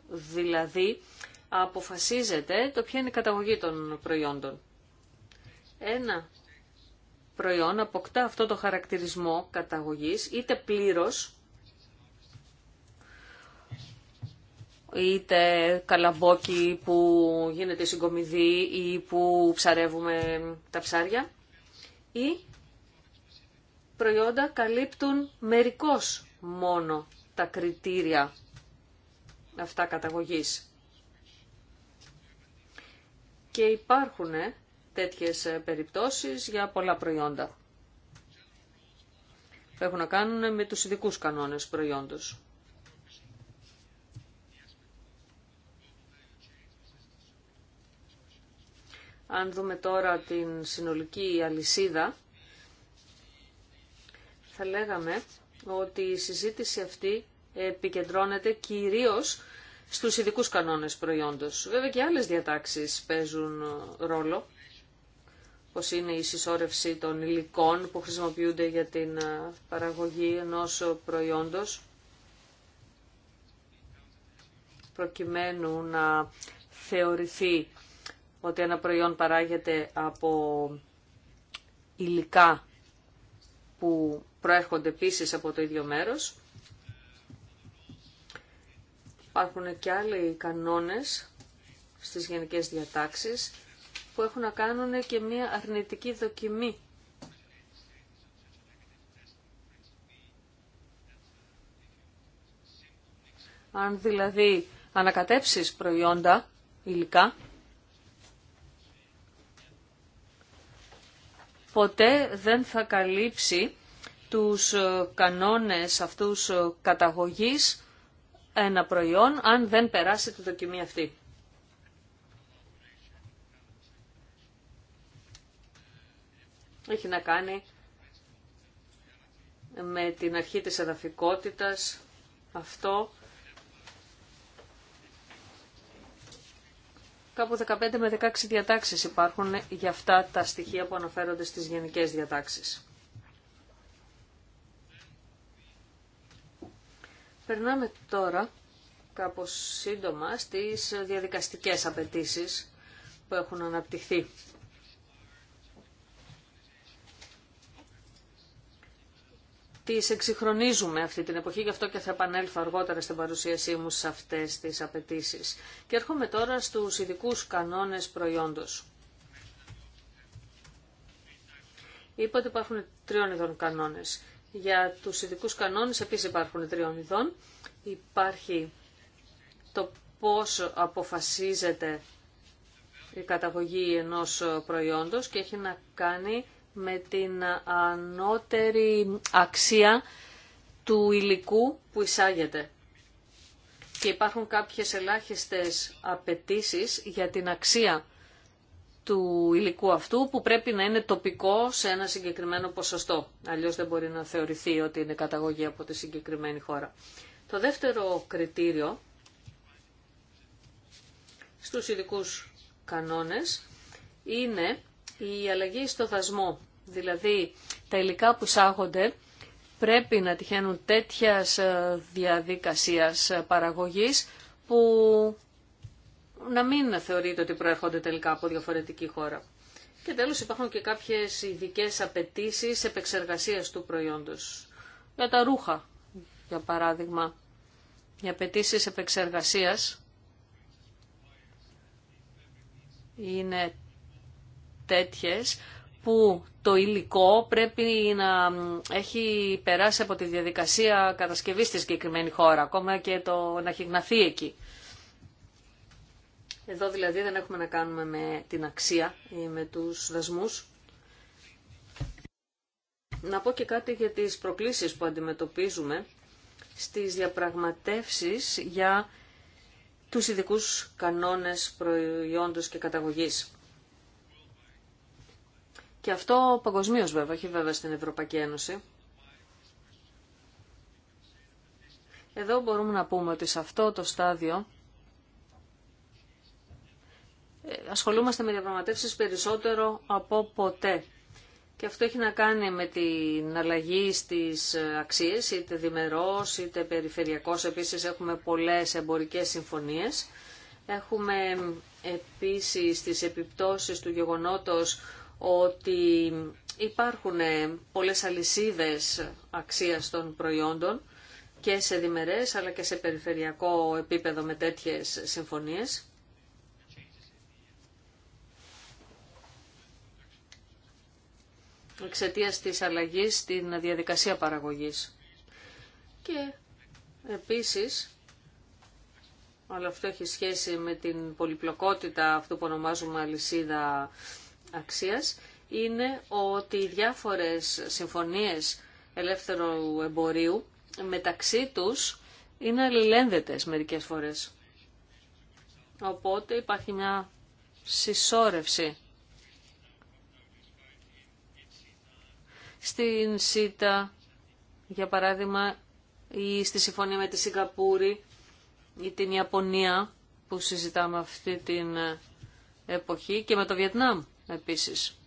δηλαδή αποφασίζεται το ποια είναι η καταγωγή των προϊόντων. Ένα προϊόν αποκτά αυτό το χαρακτηρισμό καταγωγής είτε πλήρως είτε καλαμπόκι που γίνεται συγκομιδή ή που ψαρεύουμε τα ψάρια ή προϊόντα καλύπτουν μερικώς μόνο τα κριτήρια αυτά καταγωγής. Και υπάρχουν ε, τέτοιες ε, περιπτώσεις για πολλά προϊόντα που έχουν να κάνουν με τους ειδικούς κανόνες προϊόντος. Αν δούμε τώρα την συνολική αλυσίδα, θα λέγαμε ότι η συζήτηση αυτή επικεντρώνεται κυρίως στους ειδικούς κανόνες προϊόντος. Βέβαια και άλλες διατάξεις παίζουν ρόλο, πως είναι η συσσόρευση των υλικών που χρησιμοποιούνται για την παραγωγή ενός προϊόντος, προκειμένου να θεωρηθεί ότι ένα προϊόν παράγεται από υλικά που προέρχονται επίσης από το ίδιο μέρος. Υπάρχουν και άλλοι κανόνες στις γενικές διατάξεις που έχουν να κάνουν και μία αρνητική δοκιμή. Αν δηλαδή ανακατέψεις προϊόντα υλικά, ποτέ δεν θα καλύψει τους ε, κανόνες αυτούς ε, καταγωγής ένα προϊόν αν δεν περάσει τη δοκιμή αυτή. Έχει να κάνει με την αρχή της εδαφικότητας αυτό Κάπου 15 με 16 διατάξεις υπάρχουν για αυτά τα στοιχεία που αναφέρονται στις γενικές διατάξεις. Περνάμε τώρα κάπως σύντομα στις διαδικαστικές απαιτήσεις που έχουν αναπτυχθεί τις εξυγχρονίζουμε αυτή την εποχή, γι' αυτό και θα επανέλθω αργότερα στην παρουσίασή μου σε αυτές τις απαιτήσει. Και έρχομαι τώρα στους ειδικού κανόνες προϊόντος. Είπα ότι υπάρχουν τριών ειδών κανόνες. Για τους ειδικού κανόνες επίσης υπάρχουν τριών ειδών. Υπάρχει το πώς αποφασίζεται η καταγωγή ενός προϊόντος και έχει να κάνει με την ανώτερη αξία του υλικού που εισάγεται. Και υπάρχουν κάποιες ελάχιστες απαιτήσει για την αξία του υλικού αυτού που πρέπει να είναι τοπικό σε ένα συγκεκριμένο ποσοστό. Αλλιώς δεν μπορεί να θεωρηθεί ότι είναι καταγωγή από τη συγκεκριμένη χώρα. Το δεύτερο κριτήριο στους ειδικού κανόνες είναι η αλλαγή στο δασμό, δηλαδή τα υλικά που σάγονται πρέπει να τυχαίνουν τέτοιας ε, διαδικασίας ε, παραγωγής που να μην θεωρείται ότι προέρχονται τελικά από διαφορετική χώρα. Και τέλος υπάρχουν και κάποιες ειδικέ απαιτήσει επεξεργασίας του προϊόντος. Για τα ρούχα, για παράδειγμα, οι απαιτήσει επεξεργασίας είναι τέτοιες που το υλικό πρέπει να έχει περάσει από τη διαδικασία κατασκευής στη συγκεκριμένη χώρα, ακόμα και το να έχει γναθεί εκεί. Εδώ δηλαδή δεν έχουμε να κάνουμε με την αξία ή με τους δασμούς. Να πω και κάτι για τις προκλήσεις που αντιμετωπίζουμε στις διαπραγματεύσεις για τους ειδικού κανόνες προϊόντος και καταγωγής. Και αυτό παγκοσμίω βέβαια, όχι βέβαια στην Ευρωπαϊκή Ένωση. Εδώ μπορούμε να πούμε ότι σε αυτό το στάδιο ε, ασχολούμαστε με διαπραγματεύσει περισσότερο από ποτέ. Και αυτό έχει να κάνει με την αλλαγή στις ε, αξίες, είτε διμερός, είτε περιφερειακός. Επίσης έχουμε πολλές εμπορικές συμφωνίες. Έχουμε επίσης τις επιπτώσεις του γεγονότος ότι υπάρχουν πολλές αλυσίδες αξίας των προϊόντων και σε διμερές αλλά και σε περιφερειακό επίπεδο με τέτοιες συμφωνίες. εξαιτία της αλλαγής στην διαδικασία παραγωγής. Και επίσης, αλλά αυτό έχει σχέση με την πολυπλοκότητα αυτού που ονομάζουμε αλυσίδα αξίας είναι ότι οι διάφορες συμφωνίες ελεύθερου εμπορίου μεταξύ τους είναι αλληλένδετες μερικές φορές. Οπότε υπάρχει μια συσσόρευση. Στην ΣΥΤΑ, για παράδειγμα, ή στη συμφωνία με τη Σιγκαπούρη ή την Ιαπωνία που συζητάμε αυτή την εποχή και με το Βιετνάμ επίσης.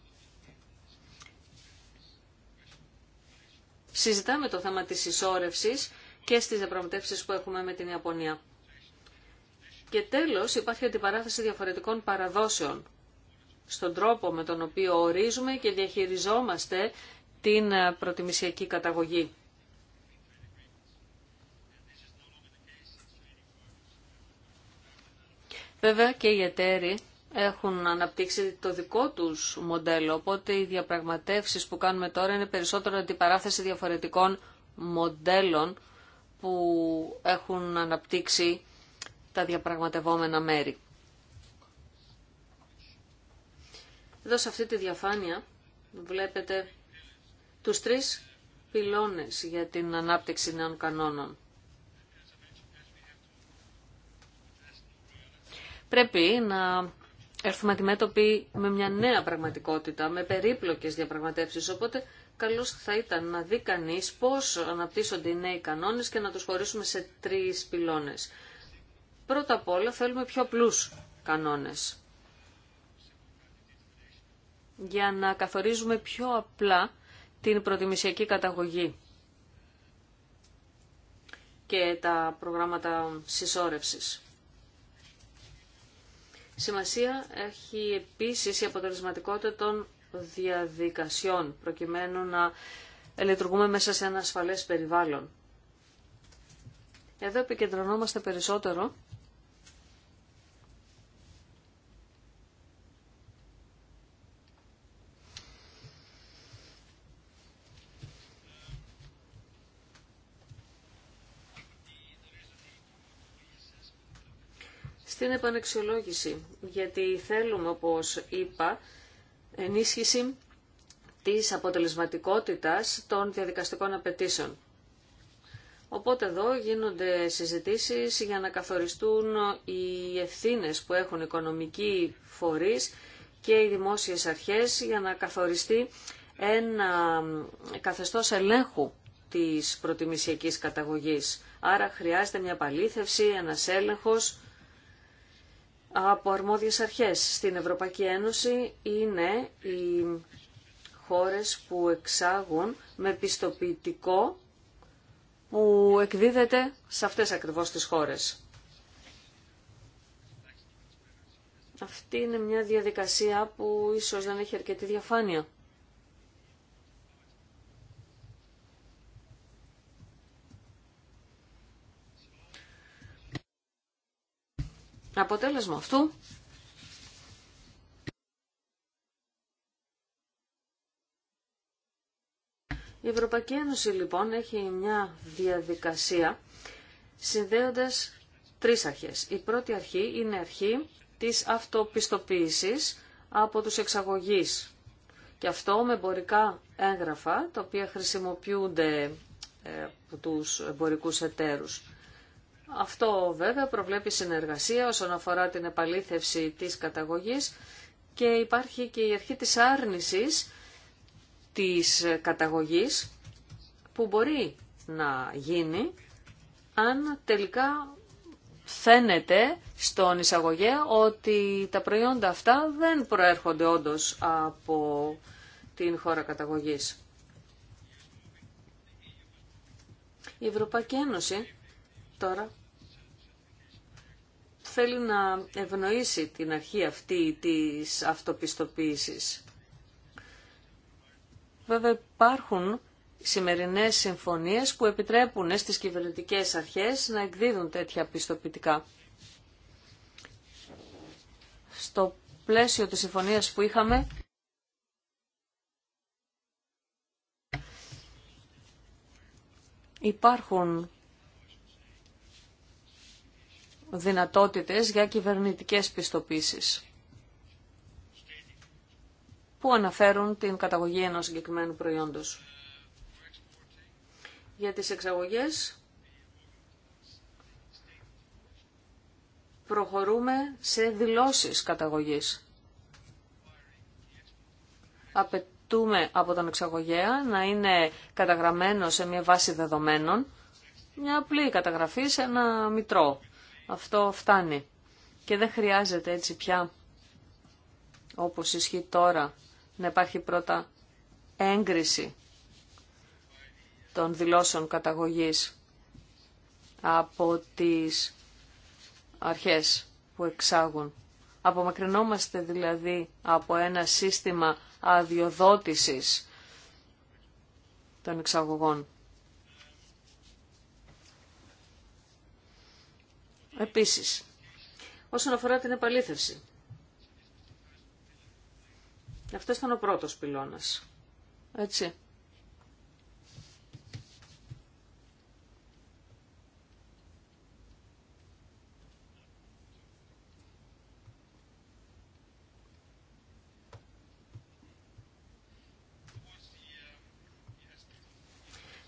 Συζητάμε το θέμα της ισόρευσης και στις διαπραγματεύσεις που έχουμε με την Ιαπωνία. Και τέλος υπάρχει αντιπαράθεση διαφορετικών παραδόσεων στον τρόπο με τον οποίο ορίζουμε και διαχειριζόμαστε την ε, προτιμησιακή καταγωγή. Βέβαια και οι εταίροι έχουν αναπτύξει το δικό τους μοντέλο, οπότε οι διαπραγματεύσεις που κάνουμε τώρα είναι περισσότερο αντιπαράθεση διαφορετικών μοντέλων που έχουν αναπτύξει τα διαπραγματευόμενα μέρη. Εδώ σε αυτή τη διαφάνεια βλέπετε τους τρεις πυλώνες για την ανάπτυξη νέων κανόνων. Πρέπει να έρθουμε αντιμέτωποι με μια νέα πραγματικότητα, με περίπλοκες διαπραγματεύσεις, οπότε καλώς θα ήταν να δει κανεί πώς αναπτύσσονται οι νέοι κανόνες και να τους χωρίσουμε σε τρεις πυλώνες. Πρώτα απ' όλα θέλουμε πιο απλού κανόνες για να καθορίζουμε πιο απλά την προτιμησιακή καταγωγή και τα προγράμματα συσσόρευσης. Σημασία έχει επίσης η αποτελεσματικότητα των διαδικασιών, προκειμένου να λειτουργούμε μέσα σε ένα ασφαλές περιβάλλον. Εδώ επικεντρωνόμαστε περισσότερο στην επανεξιολόγηση, γιατί θέλουμε, όπως είπα, ενίσχυση της αποτελεσματικότητας των διαδικαστικών απαιτήσεων. Οπότε εδώ γίνονται συζητήσεις για να καθοριστούν οι ευθύνες που έχουν οικονομικοί φορείς και οι δημόσιες αρχές για να καθοριστεί ένα καθεστώς ελέγχου της προτιμησιακής καταγωγής. Άρα χρειάζεται μια παλήθευση, ένας έλεγχος από αρμόδιες αρχές στην Ευρωπαϊκή Ένωση είναι οι χώρες που εξάγουν με πιστοποιητικό που εκδίδεται σε αυτές ακριβώς τις χώρες. Αυτή είναι μια διαδικασία που ίσως δεν έχει αρκετή διαφάνεια. Αποτέλεσμα αυτού Η Ευρωπαϊκή Ένωση λοιπόν έχει μια διαδικασία συνδέοντας τρεις αρχές. Η πρώτη αρχή είναι αρχή της αυτοπιστοποίησης από τους εξαγωγείς και αυτό με εμπορικά έγγραφα τα οποία χρησιμοποιούνται ε, από τους εμπορικούς εταίρους. Αυτό βέβαια προβλέπει συνεργασία όσον αφορά την επαλήθευση της καταγωγής και υπάρχει και η αρχή της άρνησης της καταγωγής που μπορεί να γίνει αν τελικά φαίνεται στον εισαγωγέ ότι τα προϊόντα αυτά δεν προέρχονται όντως από την χώρα καταγωγής. Η Ευρωπαϊκή Ένωση τώρα θέλει να ευνοήσει την αρχή αυτή της αυτοπιστοποίησης. Βέβαια υπάρχουν σημερινές συμφωνίες που επιτρέπουν στις κυβερνητικές αρχές να εκδίδουν τέτοια πιστοποιητικά. Στο πλαίσιο της συμφωνίας που είχαμε, υπάρχουν δυνατότητες για κυβερνητικές πιστοποίησεις που αναφέρουν την καταγωγή ενός συγκεκριμένου προϊόντος. Για τις εξαγωγές προχωρούμε σε δηλώσεις καταγωγής. Απαιτούμε από τον εξαγωγέα να είναι καταγραμμένο σε μια βάση δεδομένων, μια απλή καταγραφή σε ένα μητρό αυτό φτάνει. Και δεν χρειάζεται έτσι πια, όπως ισχύει τώρα, να υπάρχει πρώτα έγκριση των δηλώσεων καταγωγής από τις αρχές που εξάγουν. Απομακρυνόμαστε δηλαδή από ένα σύστημα αδειοδότησης των εξαγωγών. Επίσης, όσον αφορά την επαλήθευση. Αυτό ήταν ο πρώτος πυλώνας. Έτσι.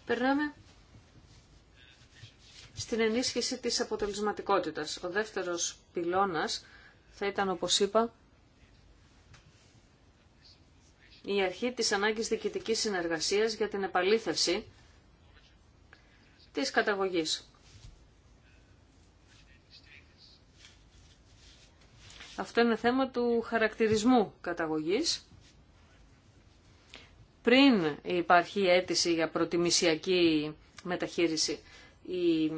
Περνάμε στην ενίσχυση της αποτελεσματικότητας. Ο δεύτερος πυλώνας θα ήταν, όπως είπα, η αρχή της ανάγκης διοικητικής συνεργασίας για την επαλήθευση της καταγωγής. Αυτό είναι θέμα του χαρακτηρισμού καταγωγής. Πριν υπάρχει αίτηση για προτιμησιακή μεταχείριση οι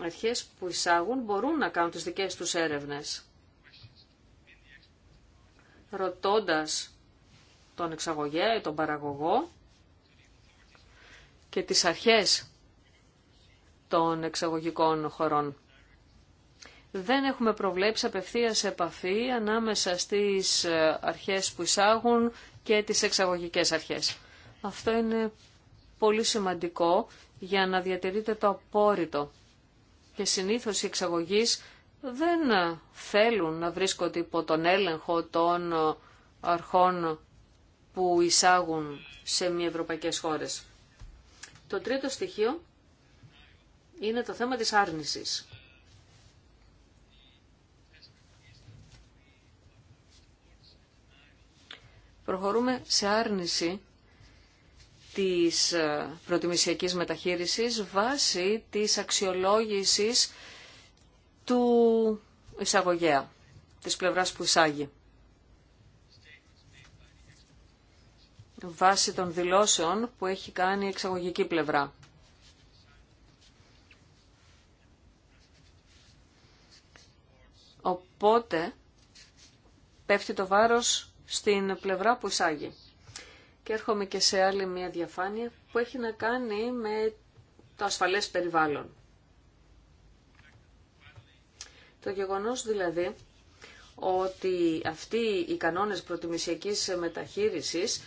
αρχές που εισάγουν μπορούν να κάνουν τις δικές τους έρευνες. Ρωτώντας τον εξαγωγέ, τον παραγωγό και τις αρχές των εξαγωγικών χωρών. Δεν έχουμε προβλέψει απευθείας επαφή ανάμεσα στις αρχές που εισάγουν και τις εξαγωγικές αρχές. Αυτό είναι πολύ σημαντικό για να διατηρείται το απόρριτο. Και συνήθως οι εξαγωγείς δεν θέλουν να βρίσκονται υπό τον έλεγχο των αρχών που εισάγουν σε μη ευρωπαϊκές χώρες. Το τρίτο στοιχείο είναι το θέμα της άρνησης. Προχωρούμε σε άρνηση της ε, προτιμησιακής μεταχείρισης βάσει της αξιολόγησης του εισαγωγέα, της πλευράς που εισάγει. Βάσει των δηλώσεων που έχει κάνει η εξαγωγική πλευρά. Οπότε πέφτει το βάρος στην πλευρά που εισάγει. Και έρχομαι και σε άλλη μια διαφάνεια που έχει να κάνει με το ασφαλές περιβάλλον. Το γεγονός δηλαδή ότι αυτοί οι κανόνες προτιμησιακής μεταχείρισης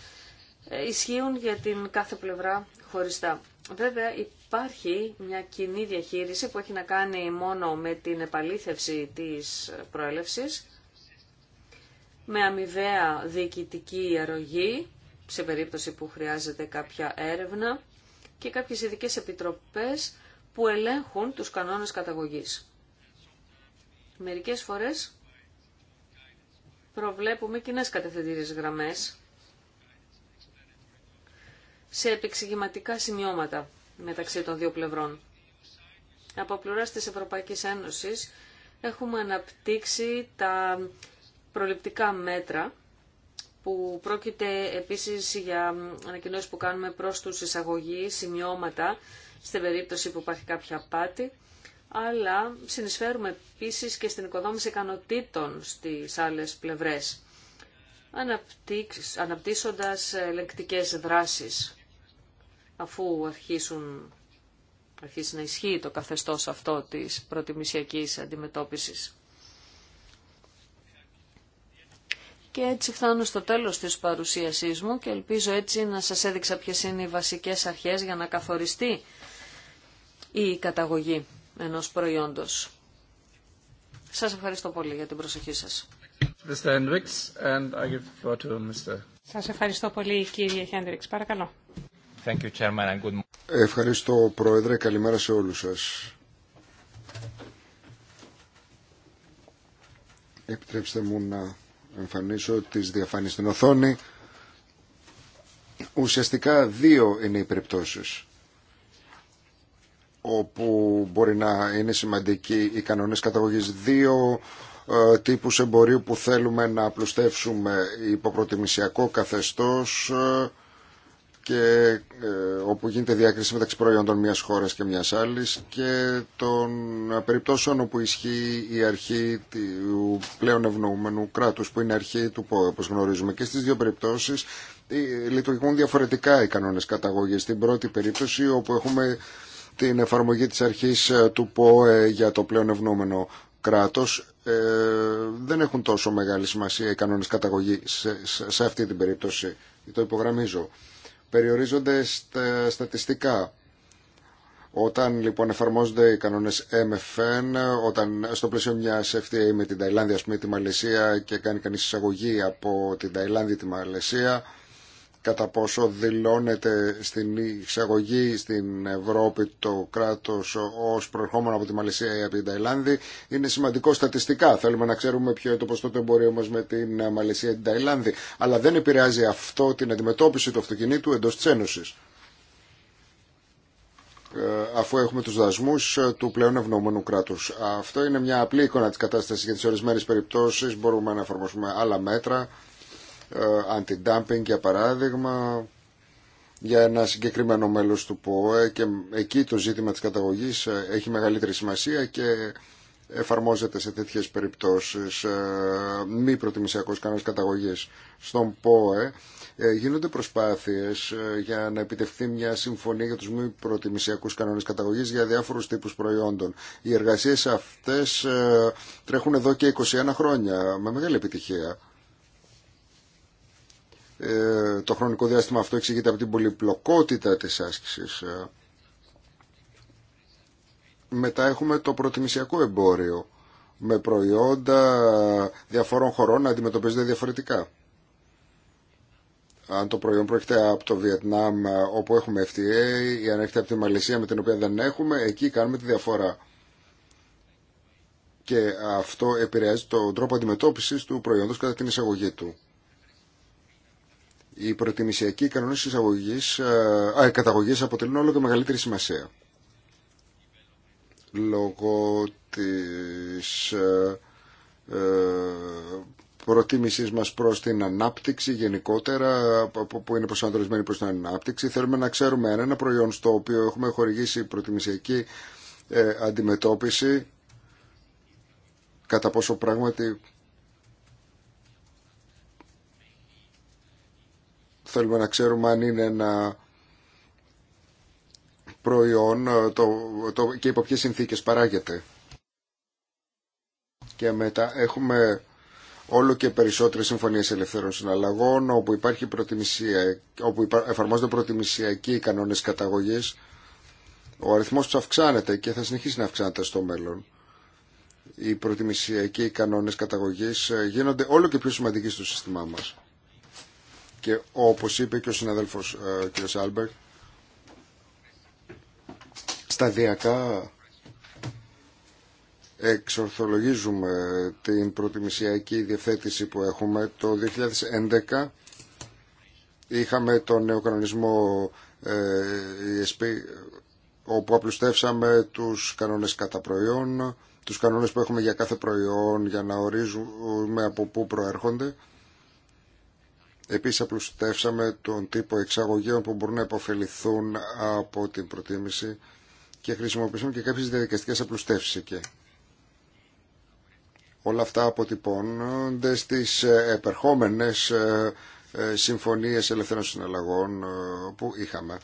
ε, ισχύουν για την κάθε πλευρά χωριστά. Βέβαια υπάρχει μια κοινή διαχείριση που έχει να κάνει μόνο με την επαλήθευση της προέλευσης, με αμοιβαία διοικητική αρρωγή σε περίπτωση που χρειάζεται κάποια έρευνα και κάποιες ειδικές επιτροπές που ελέγχουν τους κανόνες καταγωγής. Μερικές φορές προβλέπουμε κοινέ κατευθυντήριες γραμμές σε επεξηγηματικά σημειώματα μεταξύ των δύο πλευρών. Από πλευρά της Ευρωπαϊκής Ένωσης έχουμε αναπτύξει τα προληπτικά μέτρα που πρόκειται επίσης για ανακοινώσεις που κάνουμε προς τους εισαγωγείς, σημειώματα, στην περίπτωση που υπάρχει κάποια απάτη, αλλά συνεισφέρουμε επίσης και στην οικοδόμηση ικανοτήτων στις άλλες πλευρές, αναπτύσσοντας ελεγκτικές δράσεις, αφού αρχίσουν, αρχίσει να ισχύει το καθεστώς αυτό της προτιμησιακής αντιμετώπισης. Και έτσι φτάνω στο τέλος της παρουσίασής μου και ελπίζω έτσι να σας έδειξα ποιες είναι οι βασικές αρχές για να καθοριστεί η καταγωγή ενός προϊόντος. Σας ευχαριστώ πολύ για την προσοχή σας. Σας ευχαριστώ πολύ κύριε Χέντριξ. Παρακαλώ. Thank you, Chairman, Ευχαριστώ Πρόεδρε. Καλημέρα σε όλους σας. Επιτρέψτε μου να εμφανίσω τις διαφάνειες στην οθόνη. Ουσιαστικά δύο είναι οι περιπτώσεις όπου μπορεί να είναι σημαντικοί οι κανονές καταγωγής δύο ε, τύπους εμπορίου που θέλουμε να απλουστεύσουμε υποπροτιμησιακό καθεστώς ε, και ε, όπου γίνεται διάκριση μεταξύ προϊόντων μιας χώρας και μιας άλλης και των περιπτώσεων όπου ισχύει η αρχή του πλέον ευνοούμενου κράτους που είναι αρχή του ΠΟΕ όπως γνωρίζουμε και στις δύο περιπτώσεις ε, λειτουργούν διαφορετικά οι κανόνες καταγωγής. Στην πρώτη περίπτωση όπου έχουμε την εφαρμογή της αρχής ε, του ΠΟΕ για το πλέον ευνοούμενο κράτος δεν έχουν τόσο μεγάλη σημασία οι κανόνες καταγωγής σε, αυτή την περίπτωση. Το υπογραμμίζω περιορίζονται στατιστικά. Όταν λοιπόν εφαρμόζονται οι κανόνες MFN, όταν στο πλαίσιο μιας FTA με την Ταϊλάνδη, ας πούμε τη Μαλαισία και κάνει κανείς εισαγωγή από την Ταϊλάνδη τη Μαλαισία, κατά πόσο δηλώνεται στην εξαγωγή στην Ευρώπη το κράτος ως προερχόμενο από τη Μαλαισία ή από την Ταϊλάνδη είναι σημαντικό στατιστικά. Θέλουμε να ξέρουμε ποιο είναι το ποστό του εμπορίου μας με την Μαλαισία ή την Ταϊλάνδη. Αλλά δεν επηρεάζει αυτό την αντιμετώπιση του αυτοκινήτου εντός της Ένωσης. Ε, αφού έχουμε τους δασμούς του πλέον ευνοούμενου κράτους. Αυτό είναι μια απλή εικόνα της κατάστασης για τις ορισμένες περιπτώσεις. Μπορούμε να εφαρμόσουμε άλλα μέτρα ε, αντι για παράδειγμα για ένα συγκεκριμένο μέλος του ΠΟΕ και εκεί το ζήτημα της καταγωγής ε, έχει μεγαλύτερη σημασία και εφαρμόζεται σε τέτοιες περιπτώσεις ε, μη προτιμησιακός κανένας καταγωγής στον ΠΟΕ γίνονται προσπάθειες για να επιτευχθεί μια συμφωνία για τους μη προτιμησιακούς κανόνες καταγωγής για διάφορους τύπους προϊόντων. Οι εργασίες αυτές τρέχουν εδώ και 21 χρόνια με μεγάλη επιτυχία. Ε, το χρονικό διάστημα αυτό εξηγείται από την πολυπλοκότητα της άσκησης. Ε, μετά έχουμε το προτιμησιακό εμπόριο με προϊόντα διαφόρων χωρών να αντιμετωπίζονται διαφορετικά. Αν το προϊόν προέρχεται από το Βιετνάμ όπου έχουμε FTA ή αν έρχεται από τη Μαλαισία με την οποία δεν έχουμε, εκεί κάνουμε τη διαφορά. Και αυτό επηρεάζει τον τρόπο αντιμετώπισης του προϊόντος κατά την εισαγωγή του. Οι προτιμησιακοί κανόνες εισαγωγής, ε, α, ε, καταγωγής αποτελούν όλο και μεγαλύτερη σημασία. Λόγω της ε, ε προτίμησής μας προς την ανάπτυξη γενικότερα, που είναι προσανατολισμένη προς την ανάπτυξη, θέλουμε να ξέρουμε ένα προϊόν στο οποίο έχουμε χορηγήσει προτιμησιακή αντιμετώπιση, κατά πόσο πράγματι Θέλουμε να ξέρουμε αν είναι ένα προϊόν ε, το, το, και υπό ποιες συνθήκες παράγεται. Και μετά έχουμε όλο και περισσότερες συμφωνίες ελευθερών συναλλαγών όπου, υπάρχει προτιμησία, όπου εφαρμόζονται προτιμησιακοί κανόνες καταγωγής. Ο αριθμός τους αυξάνεται και θα συνεχίσει να αυξάνεται στο μέλλον. Οι προτιμησιακοί κανόνες καταγωγής ε, γίνονται όλο και πιο σημαντικοί στο σύστημά μας. Και όπως είπε και ο συναδέλφος ε, κ. Σάλμπερ, σταδιακά εξορθολογίζουμε την προτιμησιακή διευθέτηση που έχουμε. Το 2011 είχαμε τον νέο κανονισμό ε, ESP, όπου απλουστεύσαμε τους κανόνες κατά προϊόν, τους κανόνες που έχουμε για κάθε προϊόν για να ορίζουμε από πού προέρχονται. Επίσης απλουστεύσαμε τον τύπο εξαγωγέων που μπορούν να υποφεληθούν από την προτίμηση και χρησιμοποιήσαμε και κάποιες διαδικαστικές απλουστεύσεις εκεί. Όλα αυτά αποτυπώνονται στις ε, επερχόμενες ε, ε, συμφωνίες ελευθερών συναλλαγών που είχαμε.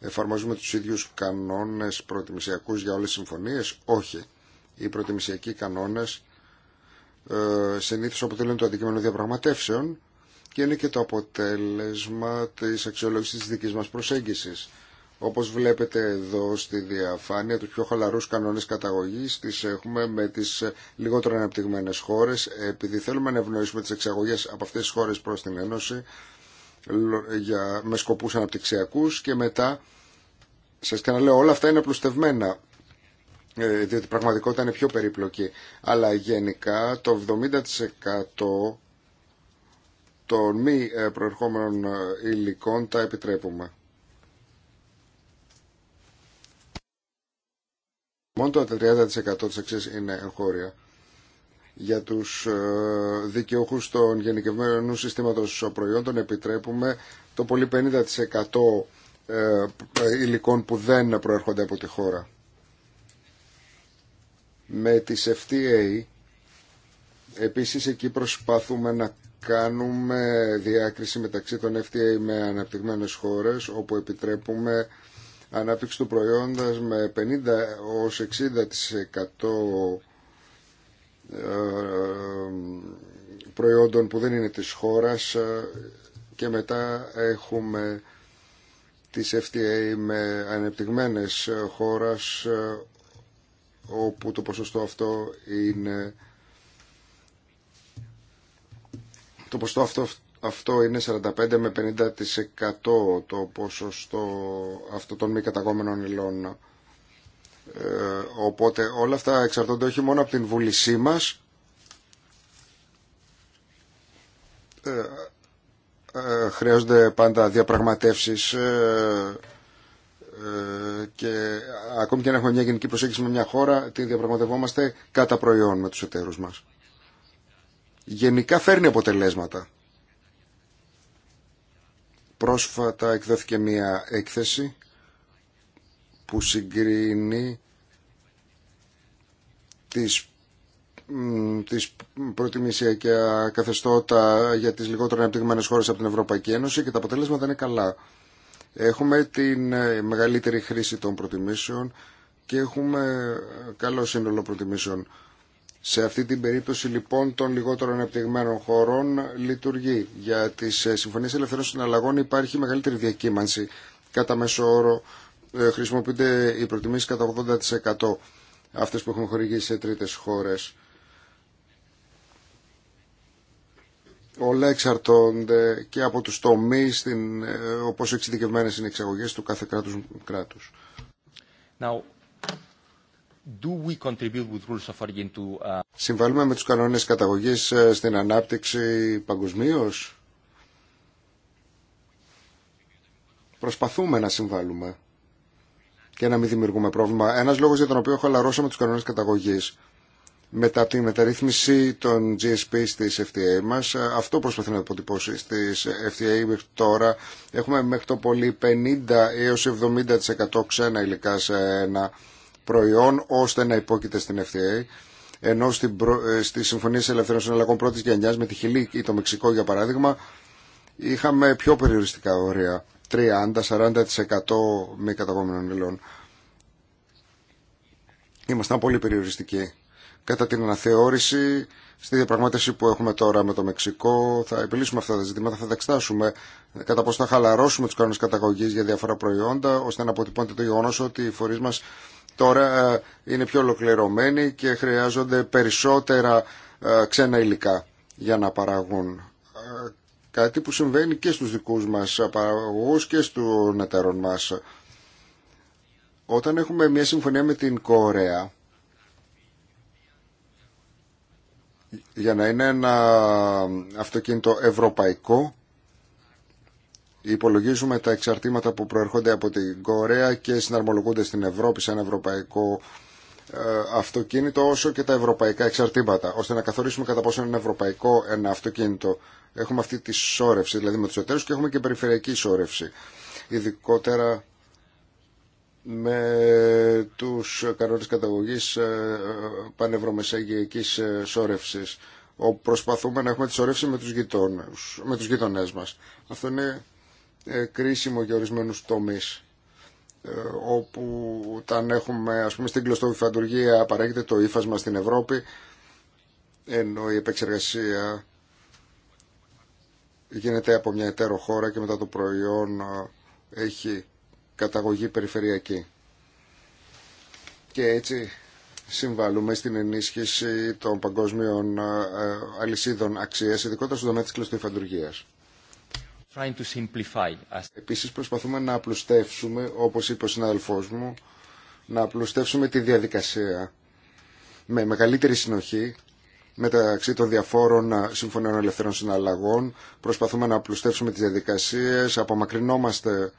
Εφαρμόζουμε τους ίδιους κανόνες προτιμησιακούς για όλες τις συμφωνίες. Όχι. Οι προτιμησιακοί κανόνες ε, Συνήθω αποτελούν το αντικείμενο διαπραγματεύσεων και είναι και το αποτέλεσμα της αξιολόγησης της δικής μας προσέγγισης. Όπως βλέπετε εδώ στη διαφάνεια, του πιο χαλαρούς κανόνες καταγωγής τις έχουμε με τις λιγότερο αναπτυγμένες χώρες, επειδή θέλουμε να ευνοήσουμε τις εξαγωγές από αυτές τις χώρες προς την Ένωση για, με σκοπούς αναπτυξιακούς και μετά, σας ξαναλέω, όλα αυτά είναι απλουστευμένα. Ε, διότι η πραγματικότητα είναι πιο περίπλοκη. Αλλά γενικά το 70% των μη ε, προερχόμενων ε, υλικών τα επιτρέπουμε. Μόνο το 30% της αξίας είναι εγχώρια. Για τους δικαιούχους των γενικευμένων συστήματος προϊόντων επιτρέπουμε το πολύ 50% υλικών που δεν προέρχονται από τη χώρα. Με τις FTA επίσης εκεί προσπαθούμε να κάνουμε διάκριση μεταξύ των FTA με αναπτυγμένες χώρες όπου επιτρέπουμε ανάπτυξη του προϊόντας με 50 ως 60% προϊόντων που δεν είναι της χώρας ε, και μετά έχουμε τις FTA με ανεπτυγμένες χώρες ε, όπου το ποσοστό αυτό είναι το ποσοστό αυτό, αυτό είναι 45 με 50% το ποσοστό αυτό των μη καταγόμενων υλών. Ε, οπότε όλα αυτά εξαρτώνται όχι μόνο από την βούλησή μας ε, ε χρειάζονται πάντα διαπραγματεύσεις ε, ε, και ακόμη και αν έχουμε μια γενική προσέγγιση με μια χώρα, τι διαπραγματευόμαστε κατά προϊόν με τους εταίρους μας. Γενικά φέρνει αποτελέσματα. Πρόσφατα εκδόθηκε μια έκθεση που συγκρίνει τις τις και καθεστώτα για τις λιγότερο αναπτυγμένες χώρες από την Ευρωπαϊκή Ένωση και τα αποτελέσματα είναι καλά. Έχουμε την ε, μεγαλύτερη χρήση των προτιμήσεων και έχουμε ε, καλό σύνολο προτιμήσεων. Σε αυτή την περίπτωση λοιπόν των λιγότερων ανεπτυγμένων χωρών λειτουργεί. Για τις ε, συμφωνίες ελευθερών συναλλαγών υπάρχει μεγαλύτερη διακύμανση. Κατά μέσο όρο χρησιμοποιούνται οι προτιμήσεις κατά 80% αυτές που έχουν χορηγήσει σε τρίτες χώρες. όλα εξαρτώνται και από τους τομείς την, ε, όπως εξειδικευμένες είναι οι εξαγωγές του κάθε κράτους κράτους. Now, do we with rules of to, uh, Συμβάλλουμε με τους κανόνες καταγωγής ε, στην ανάπτυξη παγκοσμίω. Προσπαθούμε να συμβάλλουμε και να μην δημιουργούμε πρόβλημα. Ένας λόγος για τον οποίο χαλαρώσαμε τους κανόνες καταγωγής μετά από τη μεταρρύθμιση των GSP στις FTA μας. Αυτό προσπαθεί να αποτυπώσει στις FTA μέχρι τώρα. Έχουμε μέχρι το πολύ 50 έως 70% ξένα υλικά σε ένα προϊόν ώστε να υπόκειται στην FTA. Ενώ στην προ... Ε, στις συμφωνίες ελευθερών συναλλαγών πρώτης γενιάς με τη Χιλή ή το Μεξικό για παράδειγμα είχαμε πιο περιοριστικά όρια 30-40% μη καταγόμενων υλών. Ήμασταν πολύ περιοριστικοί κατά την αναθεώρηση στη διαπραγμάτευση που έχουμε τώρα με το Μεξικό. Θα επιλύσουμε αυτά τα ζητήματα, θα τα εξετάσουμε κατά πώ θα χαλαρώσουμε του κανόνε καταγωγή για διάφορα προϊόντα, ώστε να αποτυπώνεται το γεγονό ότι οι φορεί μα τώρα ε, είναι πιο ολοκληρωμένοι και χρειάζονται περισσότερα ε, ξένα υλικά για να παραγούν. Ε, κάτι που συμβαίνει και στους δικούς μας παραγωγούς και στους εταίρων μας. Όταν έχουμε μια συμφωνία με την Κορέα, για να είναι ένα αυτοκίνητο ευρωπαϊκό υπολογίζουμε τα εξαρτήματα που προερχόνται από την Κορέα και συναρμολογούνται στην Ευρώπη σαν ευρωπαϊκό ε, αυτοκίνητο όσο και τα ευρωπαϊκά εξαρτήματα ώστε να καθορίσουμε κατά πόσο είναι ευρωπαϊκό ένα αυτοκίνητο έχουμε αυτή τη σώρευση δηλαδή με τους εταίρους και έχουμε και περιφερειακή σώρευση ειδικότερα με τους κανόνες καταγωγής ε, πανευρωμεσαγειακής ε, σόρευσης. Ο, προσπαθούμε να έχουμε τη σόρευση με τους, γειτόνες, με τους γειτονές μας. Αυτό είναι ε, κρίσιμο για ορισμένους τομείς όπου όταν έχουμε ας πούμε στην κλωστοβιφαντουργία παράγεται το ύφασμα στην Ευρώπη ενώ η επεξεργασία γίνεται από μια εταίρο χώρα και μετά το προϊόν έχει καταγωγή περιφερειακή. Και έτσι συμβάλλουμε στην ενίσχυση των παγκόσμιων ε, αλυσίδων αξίας, ειδικότερα στον τομέα της κλωστοϊφαντουργίας. Επίσης προσπαθούμε να απλουστεύσουμε, όπως είπε ο συνάδελφός μου, να απλουστεύσουμε τη διαδικασία με μεγαλύτερη συνοχή μεταξύ των διαφόρων ε, συμφωνιών ελευθερών συναλλαγών. Προσπαθούμε να απλουστεύσουμε τις διαδικασίες, απομακρυνόμαστε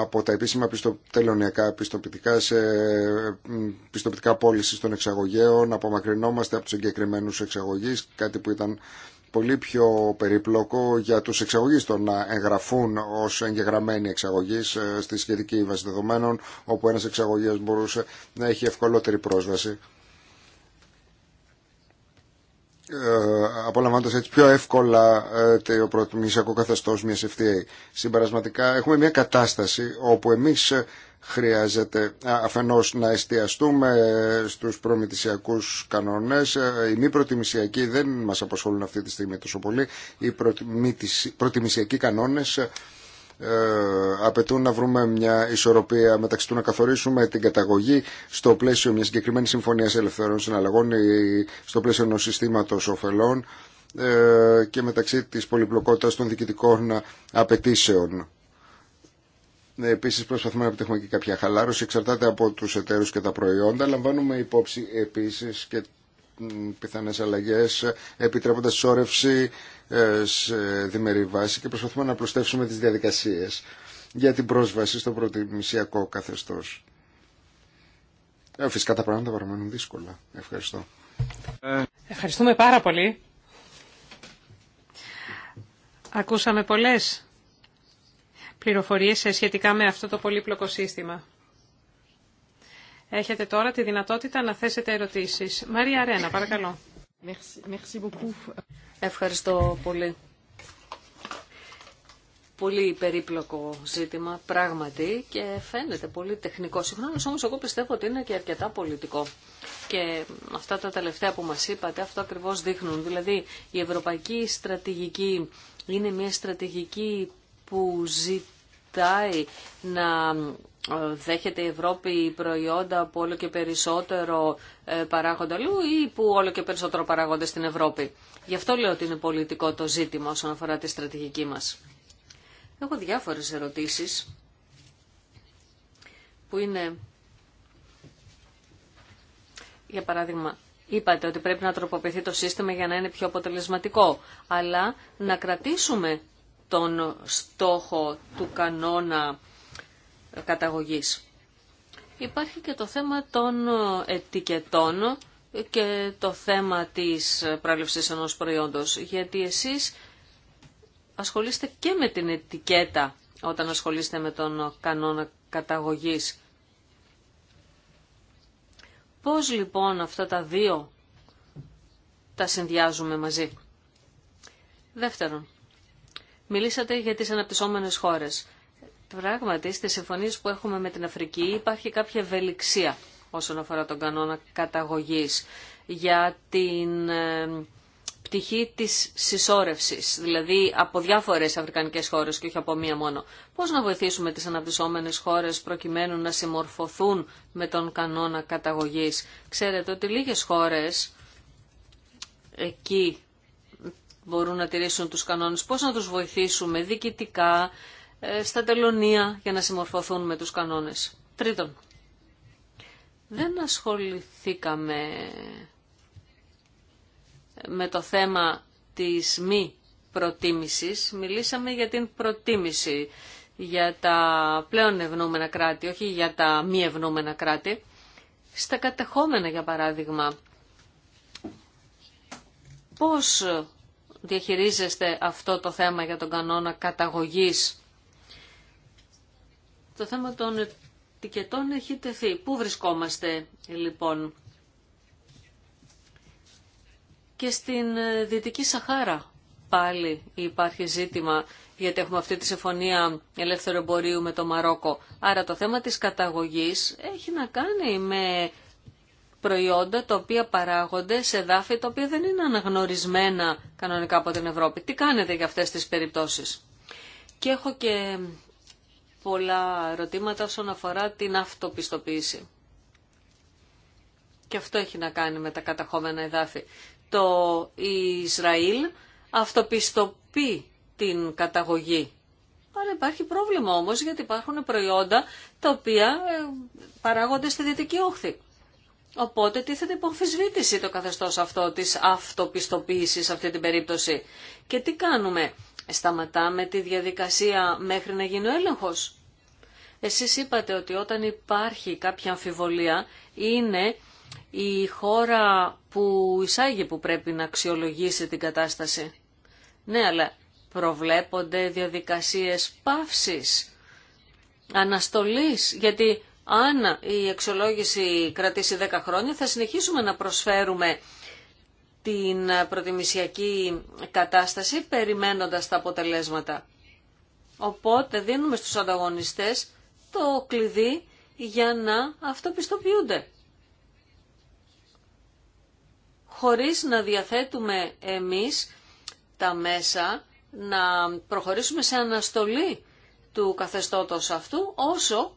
από τα επίσημα πιστο, τελωνιακά πιστοποιητικά σε πιστοποιητικά πώληση των εξαγωγέων, απομακρυνόμαστε από τους εγκεκριμένους εξαγωγείς, κάτι που ήταν πολύ πιο περίπλοκο για τους εξαγωγείς το να εγγραφούν ως εγγεγραμμένοι εξαγωγείς ε, στη σχετική βάση δεδομένων, όπου ένας εξαγωγέας μπορούσε να έχει ευκολότερη πρόσβαση ε, Απολαμβάνοντα έτσι πιο εύκολα ε, το προτιμησιακό καθεστώς μιας FTA. Συμπερασματικά έχουμε μια κατάσταση όπου εμείς ε, χρειάζεται αφενός να εστιαστούμε στους προμηθησιακούς κανόνες. Οι μη προτιμησιακοί δεν μας απασχολούν αυτή τη στιγμή τόσο πολύ. Οι προτιμησιακοί κανόνες ε, απαιτούν να βρούμε μια ισορροπία μεταξύ του να καθορίσουμε την καταγωγή στο πλαίσιο μιας συγκεκριμένη συμφωνίας ελευθερών συναλλαγών ή στο πλαίσιο ενό συστήματος ωφελών ε, και μεταξύ της πολυπλοκότητας των διοικητικών απαιτήσεων. Ε, επίση, προσπαθούμε να επιτύχουμε και κάποια χαλάρωση. Εξαρτάται από του εταίρου και τα προϊόντα. Λαμβάνουμε υπόψη επίση και πιθανές αλλαγές, επιτρέποντας σόρευση ε, σε διμερή βάση και προσπαθούμε να προστέύσουμε τις διαδικασίες για την πρόσβαση στο προτιμησιακό καθεστώς. Ε, φυσικά τα πράγματα παραμένουν δύσκολα. Ευχαριστώ. Ευχαριστούμε πάρα πολύ. Ακούσαμε πολλές πληροφορίες ε, σχετικά με αυτό το πολύπλοκο σύστημα. Έχετε τώρα τη δυνατότητα να θέσετε ερωτήσεις. Μαρία Αρένα, παρακαλώ. Ευχαριστώ πολύ. Πολύ περίπλοκο ζήτημα, πράγματι, και φαίνεται πολύ τεχνικό. Συγχρόνω, όμως εγώ πιστεύω ότι είναι και αρκετά πολιτικό. Και αυτά τα τελευταία που μας είπατε, αυτό ακριβώς δείχνουν. Δηλαδή, η ευρωπαϊκή στρατηγική είναι μια στρατηγική που ζητάει ζητάει να ε, δέχεται η Ευρώπη προϊόντα που όλο και περισσότερο ε, παράγονται αλλού ή που όλο και περισσότερο παράγονται στην Ευρώπη. Γι' αυτό λέω ότι είναι πολιτικό το ζήτημα όσον αφορά τη στρατηγική μας. Έχω διάφορες ερωτήσεις που είναι, για παράδειγμα, είπατε ότι πρέπει να τροποποιηθεί το σύστημα για να είναι πιο αποτελεσματικό, αλλά να κρατήσουμε τον στόχο του κανόνα καταγωγής. Υπάρχει και το θέμα των ετικετών και το θέμα της πράλευσης ενός προϊόντος, γιατί εσείς ασχολείστε και με την ετικέτα όταν ασχολείστε με τον κανόνα καταγωγής. Πώς λοιπόν αυτά τα δύο τα συνδυάζουμε μαζί. Δεύτερον, Μιλήσατε για τις αναπτυσσόμενες χώρες. Πράγματι, στις συμφωνίες που έχουμε με την Αφρική υπάρχει κάποια ευελιξία όσον αφορά τον κανόνα καταγωγής για την ε, πτυχή της συσσόρευσης, δηλαδή από διάφορες αφρικανικές χώρες και όχι από μία μόνο. Πώς να βοηθήσουμε τις αναπτυσσόμενες χώρες προκειμένου να συμμορφωθούν με τον κανόνα καταγωγής. Ξέρετε ότι λίγες χώρες εκεί μπορούν να τηρήσουν τους κανόνες, πώς να τους βοηθήσουμε διοικητικά, ε, στα τελωνία για να συμμορφωθούν με τους κανόνες. Τρίτον, δεν ασχοληθήκαμε με το θέμα της μη προτίμησης. Μιλήσαμε για την προτίμηση για τα πλέον ευνούμενα κράτη, όχι για τα μη ευνούμενα κράτη. Στα κατεχόμενα, για παράδειγμα, πώς διαχειρίζεστε αυτό το θέμα για τον κανόνα καταγωγής. Το θέμα των ετικετών έχει τεθεί. Πού βρισκόμαστε λοιπόν και στην ε, Δυτική Σαχάρα πάλι υπάρχει ζήτημα γιατί έχουμε αυτή τη συμφωνία ελεύθερου εμπορίου με το Μαρόκο. Άρα το θέμα της καταγωγής έχει να κάνει με προϊόντα τα οποία παράγονται σε δάφη τα οποία δεν είναι αναγνωρισμένα κανονικά από την Ευρώπη. Τι κάνετε για αυτές τις περιπτώσεις. Και έχω και πολλά ερωτήματα όσον αφορά την αυτοπιστοποίηση. Και αυτό έχει να κάνει με τα καταχώμενα εδάφη. Το Ισραήλ αυτοπιστοποιεί την καταγωγή. Αλλά υπάρχει πρόβλημα όμως γιατί υπάρχουν προϊόντα τα οποία ε, παράγονται στη Δυτική Όχθη. Οπότε τίθεται υπομφισβήτηση το καθεστώς αυτό της αυτοπιστοποίησης σε αυτή την περίπτωση. Και τι κάνουμε, σταματάμε τη διαδικασία μέχρι να γίνει ο έλεγχος. Εσείς είπατε ότι όταν υπάρχει κάποια αμφιβολία είναι η χώρα που εισάγει που πρέπει να αξιολογήσει την κατάσταση. Ναι, αλλά προβλέπονται διαδικασίες παύσης, αναστολής, γιατί αν η εξολόγηση κρατήσει 10 χρόνια θα συνεχίσουμε να προσφέρουμε την προτιμησιακή κατάσταση περιμένοντας τα αποτελέσματα. Οπότε δίνουμε στους ανταγωνιστές το κλειδί για να αυτοπιστοποιούνται. Χωρίς να διαθέτουμε εμείς τα μέσα να προχωρήσουμε σε αναστολή του καθεστώτος αυτού όσο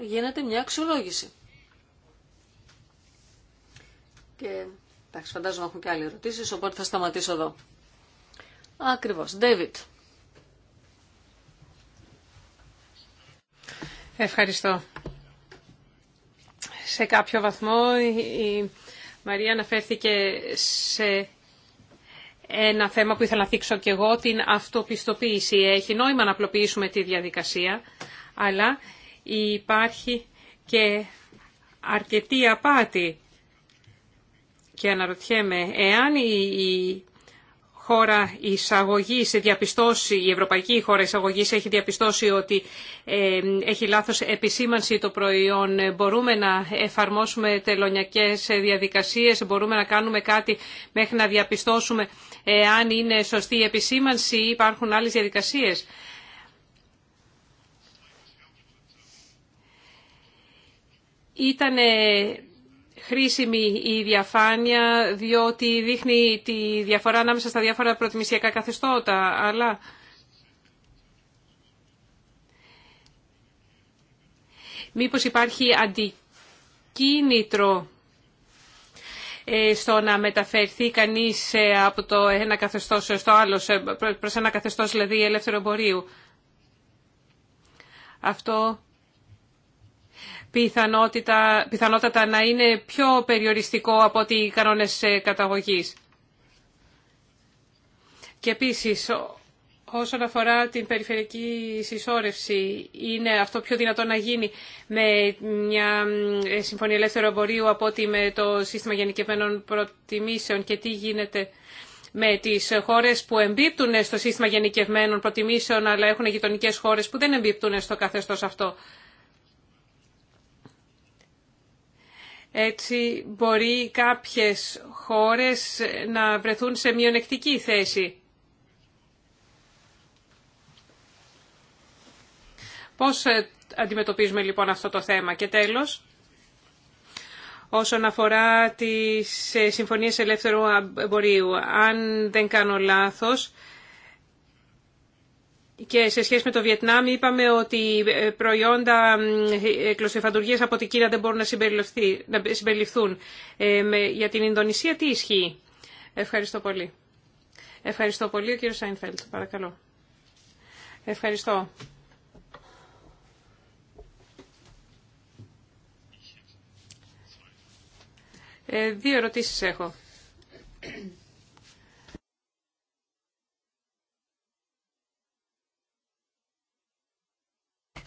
γίνεται μια αξιολόγηση. Και εντάξει, φαντάζομαι έχουν και άλλοι ερωτήσει οπότε θα σταματήσω εδώ. Ακριβώ. David. Ευχαριστώ. Σε κάποιο βαθμό η Μαρία αναφέρθηκε σε ένα θέμα που ήθελα να θίξω και εγώ, την αυτοπιστοποίηση. Έχει νόημα να απλοποιήσουμε τη διαδικασία, αλλά υπάρχει και αρκετή απάτη. Και αναρωτιέμαι, εάν η χώρα εισαγωγή διαπιστώσει, η ευρωπαϊκή χώρα εισαγωγή έχει διαπιστώσει ότι ε, έχει λάθος επισήμανση το προϊόν. Μπορούμε να εφαρμόσουμε τελωνιακές διαδικασίες, μπορούμε να κάνουμε κάτι μέχρι να διαπιστώσουμε εάν είναι σωστή η επισήμανση ή υπάρχουν άλλες διαδικασίες. Ήταν χρήσιμη η διαφάνεια διότι δείχνει τη διαφορά ανάμεσα στα διάφορα προτιμησιακά καθεστώτα, αλλά... Μήπως υπάρχει αντικίνητρο ε, στο να μεταφερθεί κανείς ε, από το ένα καθεστώς στο άλλο, προς ένα καθεστώς δηλαδή ελεύθερο εμπορίου. Αυτό πιθανότητα, πιθανότατα να είναι πιο περιοριστικό από ότι οι κανόνες ε, καταγωγής. Και επίσης, όσον αφορά την περιφερειακή συσσόρευση, είναι αυτό πιο δυνατό να γίνει με μια ε, συμφωνία ελεύθερου εμπορίου από ότι με το σύστημα γενικευμένων προτιμήσεων και τι γίνεται με τις χώρες που εμπίπτουν στο σύστημα γενικευμένων προτιμήσεων αλλά έχουν γειτονικέ χώρες που δεν εμπίπτουν στο καθεστώς αυτό. Έτσι μπορεί κάποιες χώρες να βρεθούν σε μειονεκτική θέση. Πώς ε, αντιμετωπίζουμε λοιπόν αυτό το θέμα. Και τέλος, όσον αφορά τις ε, συμφωνίες ελεύθερου εμπορίου, αν δεν κάνω λάθος, και σε σχέση με το Βιετνάμ είπαμε ότι ε, προϊόντα κλωστοφαντουργίας από την Κίνα δεν μπορούν να, να συμπεριληφθούν. Ε, με, για την Ινδονησία τι ισχύει. Ευχαριστώ πολύ. Ευχαριστώ πολύ ο κύριος Σάινφελτ. Παρακαλώ. Ευχαριστώ. Ε, δύο ερωτήσεις έχω.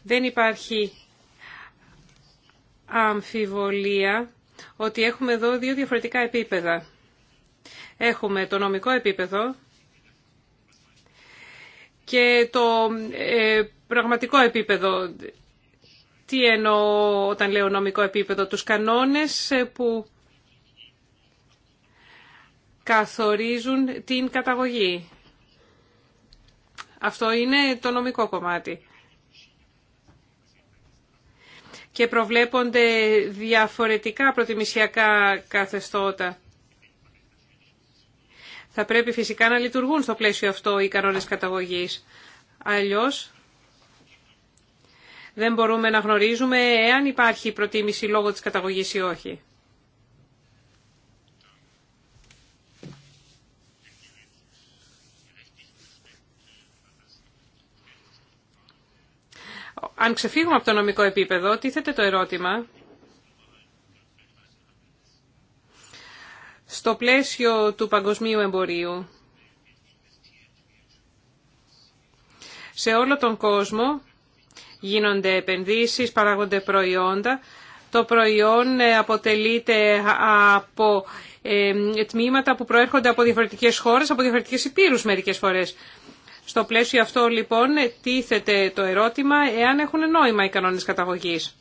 Δεν υπάρχει αμφιβολία ότι έχουμε εδώ δύο διαφορετικά επίπεδα. Έχουμε το νομικό επίπεδο και το ε, πραγματικό επίπεδο. Τι εννοώ όταν λέω νομικό επίπεδο. Τους κανόνες ε, που καθορίζουν την καταγωγή. Αυτό είναι το νομικό κομμάτι και προβλέπονται διαφορετικά προτιμησιακά καθεστώτα. Θα πρέπει φυσικά να λειτουργούν στο πλαίσιο αυτό οι κανόνες καταγωγής. Αλλιώς δεν μπορούμε να γνωρίζουμε εάν υπάρχει προτίμηση λόγω της καταγωγής ή όχι. αν ξεφύγουμε από το νομικό επίπεδο, τίθεται το ερώτημα στο πλαίσιο του παγκοσμίου εμπορίου. Σε όλο τον κόσμο γίνονται επενδύσεις, παράγονται προϊόντα. Το προϊόν ε, αποτελείται από ε, τμήματα που προέρχονται από διαφορετικές χώρες, από διαφορετικές υπήρους μερικές φορές. Στο πλαίσιο αυτό λοιπόν τίθεται το ερώτημα εάν έχουν νόημα οι κανόνες καταγωγής.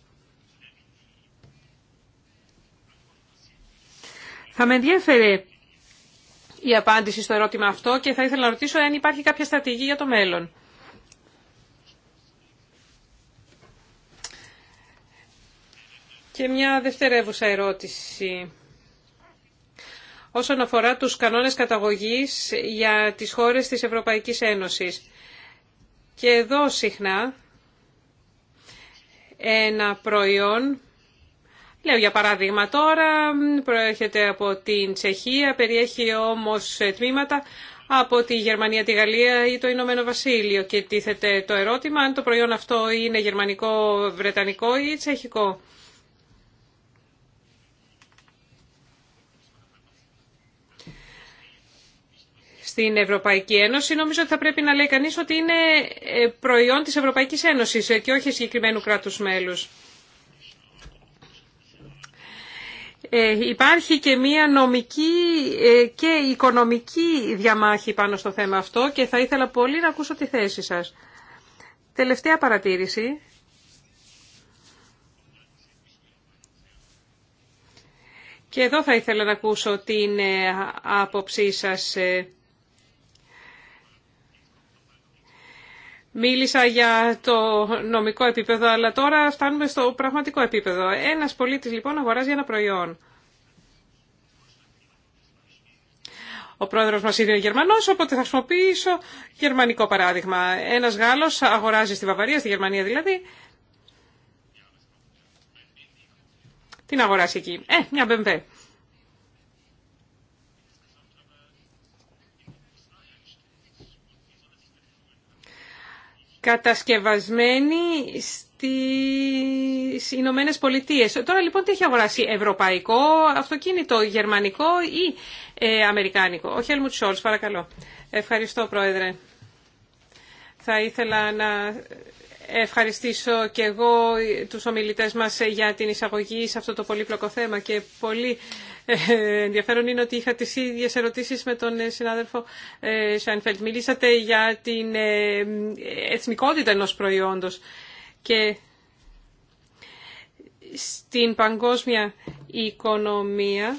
Θα με ενδιαφέρε η απάντηση στο ερώτημα αυτό και θα ήθελα να ρωτήσω αν υπάρχει κάποια στρατηγική για το μέλλον. Και μια δευτερεύουσα ερώτηση όσον αφορά τους κανόνες καταγωγής για τις χώρες της Ευρωπαϊκής Ένωσης. Και εδώ συχνά ένα προϊόν, λέω για παράδειγμα τώρα, προέρχεται από την Τσεχία, περιέχει όμως τμήματα από τη Γερμανία, τη Γαλλία ή το Ηνωμένο Βασίλειο και τίθεται το ερώτημα αν το προϊόν αυτό είναι γερμανικό, βρετανικό ή τσεχικό. στην Ευρωπαϊκή Ένωση, νομίζω ότι θα πρέπει να λέει κανεί ότι είναι ε, προϊόν της Ευρωπαϊκής Ένωσης ε, και όχι συγκεκριμένου κράτους μέλους. Ε, υπάρχει και μία νομική και οικονομική διαμάχη πάνω στο θέμα αυτό και θα ήθελα πολύ να ακούσω τη θέση σας. Τελευταία παρατήρηση. Και εδώ θα ήθελα να ακούσω την άποψή σας. Μίλησα για το νομικό επίπεδο, αλλά τώρα φτάνουμε στο πραγματικό επίπεδο. Ένας πολίτης λοιπόν αγοράζει ένα προϊόν. Ο πρόεδρος μας είναι Γερμανός, οπότε θα χρησιμοποιήσω γερμανικό παράδειγμα. Ένας Γάλλος αγοράζει στη Βαβαρία, στη Γερμανία δηλαδή, την αγοράσει εκεί. Ε, μια BMW. κατασκευασμένη στις Ηνωμένε Πολιτείες. Τώρα λοιπόν τι έχει αγοράσει, ευρωπαϊκό αυτοκίνητο, γερμανικό ή ε, αμερικάνικο. Ο Χέλμουτ Σόλ, παρακαλώ. Ευχαριστώ Πρόεδρε. Θα ήθελα να ευχαριστήσω και εγώ τους ομιλητές μας για την εισαγωγή σε αυτό το πολύπλοκο θέμα και πολύ ενδιαφέρον είναι ότι είχα τις ίδιες ερωτήσεις με τον ε, συνάδελφο ε, Σάινφελτ. Μιλήσατε για την ε, εθνικότητα ενός προϊόντος και στην παγκόσμια οικονομία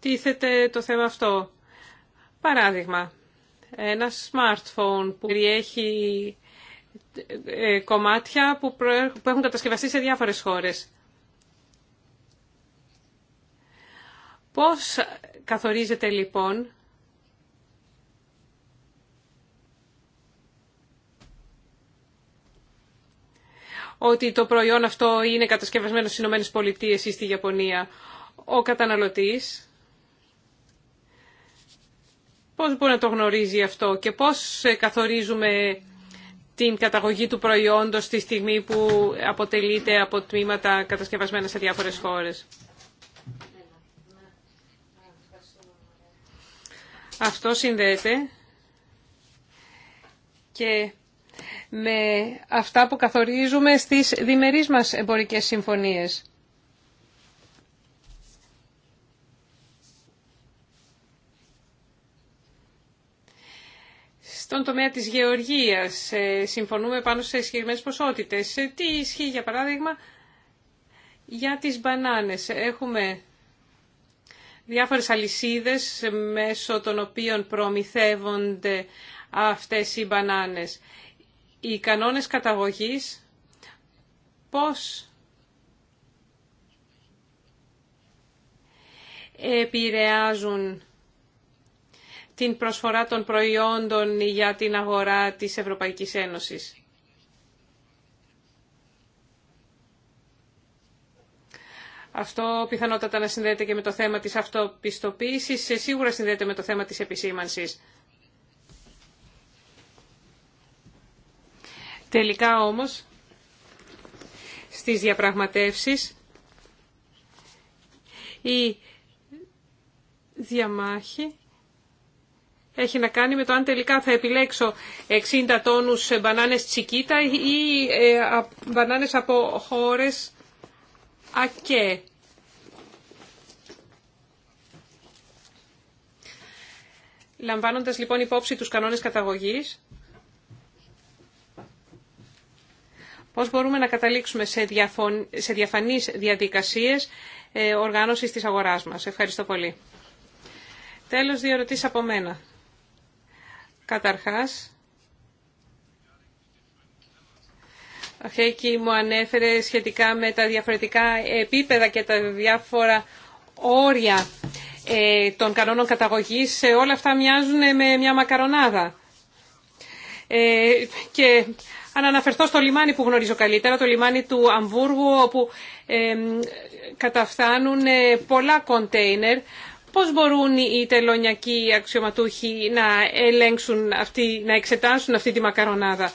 τίθεται το θέμα αυτό. Παράδειγμα, ένα smartphone που περιέχει κομμάτια που έχουν κατασκευαστεί σε διάφορες χώρες. Πώς καθορίζεται λοιπόν ότι το προϊόν αυτό είναι κατασκευασμένο στις Ηνωμένες Πολιτείες ή στη Ιαπωνία. Ο καταναλωτής πώς μπορεί να το γνωρίζει αυτό και πώς καθορίζουμε την καταγωγή του προϊόντος στη στιγμή που αποτελείται από τμήματα κατασκευασμένα σε διάφορες χώρες. Αυτό συνδέεται και με αυτά που καθορίζουμε στις διμερείς μας εμπορικές συμφωνίες. Στον τομέα της γεωργίας ε, συμφωνούμε πάνω σε ισχυρμένε ποσότητες. Ε, τι ισχύει για παράδειγμα για τις μπανάνες. Έχουμε διάφορες αλυσίδες μέσω των οποίων προμηθεύονται αυτές οι μπανάνες. Οι κανόνες καταγωγής πώς επηρεάζουν την προσφορά των προϊόντων για την αγορά της Ευρωπαϊκής Ένωσης. Αυτό πιθανότατα να συνδέεται και με το θέμα της αυτοπιστοποίησης, ε, σίγουρα συνδέεται με το θέμα της επισήμανσης. Τελικά όμως, στις διαπραγματεύσεις, η διαμάχη έχει να κάνει με το αν τελικά θα επιλέξω 60 τόνους μπανάνες τσικίτα ή ε, μπανάνες από χώρες ΑΚΕ. Λαμβάνοντας λοιπόν υπόψη τους κανόνες καταγωγής, πώς μπορούμε να καταλήξουμε σε, διαφων... σε διαφανείς διαδικασίες ε, οργάνωσης της αγοράς μας. Ευχαριστώ πολύ. Τέλος, δύο ερωτήσεις από μένα. Καταρχάς, Αχέκη μου ανέφερε σχετικά με τα διαφορετικά επίπεδα και τα διάφορα όρια ε, των κανόνων καταγωγής. Ε, όλα αυτά μοιάζουν με μια μακαρονάδα. Ε, και αν αναφερθώ στο λιμάνι που γνωρίζω καλύτερα, το λιμάνι του Αμβούργου, όπου καταφθάνουν πολλά κοντέινερ, πώς μπορούν οι τελωνιακοί αξιωματούχοι να ελέγξουν αυτή, να εξετάσουν αυτή τη μακαρονάδα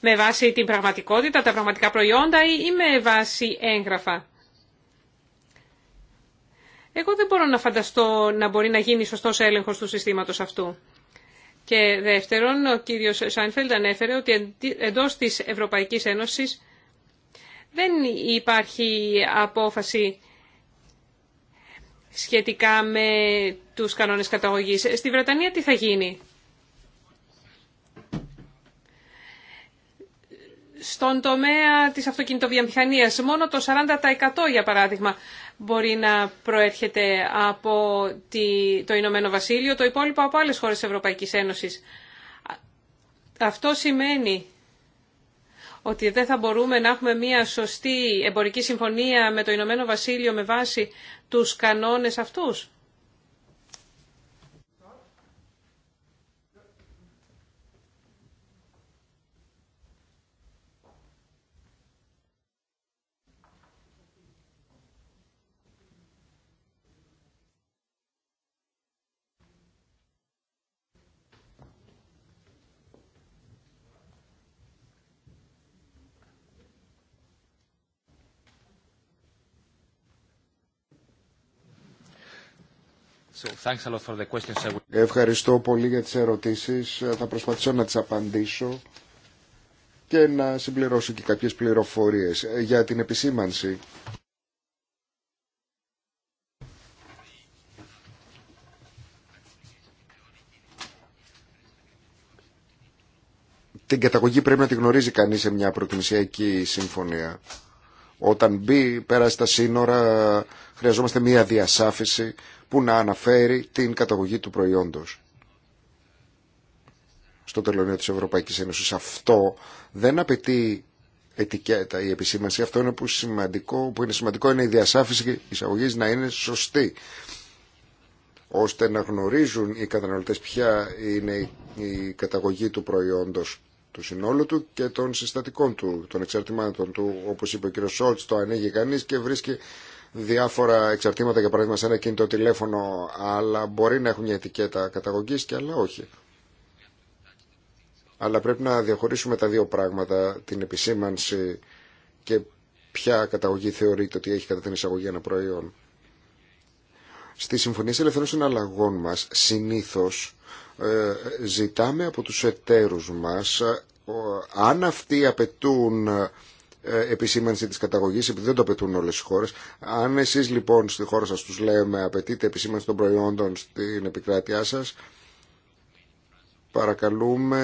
με βάση την πραγματικότητα, τα πραγματικά προϊόντα ή με βάση έγγραφα. Εγώ δεν μπορώ να φανταστώ να μπορεί να γίνει σωστός έλεγχος του συστήματος αυτού. Και δεύτερον, ο κύριος Σάινφελντ ανέφερε ότι εντός της Ευρωπαϊκής Ένωσης δεν υπάρχει απόφαση σχετικά με τους κανόνες καταγωγής. Στη Βρετανία τι θα γίνει. στον τομέα της αυτοκινητοβιομηχανίας. Μόνο το 40% για παράδειγμα μπορεί να προέρχεται από τη το Ηνωμένο Βασίλειο, το υπόλοιπο από άλλες χώρες της Ευρωπαϊκής Ένωσης. Αυτό σημαίνει ότι δεν θα μπορούμε να έχουμε μια σωστή εμπορική συμφωνία με το Ηνωμένο Βασίλειο με βάση τους κανόνες αυτούς. Ευχαριστώ πολύ για τις ερωτήσεις. Θα προσπαθήσω να τις απαντήσω και να συμπληρώσω και κάποιες πληροφορίες για την επισήμανση. Την καταγωγή πρέπει να τη γνωρίζει κανείς σε μια προτιμησιακή συμφωνία. Όταν μπει πέρα στα σύνορα χρειαζόμαστε μια διασάφηση που να αναφέρει την καταγωγή του προϊόντος στο τελωνίο της Ευρωπαϊκής Ένωσης. Αυτό δεν απαιτεί ετικέτα η επισήμανση. Αυτό είναι που, σημαντικό, που είναι σημαντικό είναι η διασάφηση εισαγωγή να είναι σωστή ώστε να γνωρίζουν οι καταναλωτές ποια είναι η καταγωγή του προϊόντος του συνόλου του και των συστατικών του, των εξαρτημάτων του. Όπως είπε ο κ. Σόλτς, το ανοίγει κανείς και βρίσκει διάφορα εξαρτήματα, για παράδειγμα σε ένα κινητό τηλέφωνο, αλλά μπορεί να έχουν μια ετικέτα καταγωγής και άλλα όχι. Αλλά πρέπει να διαχωρίσουμε τα δύο πράγματα, την επισήμανση και ποια καταγωγή θεωρείται ότι έχει κατά την εισαγωγή ένα προϊόν. Στι συμφωνίε ελευθερών συναλλαγών μα συνήθω ε, ζητάμε από του εταίρου μα, ε, αν αυτοί απαιτούν ε, επισήμανση τη καταγωγή επειδή δεν το απαιτούν όλες οι χώρες. Αν εσεί λοιπόν στη χώρα σας τους λέμε απαιτείτε επισήμανση των προϊόντων στην επικράτειά σας παρακαλούμε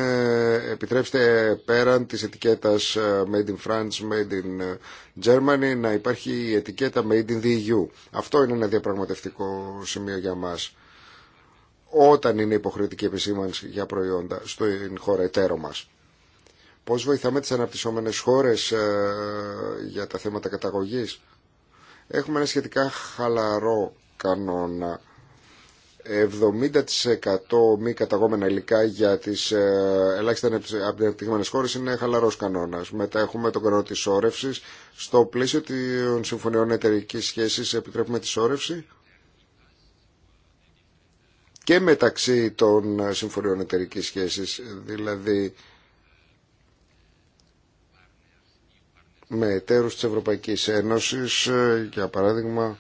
επιτρέψτε πέραν της ετικέτας ε, Made in France, Made in ε, Germany να υπάρχει η ετικέτα Made in the EU. Αυτό είναι ένα διαπραγματευτικό σημείο για μας όταν είναι υποχρεωτική επισήμανση για προϊόντα στην χώρα εταίρο μας. Πώς βοηθάμε τις αναπτυσσόμενες χώρες ε, για τα θέματα καταγωγής. Έχουμε ένα σχετικά χαλαρό κανόνα. 70% μη καταγόμενα υλικά για τις ε, ελάχιστα αναπτυγμένες χώρες είναι χαλαρός κανόνας. Μετά έχουμε τον κανόνα της όρευσης. Στο πλαίσιο των συμφωνιών εταιρική σχέσης επιτρέπουμε τη σόρευση και μεταξύ των συμφωνιών εταιρική σχέσης, δηλαδή με εταίρους της Ευρωπαϊκής Ένωσης. Ε, για παράδειγμα,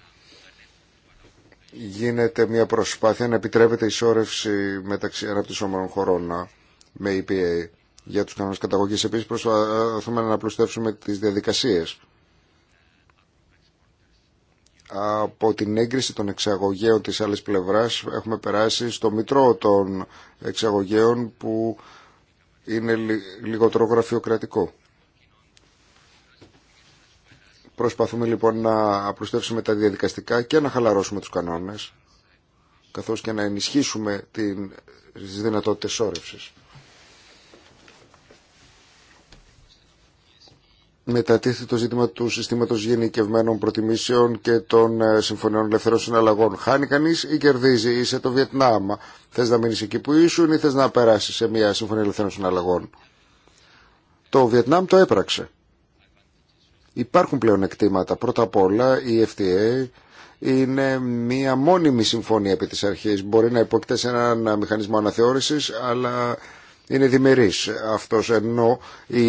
γίνεται μια προσπάθεια να επιτρέπεται η σώρευση μεταξύ αναπτυσσόμενων χωρών ε, με EPA για τους κανόνες καταγωγής. Επίσης προσπαθούμε να αναπλουστεύσουμε τις διαδικασίες από την έγκριση των εξαγωγέων της άλλης πλευράς έχουμε περάσει στο μητρό των εξαγωγέων που είναι λιγότερο γραφειοκρατικό. Προσπαθούμε λοιπόν να απλουστεύσουμε τα διαδικαστικά και να χαλαρώσουμε τους κανόνες, καθώς και να ενισχύσουμε την, τις δυνατότητες σώρευσης. Μετατίθεται το ζήτημα του συστήματος γενικευμένων προτιμήσεων και των ε, συμφωνιών ελευθερών συναλλαγών. Χάνει κανείς ή κερδίζει. Είσαι το Βιετνάμ. Θες να μείνεις εκεί που ήσουν ή θες να περάσεις σε μια συμφωνία ελευθερών συναλλαγών. Το Βιετνάμ το έπραξε. Υπάρχουν πλέον εκτήματα. Πρώτα απ' όλα η FTA είναι μία μόνιμη συμφωνία επί της αρχής. Μπορεί να υπόκειται σε έναν μηχανισμό αναθεώρησης, αλλά είναι διμερής αυτός. Ενώ η...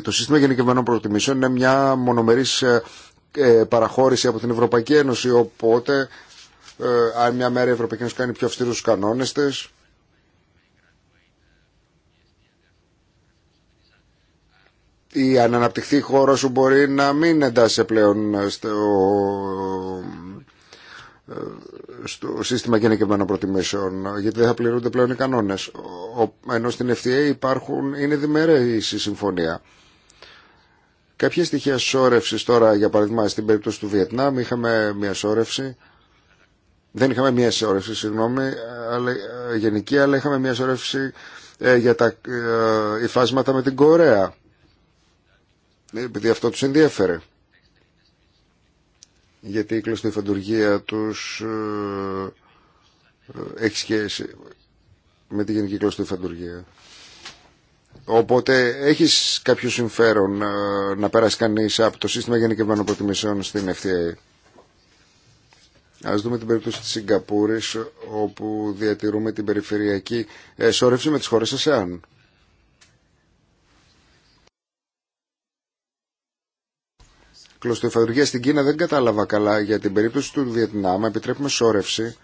το σύστημα γενικευμένων προτιμήσεων είναι μια μονομερής ε, ε, παραχώρηση από την Ευρωπαϊκή Ένωση, οπότε ε, αν μια μέρα η Ευρωπαϊκή Ένωση κάνει πιο αυστηρούς κανόνες της, ή αν αναπτυχθεί η αν χωρα σου μπορεί να μην εντάσσε πλέον στο, στο σύστημα γενικευμένων προτιμήσεων γιατί δεν θα πληρούνται πλέον οι κανόνες ενώ στην FTA υπάρχουν, είναι διμερές η συμφωνία Κάποια στοιχεία σώρευσης τώρα, για παράδειγμα, στην περίπτωση του Βιετνάμ είχαμε μια σώρευση, δεν είχαμε μια σώρευση, συγγνώμη, αλλά, γενική, αλλά είχαμε μια σώρευση ε, για τα ε, υφάσματα με την Κορέα ναι, επειδή αυτό τους ενδιαφέρε. Γιατί η φαντουργία τους ε, ε, έχει σχέση με τη γενική φαντουργία. Οπότε έχεις κάποιο συμφέρον ε, να περάσει κανείς από το σύστημα γενικευμένων προτιμήσεων στην FTA. Ας δούμε την περίπτωση της Σιγκαπούρης όπου διατηρούμε την περιφερειακή σώρευση με τις χώρες ΕΣΕΑΝ. κλωστοϊφαντουργία στην Κίνα δεν κατάλαβα καλά. Για την περίπτωση του Βιετνάμ επιτρέπουμε σόρευση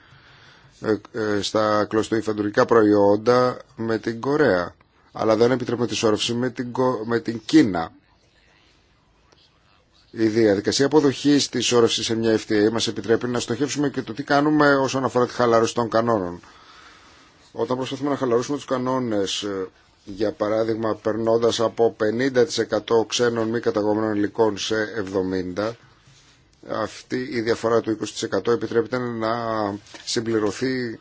ε, ε, στα κλωστοϊφαντουργικά προϊόντα με την Κορέα. Αλλά δεν επιτρέπουμε τη σόρευση με την, με την Κίνα. Η διαδικασία αποδοχή τη όρευση σε μια FTA μα επιτρέπει να στοχεύσουμε και το τι κάνουμε όσον αφορά τη χαλάρωση των κανόνων. Όταν προσπαθούμε να χαλαρώσουμε του κανόνε ε, για παράδειγμα περνώντας από 50% ξένων μη καταγωμένων υλικών σε 70% αυτή η διαφορά του 20% επιτρέπεται να συμπληρωθεί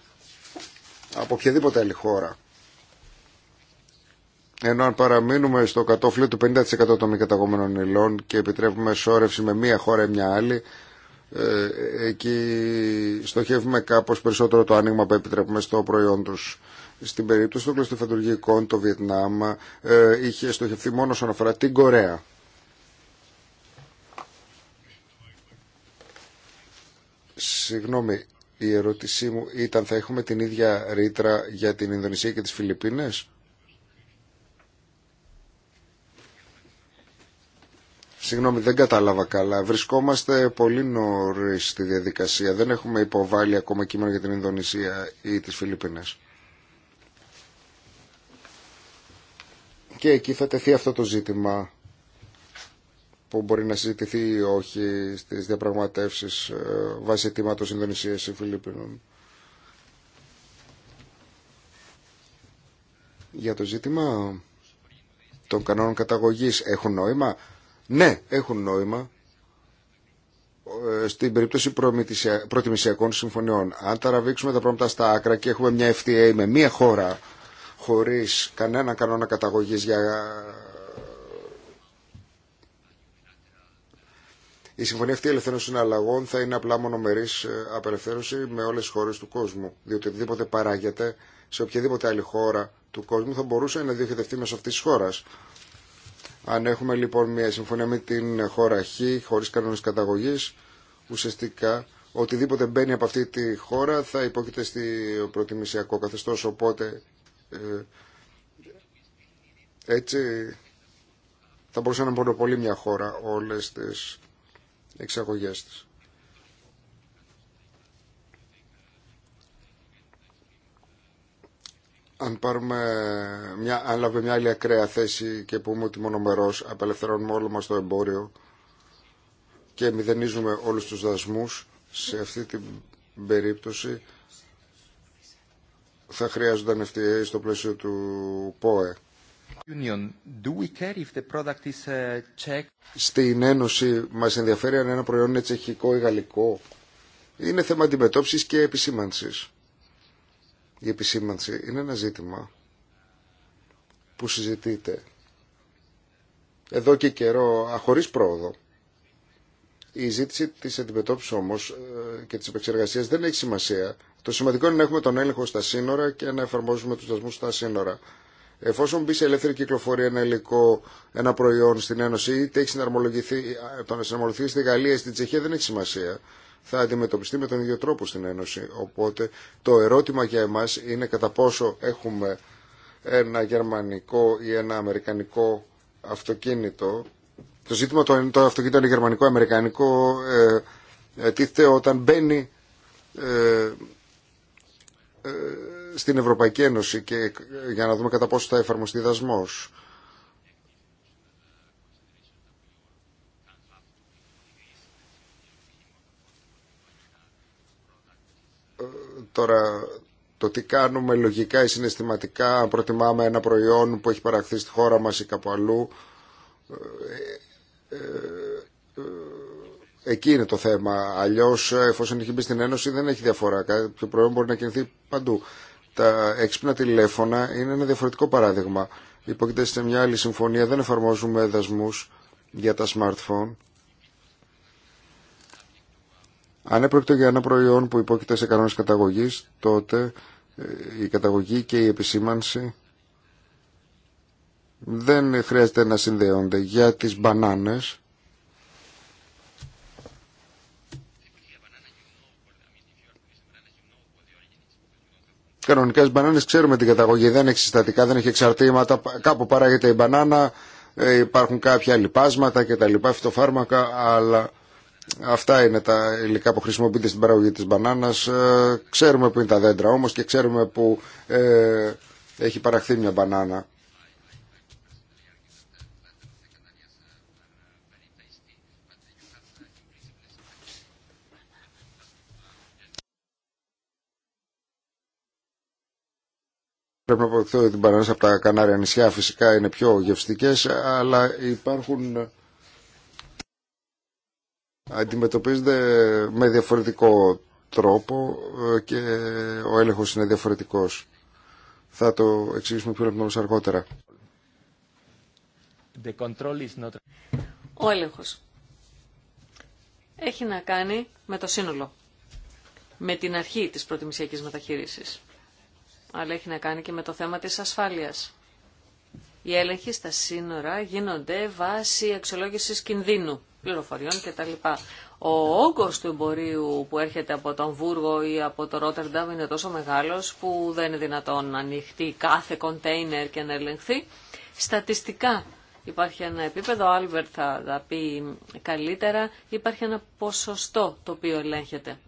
από οποιαδήποτε άλλη χώρα. Ενώ αν παραμείνουμε στο κατόφλι του 50% των μη καταγωμένων υλών και επιτρέπουμε σώρευση με μία χώρα ή μια άλλη, ε, εκεί στοχεύουμε κάπως περισσότερο το άνοιγμα που επιτρέπουμε στο προϊόν τους. Στην περίπτωση των κλωστοφαντουργικών το Βιετνάμ ε, είχε στοχευθεί μόνο όσον αφορά την Κορέα. Συγγνώμη, η ερώτησή μου ήταν θα έχουμε την ίδια ρήτρα για την Ινδονησία και τις Φιλιππίνες. Συγγνώμη, δεν κατάλαβα καλά. Βρισκόμαστε πολύ νωρίς στη διαδικασία. Δεν έχουμε υποβάλει ακόμα κείμενο για την Ινδονησία ή τις Φιλιππίνες. και εκεί θα τεθεί αυτό το ζήτημα που μπορεί να συζητηθεί ή όχι στις διαπραγματεύσεις ε, βάσει αιτήματος Ινδονησίας ή Φιλίππινων. Για το ζήτημα των κανόνων καταγωγής έχουν νόημα. Ναι, έχουν νόημα ε, στην περίπτωση προτιμησιακών συμφωνιών. Αν τα ταραβήξουμε τα πράγματα στα άκρα και έχουμε μια FTA με μια χώρα χωρίς κανένα κανόνα καταγωγής για... Η συμφωνία αυτή ελευθέρωση συναλλαγών θα είναι απλά μονομερής ε, απελευθέρωση με όλες τις χώρες του κόσμου, διότι οτιδήποτε παράγεται σε οποιαδήποτε άλλη χώρα του κόσμου θα μπορούσε να διοχετευτεί μέσα αυτής της χώρας. Αν έχουμε λοιπόν μια συμφωνία με την χώρα Χ, χωρίς κανόνες καταγωγής, ουσιαστικά οτιδήποτε μπαίνει από αυτή τη χώρα θα υπόκειται στο προτιμησιακό καθεστώς, οπότε ε, έτσι θα μπορούσε να πολύ μια χώρα όλες τις εξαγωγές της. αν, πάρουμε μια, αν λάβουμε μια άλλη ακραία θέση και πούμε ότι μονομερός απελευθερώνουμε όλο μας το εμπόριο και μηδενίζουμε όλους τους δασμούς, σε αυτή την περίπτωση θα χρειάζονταν FTA στο πλαίσιο του ΠΟΕ. Union. Do we care if the is uh, Στην Ένωση μας ενδιαφέρει αν ένα προϊόν είναι τσεχικό ή γαλλικό. Είναι θέμα αντιμετώπισης και επισήμανσης. Η επισήμανση είναι ένα ζήτημα που αντιμετώπιση και καιρό χωρίς πρόοδο. Η ζήτηση της αντιμετώπισης όμως ε, και της επεξεργασίας δεν έχει σημασία το σημαντικό είναι να έχουμε τον έλεγχο στα σύνορα και να εφαρμόζουμε του δασμού στα σύνορα. Εφόσον μπει σε ελεύθερη κυκλοφορία ένα υλικό, ένα προϊόν στην Ένωση, είτε έχει συναρμολογηθεί, το να συναρμολογηθεί στη Γαλλία ή στην Τσεχία δεν έχει σημασία. Θα αντιμετωπιστεί με τον ίδιο τρόπο στην Ένωση. Οπότε το ερώτημα για εμά είναι κατά πόσο έχουμε ένα γερμανικό ή ένα αμερικανικό αυτοκίνητο. Το ζήτημα το, το αυτοκίνητο είναι γερμανικό-αμερικανικό ε, ε τίθεται όταν μπαίνει ε, ε, στην Ευρωπαϊκή Ένωση και ε, για να δούμε κατά πόσο θα εφαρμοστεί δασμός. Ε, τώρα, το τι κάνουμε λογικά ή συναισθηματικά, αν προτιμάμε ένα προϊόν που έχει παραχθεί στη χώρα μας ή κάπου αλλού, Εκεί είναι το θέμα. Αλλιώ, ε, εφόσον έχει μπει στην Ένωση, δεν έχει διαφορά. Κάποιο προϊόν μπορεί να κινηθεί παντού. Τα έξυπνα τηλέφωνα είναι ένα διαφορετικό παράδειγμα. Υπόκειται σε μια άλλη συμφωνία, δεν εφαρμόζουμε δασμού για τα smartphone. Αν έπρεπε για ένα προϊόν που υπόκειται σε κανόνε καταγωγή, τότε ε, η καταγωγή και η επισήμανση δεν χρειάζεται να συνδέονται. Για τι μπανάνες, κανονικές μπανάνες ξέρουμε την καταγωγή, δεν έχει συστατικά, δεν έχει εξαρτήματα, κάπου παράγεται η μπανάνα, ε, υπάρχουν κάποια λιπάσματα και τα λοιπά φυτοφάρμακα, αλλά αυτά είναι τα υλικά που χρησιμοποιείται στην παραγωγή της μπανάνας. Ε, ξέρουμε που είναι τα δέντρα όμως και ξέρουμε που ε, έχει παραχθεί μια μπανάνα. Πρέπει να ότι την παρανόηση από τα Κανάρια νησιά φυσικά είναι πιο γευστικές, αλλά υπάρχουν ε, αντιμετωπίζονται με διαφορετικό τρόπο ε, και ο έλεγχος είναι διαφορετικός. Θα το εξηγήσουμε πιο λεπτομέρως αργότερα. The control is not... Ο έλεγχος έχει να κάνει με το σύνολο, με την αρχή της προτιμησιακής μεταχείρισης αλλά έχει να κάνει και με το θέμα της ασφάλειας. Οι έλεγχοι στα σύνορα γίνονται βάσει αξιολόγησης κινδύνου, πληροφοριών κτλ. Ο όγκος του εμπορίου που έρχεται από τον Βούργο ή από το Ρότερνταμ είναι τόσο μεγάλος που δεν είναι δυνατόν να ανοιχτεί κάθε κοντέινερ και να ελεγχθεί. Στατιστικά υπάρχει ένα επίπεδο, ο Άλβερ θα τα πει καλύτερα, υπάρχει ένα ποσοστό το οποίο ελέγχεται.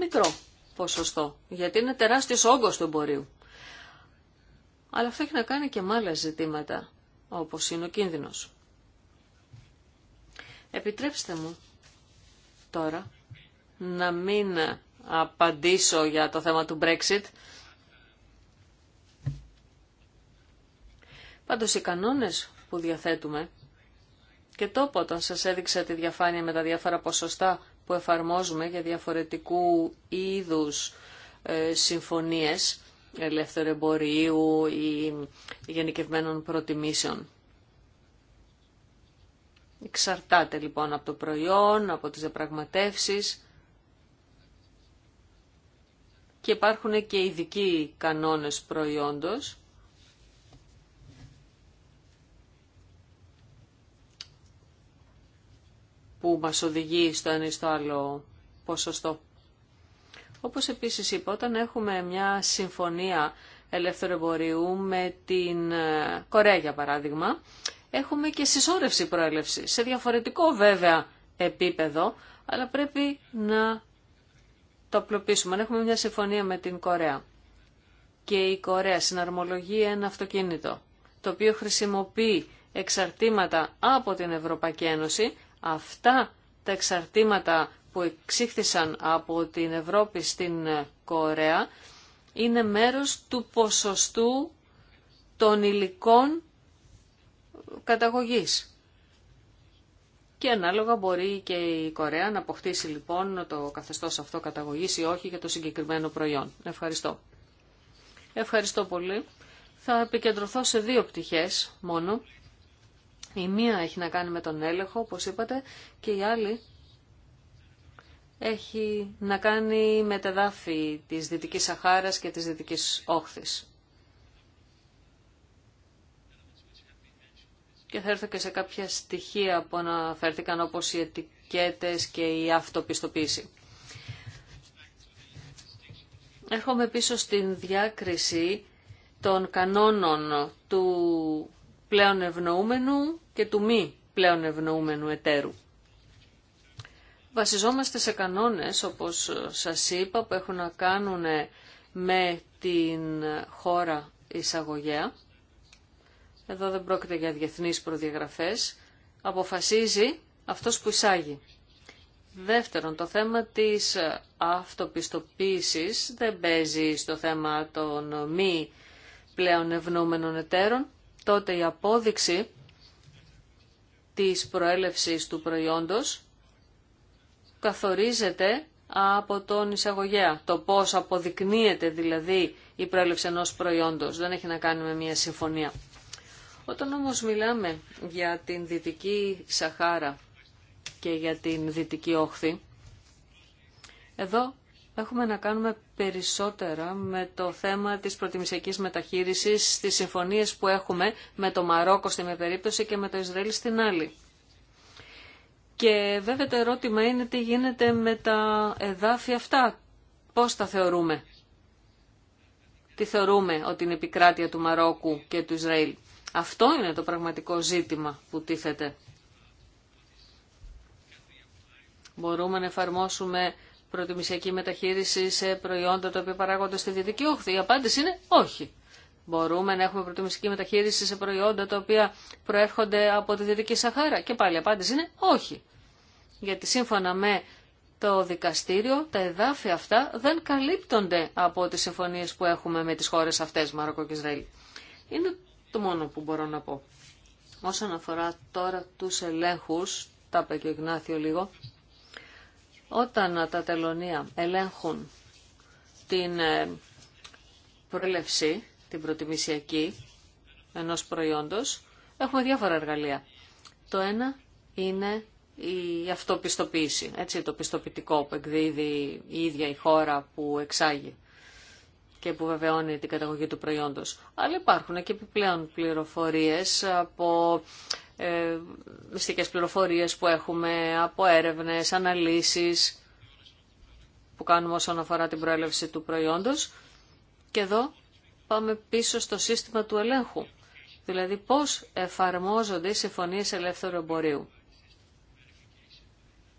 Μικρό ποσοστό, γιατί είναι τεράστιος όγκος του εμπορίου. Αλλά αυτό έχει να κάνει και με άλλα ζητήματα, όπως είναι ο κίνδυνος. Επιτρέψτε μου τώρα να μην απαντήσω για το θέμα του Brexit. Πάντως οι κανόνες που διαθέτουμε και τόπο όταν σας έδειξα τη διαφάνεια με τα διάφορα ποσοστά που εφαρμόζουμε για διαφορετικού είδους ε, συμφωνίες ελεύθερου εμπορίου ή γενικευμένων προτιμήσεων. Εξαρτάται λοιπόν από το προϊόν, από τις διαπραγματεύσεις και υπάρχουν και ειδικοί κανόνες προϊόντος που μας οδηγεί στο ένα ή στο άλλο ποσοστό. Όπως επίσης είπα, όταν έχουμε μια συμφωνία ελεύθερου εμπορίου με την ε, Κορέα, για παράδειγμα, έχουμε και συσσόρευση προέλευση. Σε διαφορετικό βέβαια επίπεδο, αλλά πρέπει να το απλοποιήσουμε. Αν έχουμε μια συμφωνία με την Κορέα και η Κορέα συναρμολογεί ένα αυτοκίνητο, το οποίο χρησιμοποιεί εξαρτήματα από την Ευρωπαϊκή Ένωση, Αυτά τα εξαρτήματα που εξήχθησαν από την Ευρώπη στην Κορέα είναι μέρος του ποσοστού των υλικών καταγωγής. Και ανάλογα μπορεί και η Κορέα να αποκτήσει λοιπόν το καθεστώς αυτό καταγωγής ή όχι για το συγκεκριμένο προϊόν. Ευχαριστώ. Ευχαριστώ πολύ. Θα επικεντρωθώ σε δύο πτυχές μόνο η μία έχει να κάνει με τον έλεγχο, όπως είπατε, και η άλλη έχει να κάνει με τα δάφη της Δυτικής Σαχάρας και της Δυτικής Όχθης. Και θα έρθω και σε κάποια στοιχεία που αναφέρθηκαν όπως οι ετικέτες και η αυτοπιστοποίηση. Έρχομαι πίσω στην διάκριση των κανόνων του πλέον ευνοούμενου και του μη πλέον ευνοούμενου εταίρου. Βασιζόμαστε σε κανόνες, όπως ε, σας είπα, που έχουν να κάνουν ε, με την χώρα εισαγωγέα. Εδώ δεν πρόκειται για διεθνείς προδιαγραφές. Αποφασίζει αυτός που εισάγει. Δεύτερον, το θέμα της ε, αυτοπιστοποίησης δεν παίζει στο θέμα των μη πλέον ευνοούμενων εταίρων. Τότε η απόδειξη της προέλευσης του προϊόντος καθορίζεται από τον εισαγωγέα. Το πώς αποδεικνύεται δηλαδή η προέλευση ενός προϊόντος. Δεν έχει να κάνει με μια συμφωνία. Όταν όμως μιλάμε για την Δυτική Σαχάρα και για την Δυτική Όχθη, εδώ έχουμε να κάνουμε περισσότερα με το θέμα της προτιμησιακής μεταχείρισης στις συμφωνίες που έχουμε με το Μαρόκο στην περίπτωση και με το Ισραήλ στην άλλη. Και βέβαια το ερώτημα είναι τι γίνεται με τα εδάφια αυτά. Πώς τα θεωρούμε. Τι θεωρούμε ότι είναι επικράτεια του Μαρόκου και του Ισραήλ. Αυτό είναι το πραγματικό ζήτημα που τίθεται. Μπορούμε να εφαρμόσουμε προτιμησιακή μεταχείριση σε προϊόντα τα οποία παράγονται στη Δυτική Όχθη. Η απάντηση είναι όχι. Μπορούμε να έχουμε προτιμησιακή μεταχείριση σε προϊόντα τα οποία προέρχονται από τη Δυτική Σαχάρα. Και πάλι η απάντηση είναι όχι. Γιατί σύμφωνα με το δικαστήριο, τα εδάφια αυτά δεν καλύπτονται από τις συμφωνίες που έχουμε με τις χώρες αυτές, Μαροκό και Ισραήλ. Είναι το μόνο που μπορώ να πω. Όσον αφορά τώρα τους ελέγχου, τα είπε και ο λίγο, όταν τα τελωνία ελέγχουν την ε, προέλευση, την προτιμησιακή ενός προϊόντος, έχουμε διάφορα εργαλεία. Το ένα είναι η αυτοπιστοποίηση, έτσι, το πιστοποιητικό που εκδίδει η ίδια η χώρα που εξάγει και που βεβαιώνει την καταγωγή του προϊόντος. Αλλά υπάρχουν και επιπλέον πληροφορίες από ε, μυστικές πληροφορίες που έχουμε από έρευνες, αναλύσεις που κάνουμε όσον αφορά την προέλευση του προϊόντος. Και εδώ πάμε πίσω στο σύστημα του ελέγχου. Δηλαδή πώς εφαρμόζονται οι συμφωνίες ελεύθερου εμπορίου.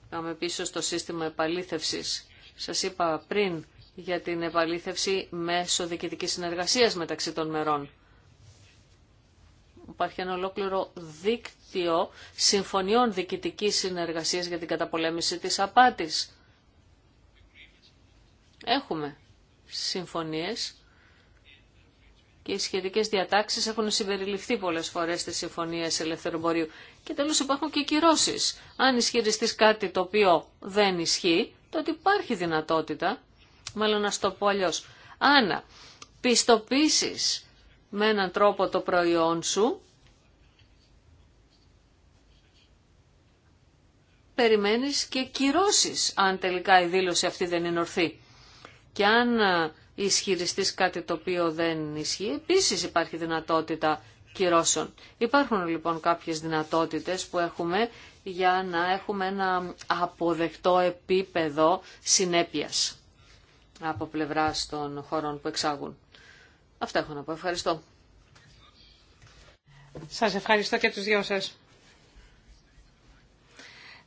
Πάμε πίσω στο σύστημα επαλήθευσης. Σας είπα πριν για την επαλήθευση μέσω διοικητικής συνεργασίας μεταξύ των μερών υπάρχει ένα ολόκληρο δίκτυο συμφωνιών διοικητικής συνεργασίας για την καταπολέμηση της απάτης. Έχουμε συμφωνίες και οι σχετικές διατάξεις έχουν συμπεριληφθεί πολλές φορές στις συμφωνίες ελεύθερου μπορείου. Και τέλος υπάρχουν και κυρώσεις. Αν ισχυριστείς κάτι το οποίο δεν ισχύει, τότε υπάρχει δυνατότητα, μάλλον να το πω αλλιώς, αν πιστοποιήσεις με έναν τρόπο το προϊόν σου, περιμένεις και κυρώσεις αν τελικά η δήλωση αυτή δεν είναι ορθή. Και αν ε, ισχυριστεί κάτι το οποίο δεν ισχύει, επίσης υπάρχει δυνατότητα κυρώσεων. Υπάρχουν λοιπόν κάποιες δυνατότητες που έχουμε για να έχουμε ένα αποδεκτό επίπεδο συνέπειας από πλευράς των χωρών που εξάγουν. Αυτά έχω να πω. Ευχαριστώ. Σας ευχαριστώ και τους δυο σας.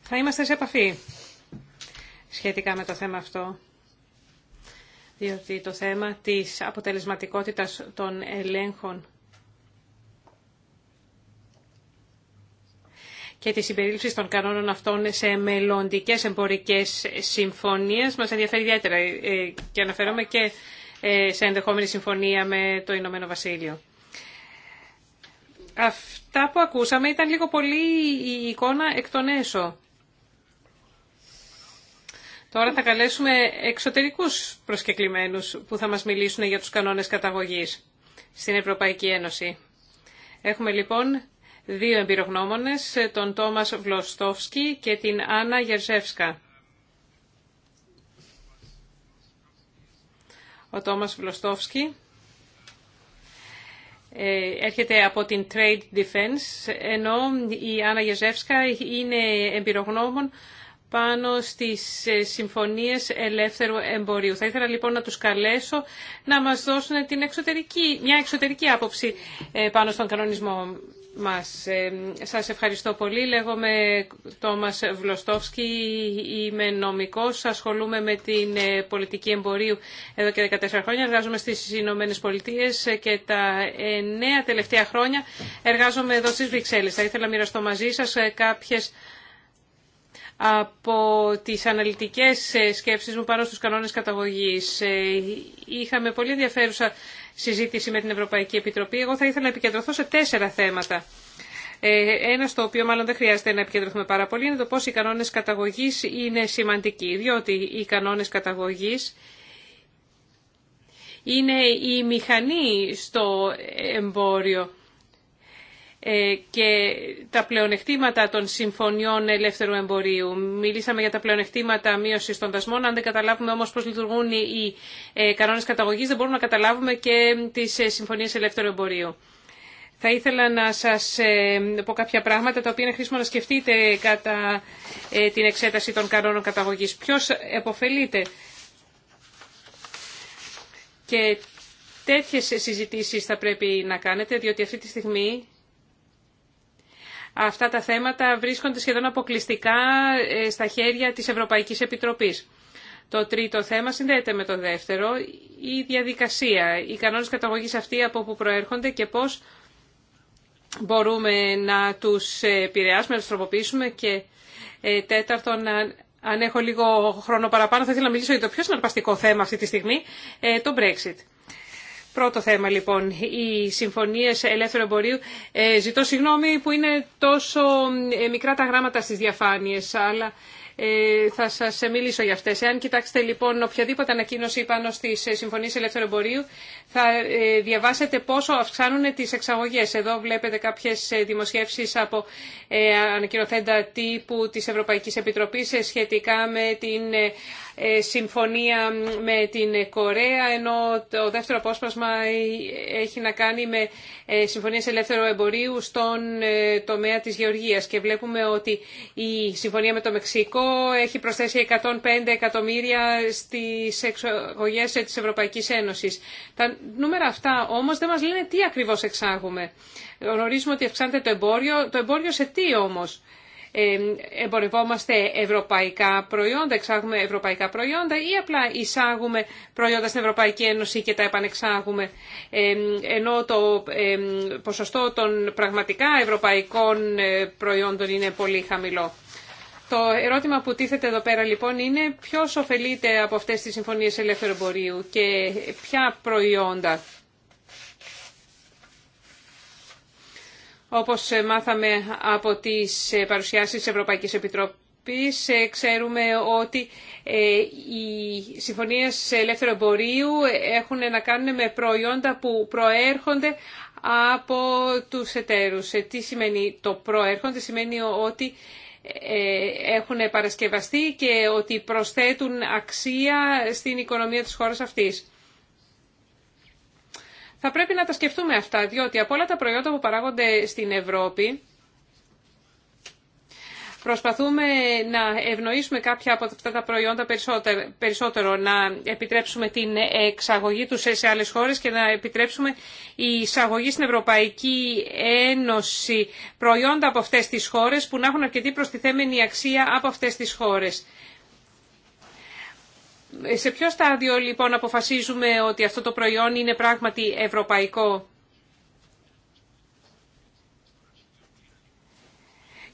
Θα είμαστε σε επαφή σχετικά με το θέμα αυτό, διότι το θέμα της αποτελεσματικότητας των ελέγχων και τη συμπερίληψη των κανόνων αυτών σε μελλοντικέ εμπορικές συμφωνίε μα ενδιαφέρει ιδιαίτερα ε, και αναφέρομαι και ε, σε ενδεχόμενη συμφωνία με το Ηνωμένο Βασίλειο. Αυτά που ακούσαμε ήταν λίγο πολύ η εικόνα εκ των έσω. Τώρα θα καλέσουμε εξωτερικούς προσκεκλημένους που θα μας μιλήσουν για τους κανόνες καταγωγής στην Ευρωπαϊκή Ένωση. Έχουμε λοιπόν δύο εμπειρογνώμονες, τον Τόμας Βλωστόφσκι και την Άννα Γερζεύσκα. Ο Τόμας Βλωστόφσκι ε, έρχεται από την Trade Defense, ενώ η Άννα Γερζεύσκα είναι εμπειρογνώμων πάνω στις ε, συμφωνίες ελεύθερου εμπορίου. Θα ήθελα λοιπόν να τους καλέσω να μας δώσουν την εξωτερική, μια εξωτερική άποψη ε, πάνω στον κανονισμό μας. Ε, σας ευχαριστώ πολύ. Λέγομαι Τόμας Βλωστόφσκι, είμαι νομικός, ασχολούμαι με την πολιτική εμπορίου εδώ και 14 χρόνια, εργάζομαι στις Ηνωμένε Πολιτείε και τα νέα τελευταία χρόνια εργάζομαι εδώ στις Βρυξέλλες. Θα ήθελα να μοιραστώ μαζί σας κάποιες από τις αναλυτικές ε, σκέψεις μου πάνω στους κανόνες καταγωγής. Ε, είχαμε πολύ ενδιαφέρουσα συζήτηση με την Ευρωπαϊκή Επιτροπή. Εγώ θα ήθελα να επικεντρωθώ σε τέσσερα θέματα. Ε, ένα στο οποίο μάλλον δεν χρειάζεται να επικεντρωθούμε πάρα πολύ είναι το πώς οι κανόνες καταγωγής είναι σημαντικοί. Διότι οι κανόνες καταγωγής είναι η μηχανή στο εμπόριο. Ε, και τα πλεονεκτήματα των συμφωνιών ελεύθερου εμπορίου. Μιλήσαμε για τα πλεονεκτήματα μείωση των δασμών. Αν δεν καταλάβουμε όμω πώ λειτουργούν οι ε, κανόνε καταγωγή, δεν μπορούμε να καταλάβουμε και τι ε, συμφωνίε ελεύθερου εμπορίου. Θα ήθελα να σας πω κάποια πράγματα τα οποία είναι χρήσιμο να σκεφτείτε κατά την εξέταση των κανόνων καταγωγής. Ποιος επωφελείται και τέτοιες συζητήσεις θα πρέπει να κάνετε, διότι αυτή τη στιγμή αυτά τα θέματα βρίσκονται σχεδόν αποκλειστικά ε, στα χέρια της Ευρωπαϊκής Επιτροπής. Το τρίτο θέμα συνδέεται με το δεύτερο, η διαδικασία, οι κανόνες καταγωγής αυτοί από που προέρχονται και πώς μπορούμε να τους επηρεάσουμε, να τους τροποποιήσουμε και ε, τέταρτον, αν έχω λίγο χρόνο παραπάνω, θα ήθελα να μιλήσω για το πιο συναρπαστικό θέμα αυτή τη στιγμή, ε, το Brexit. Πρώτο θέμα λοιπόν, οι συμφωνίες ελεύθερου εμπορίου. Ε, ζητώ συγγνώμη που είναι τόσο ε, μικρά τα γράμματα στις διαφάνειες, αλλά ε, θα σας μιλήσω για αυτές. Εάν κοιτάξετε λοιπόν οποιαδήποτε ανακοίνωση πάνω στις συμφωνίες ελεύθερου εμπορίου, θα διαβάσετε πόσο αυξάνουν τις εξαγωγές. Εδώ βλέπετε κάποιες δημοσιεύσεις από ανακοινωθέντα τύπου της Ευρωπαϊκής Επιτροπής σχετικά με την ε, συμφωνία με την Κορέα, ενώ το δεύτερο απόσπασμα έχει να κάνει με ε, συμφωνίες ελεύθερου εμπορίου στον ε, τομέα της γεωργίας. Και βλέπουμε ότι η συμφωνία με το Μεξικό έχει προσθέσει 105 εκατομμύρια στις εξαγωγές της Ευρωπαϊκής Ένωσης. Τα νούμερα αυτά όμως δεν μας λένε τι ακριβώς εξάγουμε. Γνωρίζουμε ότι αυξάνεται το εμπόριο. Το εμπόριο σε τι όμως εμπορευόμαστε ευρωπαϊκά προϊόντα, εξάγουμε ευρωπαϊκά προϊόντα ή απλά εισάγουμε προϊόντα στην Ευρωπαϊκή Ένωση και τα επανεξάγουμε. Ενώ το ποσοστό των πραγματικά ευρωπαϊκών ε, προϊόντων είναι πολύ χαμηλό. Το ερώτημα που τίθεται εδώ πέρα λοιπόν είναι ποιος ωφελείται από αυτές τις συμφωνίες ελεύθερου εμπορίου και ποια προϊόντα. Όπως ε, μάθαμε από τις ε, παρουσιάσεις της Ευρωπαϊκής Επιτροπής, ε, ξέρουμε ότι οι συμφωνίες ελεύθερου εμπορίου έχουν να κάνουν με προϊόντα που προέρχονται από τους εταίρους. Τι σημαίνει το προέρχονται, σημαίνει ότι έχουν παρασκευαστεί και ότι προσθέτουν αξία στην οικονομία της χώρας αυτής. Θα πρέπει να τα σκεφτούμε αυτά, διότι από όλα τα προϊόντα που παράγονται στην Ευρώπη, Προσπαθούμε να ευνοήσουμε κάποια από αυτά τα προϊόντα περισσότερο, να επιτρέψουμε την εξαγωγή τους σε άλλες χώρες και να επιτρέψουμε η εισαγωγή στην Ευρωπαϊκή Ένωση προϊόντα από αυτές τις χώρες που να έχουν αρκετή προστιθέμενη αξία από αυτές τις χώρες. Σε ποιο στάδιο λοιπόν αποφασίζουμε ότι αυτό το προϊόν είναι πράγματι ευρωπαϊκό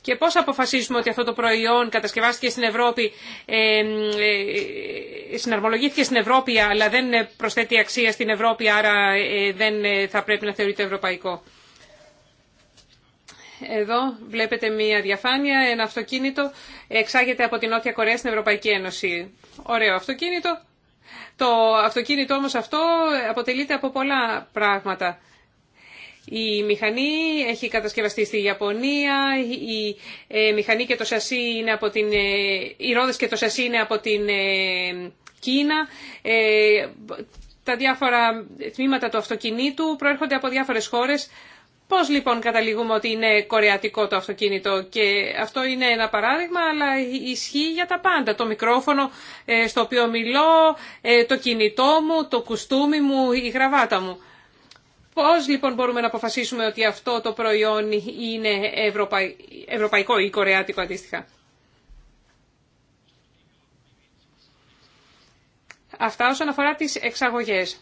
Και πώς αποφασίζουμε ότι αυτό το προϊόν κατασκευάστηκε στην Ευρώπη, ε, ε, συναρμολογήθηκε στην Ευρώπη αλλά δεν προσθέτει αξία στην Ευρώπη άρα ε, δεν ε, θα πρέπει να θεωρείται ευρωπαϊκό. Εδώ βλέπετε μία διαφάνεια, ένα αυτοκίνητο εξάγεται από την Νότια Κορέα στην Ευρωπαϊκή Ένωση. Ωραίο αυτοκίνητο. Το αυτοκίνητο όμως αυτό αποτελείται από πολλά πράγματα. Η μηχανή έχει κατασκευαστεί στη Ιαπωνία, η ε, μηχανή και το σασί είναι από την, ε, οι ρόδες και το σασί είναι από την ε, Κίνα. τα διάφορα τμήματα του αυτοκινήτου προέρχονται από διάφορες χώρες. Πώς λοιπόν καταλήγουμε ότι είναι κορεατικό το αυτοκίνητο και αυτό είναι ένα παράδειγμα αλλά ισχύει για τα πάντα. Το μικρόφωνο ε, στο οποίο μιλώ, ε, το κινητό μου, το κουστούμι μου, η γραβάτα μου. Πώς λοιπόν μπορούμε να αποφασίσουμε ότι αυτό το προϊόν είναι ευρωπαϊκό ή κορεάτικο αντίστοιχα. Αυτά όσον αφορά τις εξαγωγές.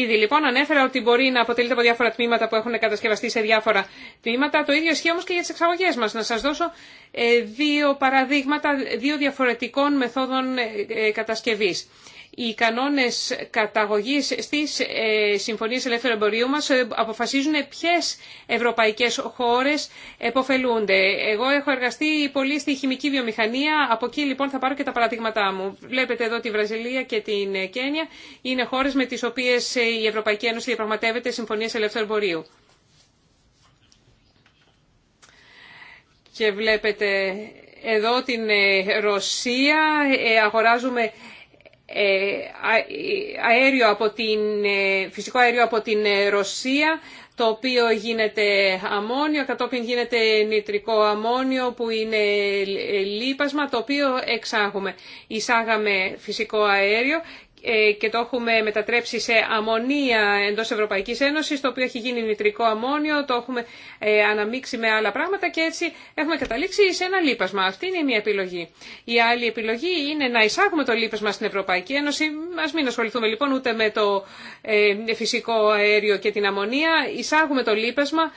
Ήδη λοιπόν ανέφερα ότι μπορεί να αποτελείται από διάφορα τμήματα που έχουν κατασκευαστεί σε διάφορα τμήματα. Το ίδιο ισχύει όμω και για τι εξαγωγέ μα. Να σα δώσω ε, δύο παραδείγματα δύο διαφορετικών μεθόδων ε, ε, κατασκευή οι κανόνες καταγωγής στις ε, συμφωνίε ελεύθερου εμπορίου μας ε, αποφασίζουν ποιες ευρωπαϊκές χώρες εποφελούνται. Εγώ έχω εργαστεί πολύ στη χημική βιομηχανία, από εκεί λοιπόν θα πάρω και τα παραδείγματά μου. Βλέπετε εδώ τη Βραζιλία και την Κένια, είναι χώρες με τις οποίες ε, η Ευρωπαϊκή Ένωση διαπραγματεύεται συμφωνίε ελεύθερου εμπορίου. Και βλέπετε εδώ την Ρωσία, αγοράζουμε ε, ε, αέριο από την, ε, φυσικό αέριο από την Ρωσία, το οποίο γίνεται αμμόνιο, κατόπιν γίνεται νητρικό αμμόνιο που είναι λίπασμα, το οποίο εξάγουμε. Εισάγαμε φυσικό αέριο ε, και το έχουμε μετατρέψει σε αμμονία εντός Ευρωπαϊκής Ένωσης, το οποίο έχει γίνει νητρικό αμμόνιο, το έχουμε ε, αναμίξει με άλλα πράγματα και έτσι έχουμε καταλήξει σε ένα λίπασμα. Αυτή είναι η μια επιλογή. Η άλλη επιλογή είναι να εισάγουμε το λίπασμα στην Ευρωπαϊκή Ένωση. Α μην ασχοληθούμε λοιπόν ούτε με το ε, φυσικό αέριο και την αμμονία. Εισάγουμε το λίπασμα,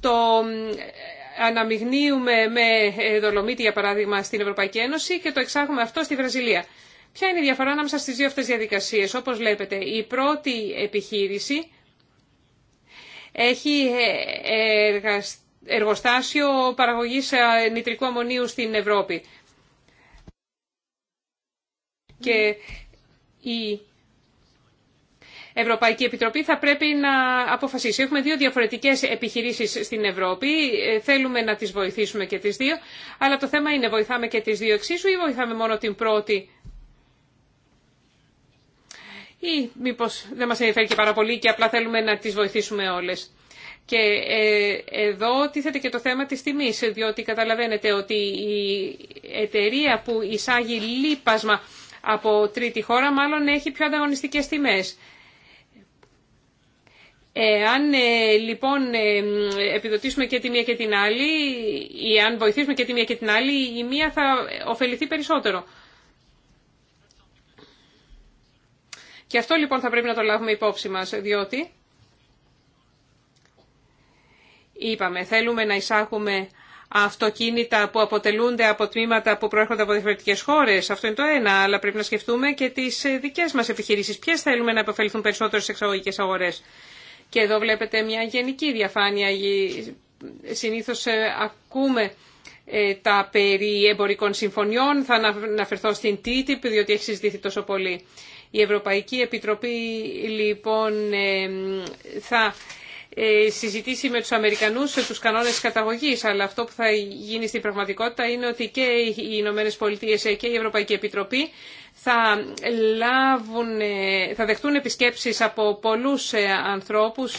το αναμειγνύουμε με δολομίτη για παράδειγμα στην Ευρωπαϊκή Ένωση και το εξάγουμε αυτό στη Βραζιλία. Ποια είναι η διαφορά ανάμεσα στις δύο αυτές διαδικασίες. Όπως βλέπετε, η πρώτη επιχείρηση έχει ε, εργοστάσιο παραγωγής ε, νητρικού αμμονίου στην Ευρώπη. Και η Ευρωπαϊκή Επιτροπή θα πρέπει να αποφασίσει. Έχουμε δύο διαφορετικές επιχειρήσεις στην Ευρώπη. Ε, θέλουμε να τις βοηθήσουμε και τις δύο. Αλλά το θέμα είναι βοηθάμε και τις δύο εξίσου ή βοηθάμε μόνο την πρώτη ή μήπω δεν μας ενδιαφέρει και πάρα πολύ και απλά θέλουμε να τις βοηθήσουμε όλες. Και ε, εδώ τίθεται και το θέμα τη τιμής, διότι καταλαβαίνετε ότι η εταιρεία που εισάγει λίπασμα από τρίτη χώρα μάλλον έχει πιο ανταγωνιστικές τιμές. Ε, αν ε, λοιπόν επιδοτήσουμε και τη μία και την άλλη ή αν βοηθήσουμε και τη μία και την άλλη η μία θα ωφεληθεί περισσότερο. Και αυτό λοιπόν θα πρέπει να το λάβουμε υπόψη μας, διότι είπαμε θέλουμε να εισάγουμε αυτοκίνητα που αποτελούνται από τμήματα που προέρχονται από διαφορετικές χώρες. Αυτό είναι το ένα, αλλά πρέπει να σκεφτούμε και τις δικές μας επιχειρήσεις. Ποιες θέλουμε να επωφεληθούν περισσότερο στις εξαγωγικές αγορές. Και εδώ βλέπετε μια γενική διαφάνεια. Συνήθως ε, ακούμε ε, τα περί εμπορικών συμφωνιών. Θα αναφερθώ στην TTIP, διότι έχει συζητηθεί τόσο πολύ. Η Ευρωπαϊκή Επιτροπή λοιπόν θα ε, συζητήσει με τους Αμερικανούς σε τους κανόνες καταγωγής, αλλά αυτό που θα γίνει στην πραγματικότητα είναι ότι και οι Ηνωμένε Πολιτείε και η Ευρωπαϊκή Επιτροπή θα, λάβουν, ε, θα δεχτούν επισκέψεις από πολλούς ε, ανθρώπους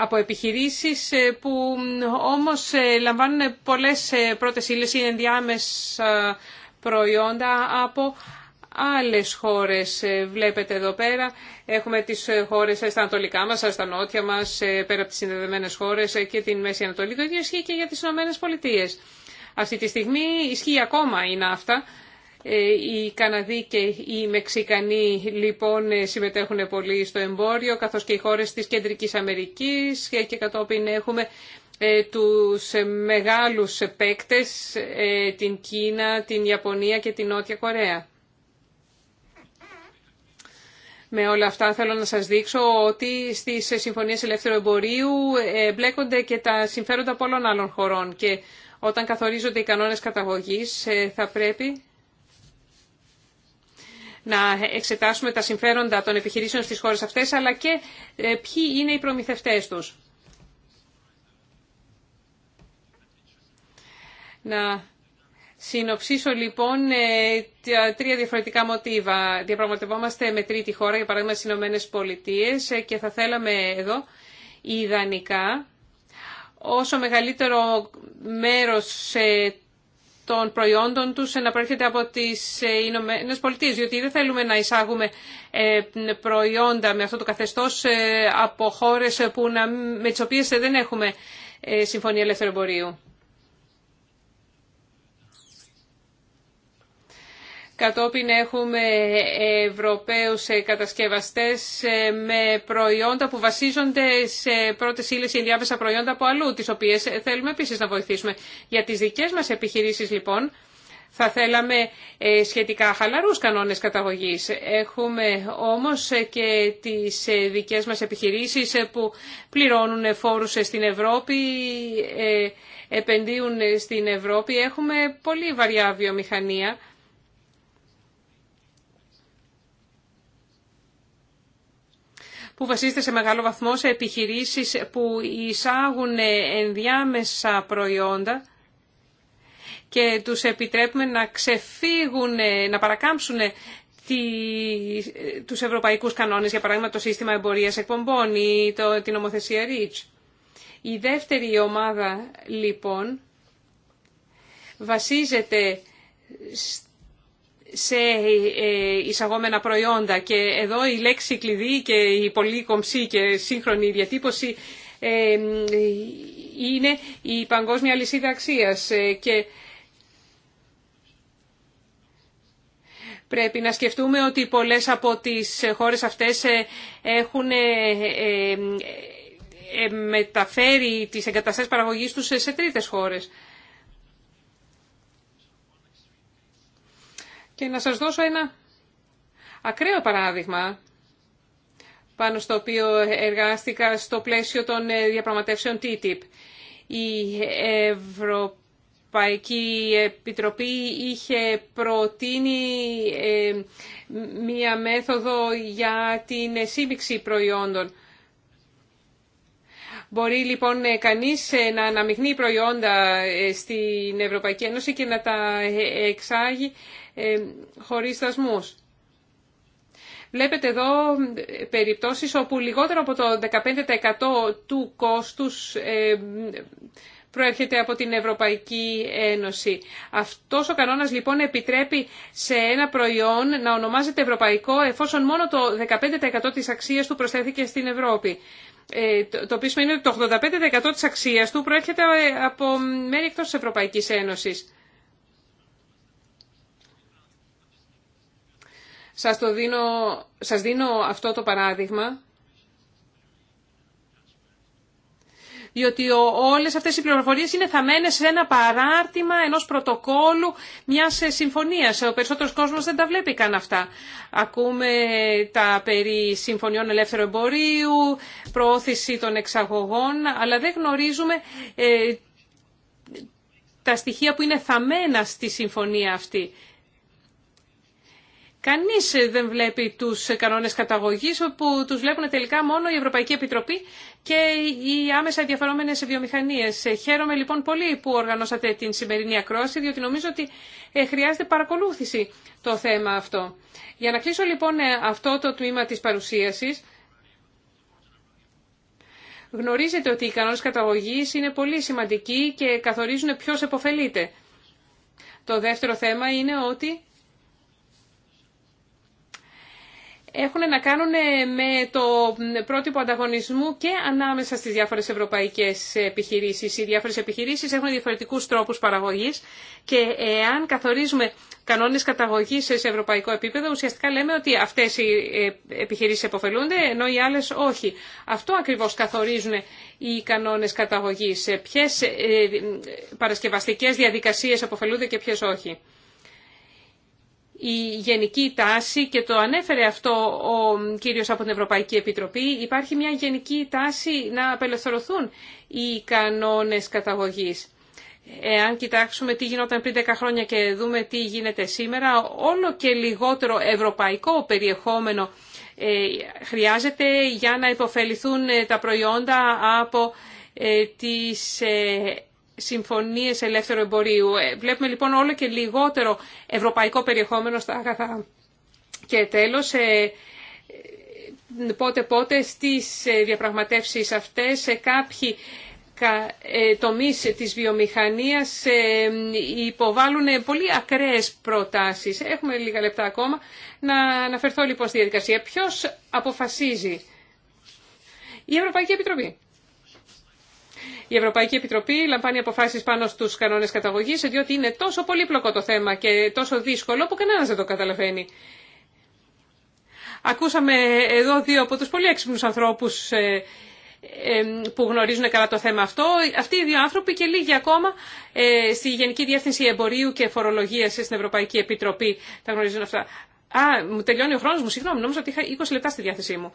από επιχειρήσεις που όμως λαμβάνουν πολλές πρώτες ύλες ή ενδιάμεσα προϊόντα από άλλες χώρες ε, βλέπετε εδώ πέρα. Έχουμε τις ε, χώρες στα ανατολικά μας, στα νότια μας, ε, πέρα από τις συνδεδεμένες χώρες και την Μέση Ανατολή. Το ίδιο ισχύει και για τις Ηνωμένες Πολιτείες. Αυτή τη στιγμή ισχύει ακόμα η ναύτα. Οι Καναδοί και οι Μεξικανοί λοιπόν συμμετέχουν πολύ στο εμπόριο, καθώς και οι χώρες της Κεντρικής Αμερικής και κατόπιν έχουμε τους μεγάλους παίκτες, την Κίνα, την Ιαπωνία και την Νότια Κορέα. Με όλα αυτά θέλω να σας δείξω ότι στις συμφωνίες ελεύθερου εμπορίου μπλέκονται και τα συμφέροντα πολλών άλλων χωρών και όταν καθορίζονται οι κανόνες καταγωγής ε, θα πρέπει να εξετάσουμε τα συμφέροντα των επιχειρήσεων στις χώρες αυτές αλλά και ε, ποιοι είναι οι προμηθευτές τους. Να συνοψίσω λοιπόν ε, τρία διαφορετικά μοτίβα. Διαπραγματευόμαστε με τρίτη χώρα, για παράδειγμα στι Ηνωμένε Πολιτείε ε, και θα θέλαμε εδώ ιδανικά όσο μεγαλύτερο μέρος ε, των προϊόντων τους να προέρχεται από τις Ηνωμένε Πολιτείες, διότι δεν θέλουμε να εισάγουμε προϊόντα με αυτό το καθεστώς από χώρες που να, με τις οποίες δεν έχουμε συμφωνία ελεύθερου εμπορίου. Κατόπιν έχουμε Ευρωπαίους κατασκευαστές ε, με προϊόντα που βασίζονται σε πρώτες ύλες ή ενδιάμεσα προϊόντα από αλλού, τις οποίες θέλουμε επίσης να βοηθήσουμε. Για τις δικές μας επιχειρήσεις λοιπόν, θα θέλαμε ε, σχετικά χαλαρούς κανόνες καταγωγής. Έχουμε όμως και τις ε, δικές μας επιχειρήσεις που πληρώνουν φόρους στην Ευρώπη, επενδύουν στην Ευρώπη. Έχουμε πολύ βαριά βιομηχανία που βασίζεται σε μεγάλο βαθμό σε επιχειρήσεις που εισάγουν ενδιάμεσα προϊόντα και τους επιτρέπουμε να ξεφύγουν, να παρακάμψουν τους ευρωπαϊκούς κανόνες, για παράδειγμα το σύστημα εμπορίας εκπομπών ή το, την ομοθεσία REACH. Η δεύτερη ομάδα, λοιπόν, βασίζεται σε ε, εισαγόμενα προϊόντα. Και εδώ η λέξη κλειδί και η πολύ κομψή και σύγχρονη διατύπωση ε, είναι η παγκόσμια λυσίδα αξίας ε, και πρέπει να σκεφτούμε ότι πολλές από τις χώρες αυτές έχουν μεταφέρει τις εγκαταστάσεις παραγωγής τους σε τρίτες χώρες. Και να σας δώσω ένα ακραίο παράδειγμα πάνω στο οποίο εργάστηκα στο πλαίσιο των ε, διαπραγματεύσεων TTIP. Η Ευρωπαϊκή Επιτροπή είχε προτείνει ε, μία μέθοδο για την σύμπηξη προϊόντων. Μπορεί λοιπόν ε, κανείς να αναμειγνύει προϊόντα στην Ευρωπαϊκή Ένωση και να τα εξάγει ε, χωρίς δασμούς. Βλέπετε εδώ περιπτώσεις όπου λιγότερο από το 15% του κόστους ε, προέρχεται από την Ευρωπαϊκή Ένωση. Αυτός ο κανόνας λοιπόν επιτρέπει σε ένα προϊόν να ονομάζεται ευρωπαϊκό εφόσον μόνο το 15% της αξίας του προσθέθηκε στην Ευρώπη. Ε, το οποίο σημαίνει ότι το 85% της αξίας του προέρχεται από μέρη εκτός της Ευρωπαϊκής Ένωσης. Σας, το δίνω, σας δίνω αυτό το παράδειγμα, διότι όλες αυτές οι πληροφορίες είναι θαμμένες σε ένα παράρτημα ενός πρωτοκόλου μιας ε, συμφωνίας. Ο περισσότερος κόσμος δεν τα βλέπει καν αυτά. Ακούμε τα περί συμφωνιών ελεύθερου εμπορίου, προώθηση των εξαγωγών, αλλά δεν γνωρίζουμε ε, τα στοιχεία που είναι θαμένα στη συμφωνία αυτή. Κανεί δεν βλέπει του κανόνε καταγωγή που του βλέπουν τελικά μόνο η Ευρωπαϊκή Επιτροπή και οι άμεσα ενδιαφερόμενε βιομηχανίε. Χαίρομαι λοιπόν πολύ που οργανώσατε την σημερινή ακρόαση διότι νομίζω ότι ε, χρειάζεται παρακολούθηση το θέμα αυτό. Για να κλείσω λοιπόν ε, αυτό το τμήμα τη παρουσίαση. γνωρίζετε ότι οι κανόνες καταγωγής είναι πολύ σημαντικοί και καθορίζουν ποιος επωφελείται. Το δεύτερο θέμα είναι ότι έχουν να κάνουν ε, με το πρότυπο ανταγωνισμού και ανάμεσα στις διάφορες ευρωπαϊκές επιχειρήσεις. Οι διάφορες επιχειρήσεις έχουν διαφορετικούς τρόπους παραγωγής και εάν καθορίζουμε κανόνες καταγωγής σε ευρωπαϊκό επίπεδο, ουσιαστικά λέμε ότι αυτές οι ε, επιχειρήσεις επωφελούνται, ενώ οι άλλες όχι. Αυτό ακριβώς καθορίζουν οι κανόνες καταγωγής. Ποιες ε, παρασκευαστικές διαδικασίες επωφελούνται και ποιες όχι η γενική τάση, και το ανέφερε αυτό ο κύριος από την Ευρωπαϊκή Επιτροπή, υπάρχει μια γενική τάση να απελευθερωθούν οι κανόνες καταγωγής. Αν κοιτάξουμε τι γινόταν πριν 10 χρόνια και δούμε τι γίνεται σήμερα, όλο και λιγότερο ευρωπαϊκό περιεχόμενο ε, χρειάζεται για να υποφεληθούν ε, τα προϊόντα από ε, τις συμφωνίες ελεύθερου εμπορίου. Ε, βλέπουμε λοιπόν όλο και λιγότερο ευρωπαϊκό περιεχόμενο στα αγαθά. Και τέλος, πότε-πότε ε, στις ε, διαπραγματεύσεις αυτές σε κάποιοι τομείς της βιομηχανίας υποβάλλουν πολύ ακραίες προτάσεις. Έχουμε λίγα λεπτά ακόμα. Να αναφερθώ λοιπόν στη διαδικασία. Ποιος αποφασίζει. Η Ευρωπαϊκή Επιτροπή η Ευρωπαϊκή Επιτροπή λαμβάνει αποφάσει πάνω στου κανόνε καταγωγή, διότι είναι τόσο πολύπλοκο το θέμα και τόσο δύσκολο που κανένα δεν το καταλαβαίνει. Ακούσαμε εδώ δύο από του πολύ έξυπνους ανθρώπους ε, ε, που γνωρίζουν καλά το θέμα αυτό. Αυτοί οι δύο άνθρωποι και λίγοι ακόμα ε, στη Γενική Διεύθυνση Εμπορίου και φορολογία στην Ευρωπαϊκή Επιτροπή τα γνωρίζουν αυτά. Α, μου τελειώνει ο χρόνο μου, συγγνώμη, νόμιζα ότι είχα 20 λεπτά στη διάθεσή μου.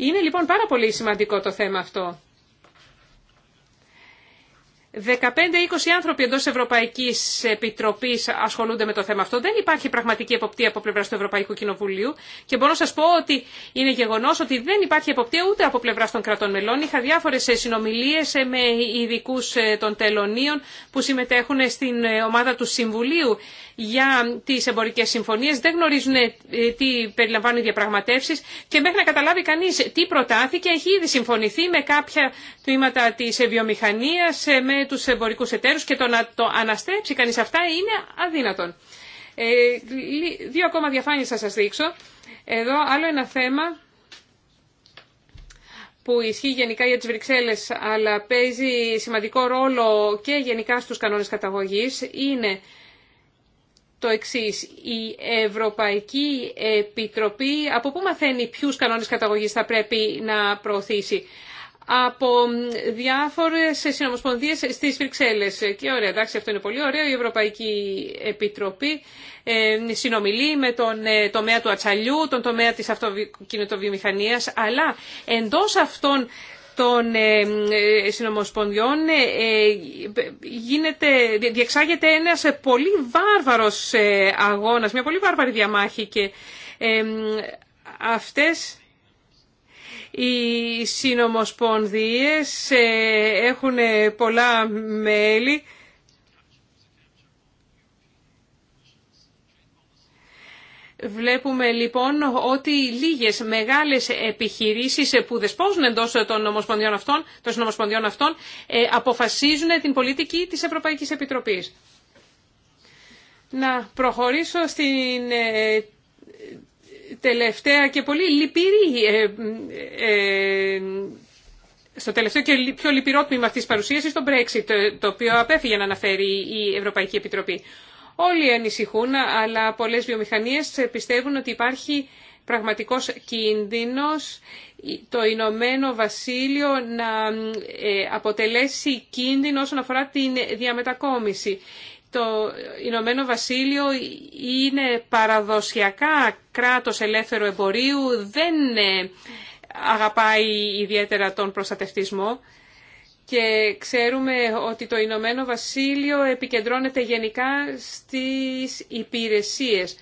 Είναι λοιπόν πάρα πολύ σημαντικό το θέμα αυτό. 15-20 άνθρωποι εντό Ευρωπαϊκή Επιτροπή ασχολούνται με το θέμα αυτό. Δεν υπάρχει πραγματική εποπτεία από πλευρά του Ευρωπαϊκού Κοινοβουλίου και μπορώ να σα πω ότι είναι γεγονό ότι δεν υπάρχει εποπτεία ούτε από πλευρά των κρατών μελών. Είχα διάφορε συνομιλίε ε, με ειδικού ε, των τελωνίων που συμμετέχουν ε, στην ομάδα του Συμβουλίου για τι εμπορικέ συμφωνίε. Δεν γνωρίζουν τι περιλαμβάνουν οι διαπραγματεύσει και μέχρι να καταλάβει κανεί τι προτάθηκε έχει ήδη συμφωνηθεί με κάποια τμήματα τη βιομηχανία, με τους εμπορικούς εταίρους και το να το αναστρέψει κανείς αυτά είναι αδύνατον. Ε, δύο ακόμα διαφάνειες θα σας δείξω. Εδώ άλλο ένα θέμα που ισχύει γενικά για τις Βρυξέλλες αλλά παίζει σημαντικό ρόλο και γενικά στους κανόνες καταγωγής είναι το εξή. Η Ευρωπαϊκή Επιτροπή από πού μαθαίνει ποιους κανόνες καταγωγής θα πρέπει να προωθήσει από διάφορες συνομοσπονδίε στις Βρυξέλλε. Και ωραία, εντάξει, αυτό είναι πολύ ωραίο. Η Ευρωπαϊκή Επιτροπή ε, συνομιλεί με τον ε, τομέα του ατσαλιού, τον τομέα της αυτοκινητοβιομηχανίας, αλλά εντός αυτών των ε, συνομοσπονδιών γίνεται, διεξάγεται ένας πολύ βάρβαρος αγώνας, μια πολύ βάρβαρη διαμάχη και αυτές οι συνομοσπονδίες ε, έχουν πολλά μέλη. Βλέπουμε λοιπόν ότι λίγες μεγάλες επιχειρήσεις ε, που δεσπόζουν εντός των νομοσπονδιών αυτών, των συνομοσπονδιών αυτών ε, αποφασίζουν την πολιτική της Ευρωπαϊκής Επιτροπής. Να προχωρήσω στην τελευταία και πολύ λυπηρή, ε, ε στο τελευταίο και πιο λυπηρό τμήμα αυτής της παρουσίασης, το Brexit, ε, το οποίο απέφυγε να αναφέρει η Ευρωπαϊκή Επιτροπή. Όλοι ανησυχούν, αλλά πολλές βιομηχανίες ε, πιστεύουν ότι υπάρχει πραγματικός κίνδυνος το Ηνωμένο Βασίλειο να αποτελέσει κίνδυνο όσον αφορά την διαμετακόμιση το Ηνωμένο Βασίλειο είναι παραδοσιακά κράτος ελεύθερου εμπορίου, δεν ε, αγαπάει ιδιαίτερα τον προστατευτισμό και ξέρουμε ότι το Ηνωμένο Βασίλειο επικεντρώνεται γενικά στις υπηρεσίες.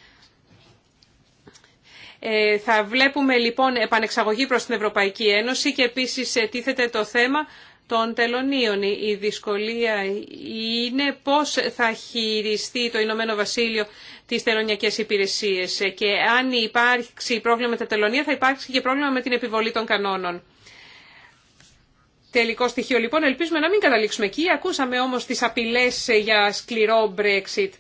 Ε, θα βλέπουμε λοιπόν επανεξαγωγή προς την Ευρωπαϊκή Ένωση και επίσης ε, τίθεται το θέμα των τελωνίων. Η δυσκολία είναι πώς θα χειριστεί το Ηνωμένο Βασίλειο τις τελωνιακές υπηρεσίες και αν υπάρξει πρόβλημα με τα τελωνία θα υπάρξει και πρόβλημα με την επιβολή των κανόνων. Τελικό στοιχείο λοιπόν, ελπίζουμε να μην καταλήξουμε εκεί. Ακούσαμε όμως τις απειλές για σκληρό Brexit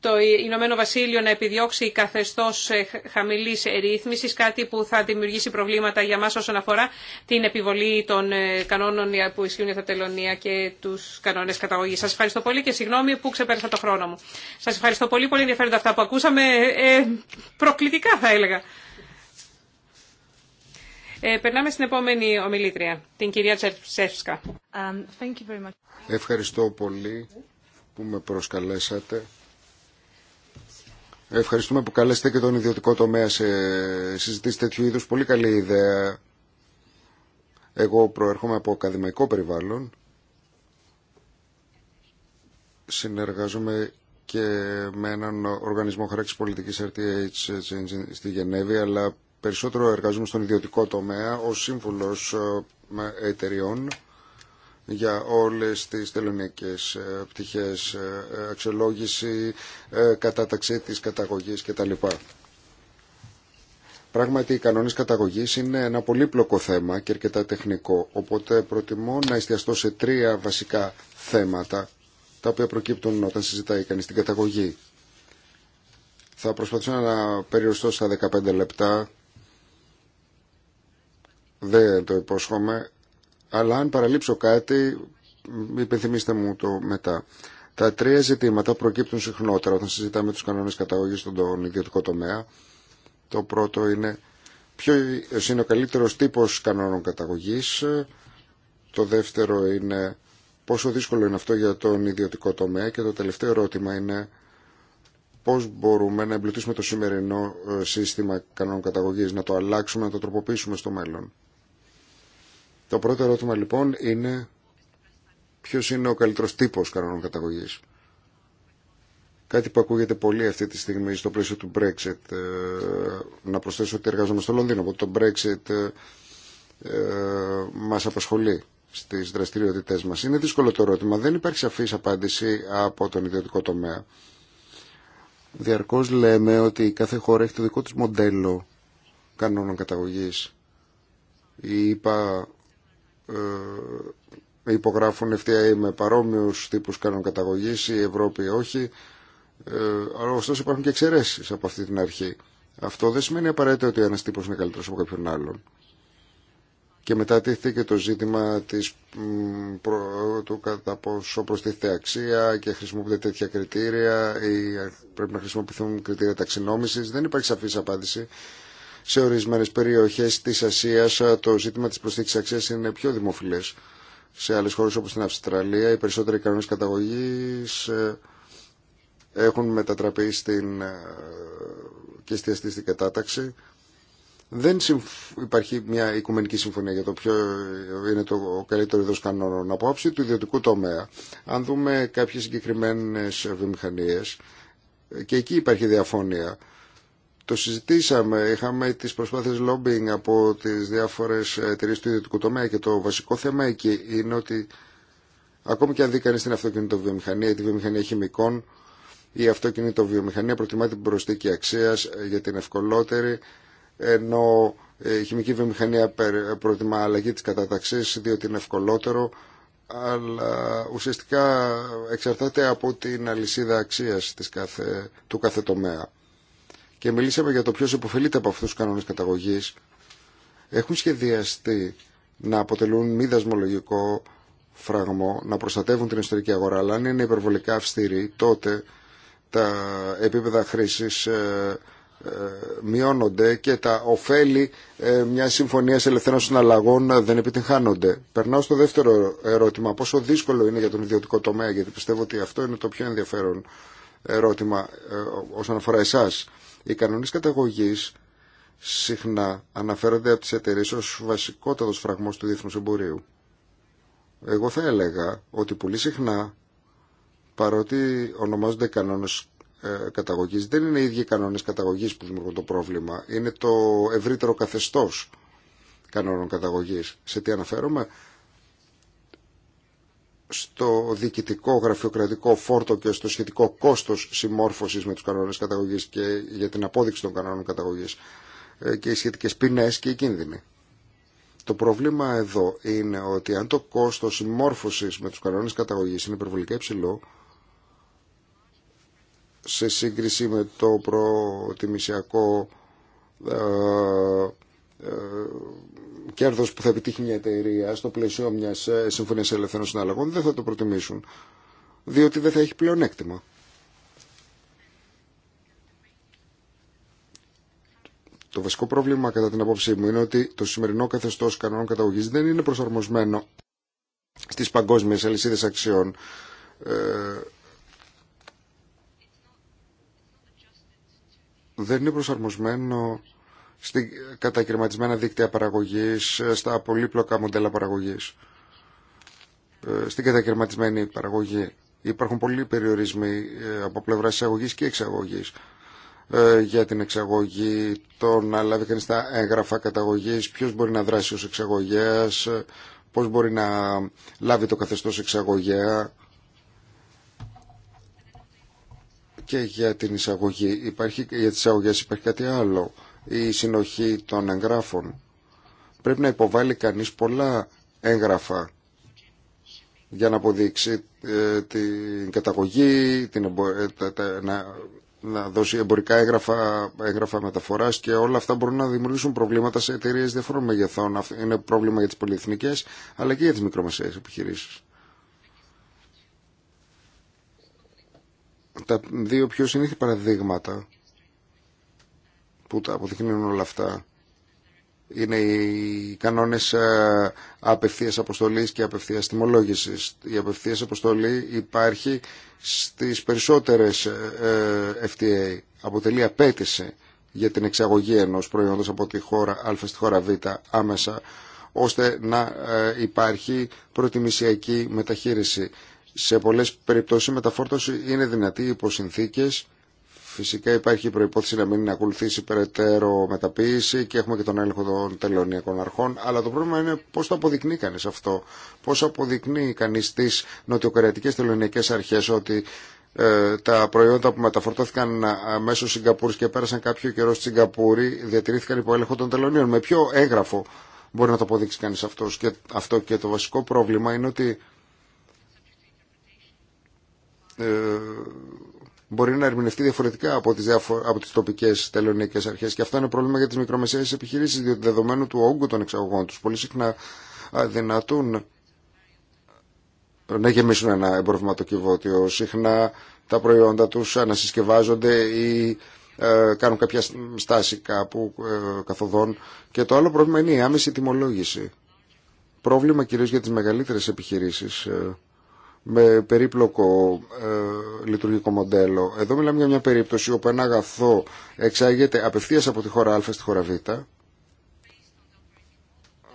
το Ηνωμένο Βασίλειο να επιδιώξει καθεστώς ε, χαμηλής ρύθμισης, κάτι που θα δημιουργήσει προβλήματα για μας όσον αφορά την επιβολή των ε, κανόνων που ισχύουν για τα τελωνία και τους κανόνες καταγωγής. Σας ευχαριστώ πολύ και συγγνώμη που ξεπέρασα το χρόνο μου. Σας ευχαριστώ πολύ, πολύ ενδιαφέροντα αυτά που ακούσαμε, ε, προκλητικά θα έλεγα. Ε, περνάμε στην επόμενη ομιλήτρια, την κυρία Τσερσεύσκα. Um, ευχαριστώ πολύ που με προσκαλέσατε. Ευχαριστούμε που καλέσετε και τον ιδιωτικό τομέα σε συζητήσει τέτοιου είδου Πολύ καλή ιδέα. Εγώ προέρχομαι από ακαδημαϊκό περιβάλλον. Συνεργάζομαι και με έναν οργανισμό χαράξης πολιτικής RTH στη Γενέβη, αλλά περισσότερο εργάζομαι στον ιδιωτικό τομέα ως σύμβουλο ε, εταιριών για όλες τις τελωνιακές ε, πτυχές, ε, ε, αξιολόγηση, κατάταξη της καταγωγής κτλ. Πράγματι, οι κανόνες καταγωγής είναι ένα πολύπλοκο θέμα και αρκετά τεχνικό, οπότε προτιμώ να εστιαστώ σε τρία βασικά θέματα, τα οποία προκύπτουν όταν συζητάει κανείς την καταγωγή. Θα προσπαθήσω να περιοριστώ στα 15 λεπτά, δεν το υπόσχομαι, αλλά αν παραλείψω κάτι, υπενθυμίστε μου το μετά. Τα τρία ζητήματα προκύπτουν συχνότερα όταν συζητάμε τους κανόνες καταγωγής στον ιδιωτικό τομέα. Το πρώτο είναι ποιο είναι ο καλύτερος τύπος κανόνων καταγωγής. Το δεύτερο είναι πόσο δύσκολο είναι αυτό για τον ιδιωτικό τομέα. Και το τελευταίο ερώτημα είναι πώς μπορούμε να εμπλουτίσουμε το σημερινό ε, σύστημα κανόνων καταγωγής, να το αλλάξουμε, να το τροποποιήσουμε στο μέλλον. Το πρώτο ερώτημα λοιπόν είναι ποιος είναι ο καλύτερος τύπος κανόνων καταγωγής. Κάτι που ακούγεται πολύ αυτή τη στιγμή στο πλαίσιο του Brexit. Ε, να προσθέσω ότι εργάζομαι στο Λονδίνο, οπότε το Brexit ε, μας απασχολεί στις δραστηριότητές μας. Είναι δύσκολο το ερώτημα. Δεν υπάρχει σαφής απάντηση από τον ιδιωτικό τομέα. Διαρκώς λέμε ότι κάθε χώρα έχει το δικό της μοντέλο κανόνων καταγωγής. Η ε, υπογράφουν FTA με παρόμοιους τύπους κάνουν καταγωγής, η Ευρώπη όχι. ε, ωστόσο υπάρχουν και εξαιρέσει από αυτή την αρχή. Αυτό δεν σημαίνει απαραίτητα ότι ένας τύπος είναι καλύτερος από κάποιον άλλον. Και μετά τίθεται το ζήτημα της, προ, του κατά πόσο προστίθεται αξία και χρησιμοποιούνται τέτοια κριτήρια ή πρέπει να χρησιμοποιηθούν κριτήρια ταξινόμησης. Δεν υπάρχει σαφής απάντηση σε ορισμένες περιοχές της Ασίας ε, το ζήτημα της προσθήκης αξίας είναι πιο δημοφιλές. Σε άλλες χώρες όπως την Αυστραλία οι περισσότεροι κανόνες καταγωγής ε, έχουν μετατραπεί στην, ε, και εστιαστεί στην κατάταξη. Δεν υπάρχει μια οικουμενική συμφωνία για το ποιο είναι το καλύτερο είδος κανόνων από άψη του ιδιωτικού τομέα. Αν δούμε κάποιες συγκεκριμένες βιομηχανίες και εκεί υπάρχει διαφωνία το συζητήσαμε, είχαμε τις προσπάθειες lobbying από τις διάφορες εταιρείε του ιδιωτικού τομέα και το βασικό θέμα εκεί είναι ότι ακόμη και αν δει κανείς την αυτοκινητοβιομηχανία ή τη βιομηχανία χημικών, η αυτοκινητοβιομηχανία προτιμά την προσθηκη αξίας για την ευκολότερη, ενώ η χημική βιομηχανία προτιμά αλλαγή της καταταξής διότι είναι ευκολότερο αλλά ουσιαστικά εξαρτάται από την αλυσίδα αξίας της κάθε, του κάθε τομέα και μιλήσαμε για το ποιο υποφελείται από αυτού του κανόνε καταγωγή, έχουν σχεδιαστεί να αποτελούν μη δασμολογικό φραγμό, να προστατεύουν την ιστορική αγορά, αλλά αν είναι υπερβολικά αυστηροί, τότε τα επίπεδα χρήση ε, ε, μειώνονται και τα ωφέλη ε, μιας συμφωνίας ελευθερών συναλλαγών ε, δεν επιτυγχάνονται. Περνάω στο δεύτερο ερώτημα, πόσο δύσκολο είναι για τον ιδιωτικό τομέα, γιατί πιστεύω ότι αυτό είναι το πιο ενδιαφέρον ερώτημα ε, όσον αφορά εσάς οι κανόνε καταγωγής συχνά αναφέρονται από τις εταιρείες ως βασικότατος φραγμός του διεθνούς εμπορίου. Εγώ θα έλεγα ότι πολύ συχνά, παρότι ονομάζονται κανόνες ε, καταγωγής, δεν είναι οι ίδιοι κανόνες καταγωγής που δημιουργούν το πρόβλημα. Είναι το ευρύτερο καθεστώς κανόνων καταγωγής. Σε τι αναφέρομαι, στο διοικητικό γραφειοκρατικό φόρτο και στο σχετικό κόστος συμμόρφωσης με τους κανόνες καταγωγής και για την απόδειξη των κανόνων καταγωγής ε, και οι σχετικές ποινές και οι κίνδυνοι. Το πρόβλημα εδώ είναι ότι αν το κόστος συμμόρφωσης με τους κανόνες καταγωγής είναι υπερβολικά υψηλό σε σύγκριση με το προτιμησιακό ε, ε, Κέρδο που θα επιτύχει μια εταιρεία στο πλαίσιο μιας ε, συμφωνίας ελευθερών συναλλαγών δεν θα το προτιμήσουν, διότι δεν θα έχει πλεονέκτημα. Το βασικό πρόβλημα κατά την απόψή μου είναι ότι το σημερινό καθεστώ κανόνων καταγωγή δεν είναι προσαρμοσμένο στις παγκόσμιες αλυσίδε αξιών. Ε, δεν είναι προσαρμοσμένο στην κατακαιρματισμένα δίκτυα παραγωγής, ε, στα πολύπλοκα μοντέλα παραγωγής, ε, στην κατακαιρματισμένη παραγωγή. Υπάρχουν πολλοί περιορισμοί ε, από πλευρά εισαγωγής και εξαγωγής για την εξαγωγή, το να λάβει κανείς τα έγγραφα καταγωγής, ποιος μπορεί να δράσει ως εξαγωγέας, πώς μπορεί να λάβει το καθεστώς εξαγωγέα και για την εισαγωγή. Υπάρχει, για τις εισαγωγές υπάρχει κάτι άλλο η συνοχή των εγγράφων. Πρέπει να υποβάλει κανείς πολλά έγγραφα για να αποδείξει ε, την καταγωγή, την ε, να... να δώσει εμπορικά έγγραφα, έγγραφα μεταφοράς και όλα αυτά μπορούν να δημιουργήσουν προβλήματα σε εταιρείες διαφορών μεγεθών. Είναι πρόβλημα για τις πολυεθνικές αλλά και για τις μικρομεσαίες επιχειρήσεις. Τα δύο πιο συνήθι παραδείγματα που τα αποδεικνύουν όλα αυτά είναι οι κανόνες ε, απευθεία αποστολή και απευθεία τιμολόγηση. Η απευθείας αποστολή υπάρχει στις περισσότερες ε, ε, FTA. Αποτελεί απέτηση για την εξαγωγή ενό προϊόντος από τη χώρα Α στη χώρα Β άμεσα ώστε να υπάρχει προτιμησιακή μεταχείριση. Σε πολλές περιπτώσεις η μεταφόρτωση είναι δυνατή υπό συνθήκες Φυσικά υπάρχει η προϋπόθεση να μην ακολουθήσει περαιτέρω μεταποίηση και έχουμε και τον έλεγχο των τελωνιακών αρχών. Αλλά το πρόβλημα είναι πώ το αποδεικνύει κανεί αυτό. Πώ αποδεικνύει κανεί τι νοτιοκορεατικές τελωνιακέ αρχέ, ότι ε, τα προϊόντα που μεταφορτώθηκαν μέσω Σιγκαπούρη και πέρασαν κάποιο καιρό στη Σιγκαπούρη διατηρήθηκαν υπό έλεγχο των τελωνίων. Με ποιο έγγραφο μπορεί να το αποδείξει κανεί αυτό και, αυτό και το βασικό πρόβλημα είναι ότι ε, μπορεί να ερμηνευτεί διαφορετικά από τις, διαφο από τις τοπικές αρχές και αυτό είναι πρόβλημα για τις μικρομεσαίες επιχειρήσεις διότι δεδομένου του όγκου των εξαγωγών τους πολύ συχνά δυνατούν να γεμίσουν ένα εμπορευματοκιβώτιο. Συχνά τα προϊόντα τους ανασυσκευάζονται ή ε, κάνουν κάποια στάση κάπου ε, καθοδόν. Και το άλλο πρόβλημα είναι η άμεση τιμολόγηση. Πρόβλημα κυρίως για τις μεγαλύτερες επιχειρήσεις. Ε, με περίπλοκο ε, λειτουργικό μοντέλο. Εδώ μιλάμε για μια περίπτωση όπου ένα αγαθό εξάγεται απευθείας από τη χώρα Α στη χώρα Β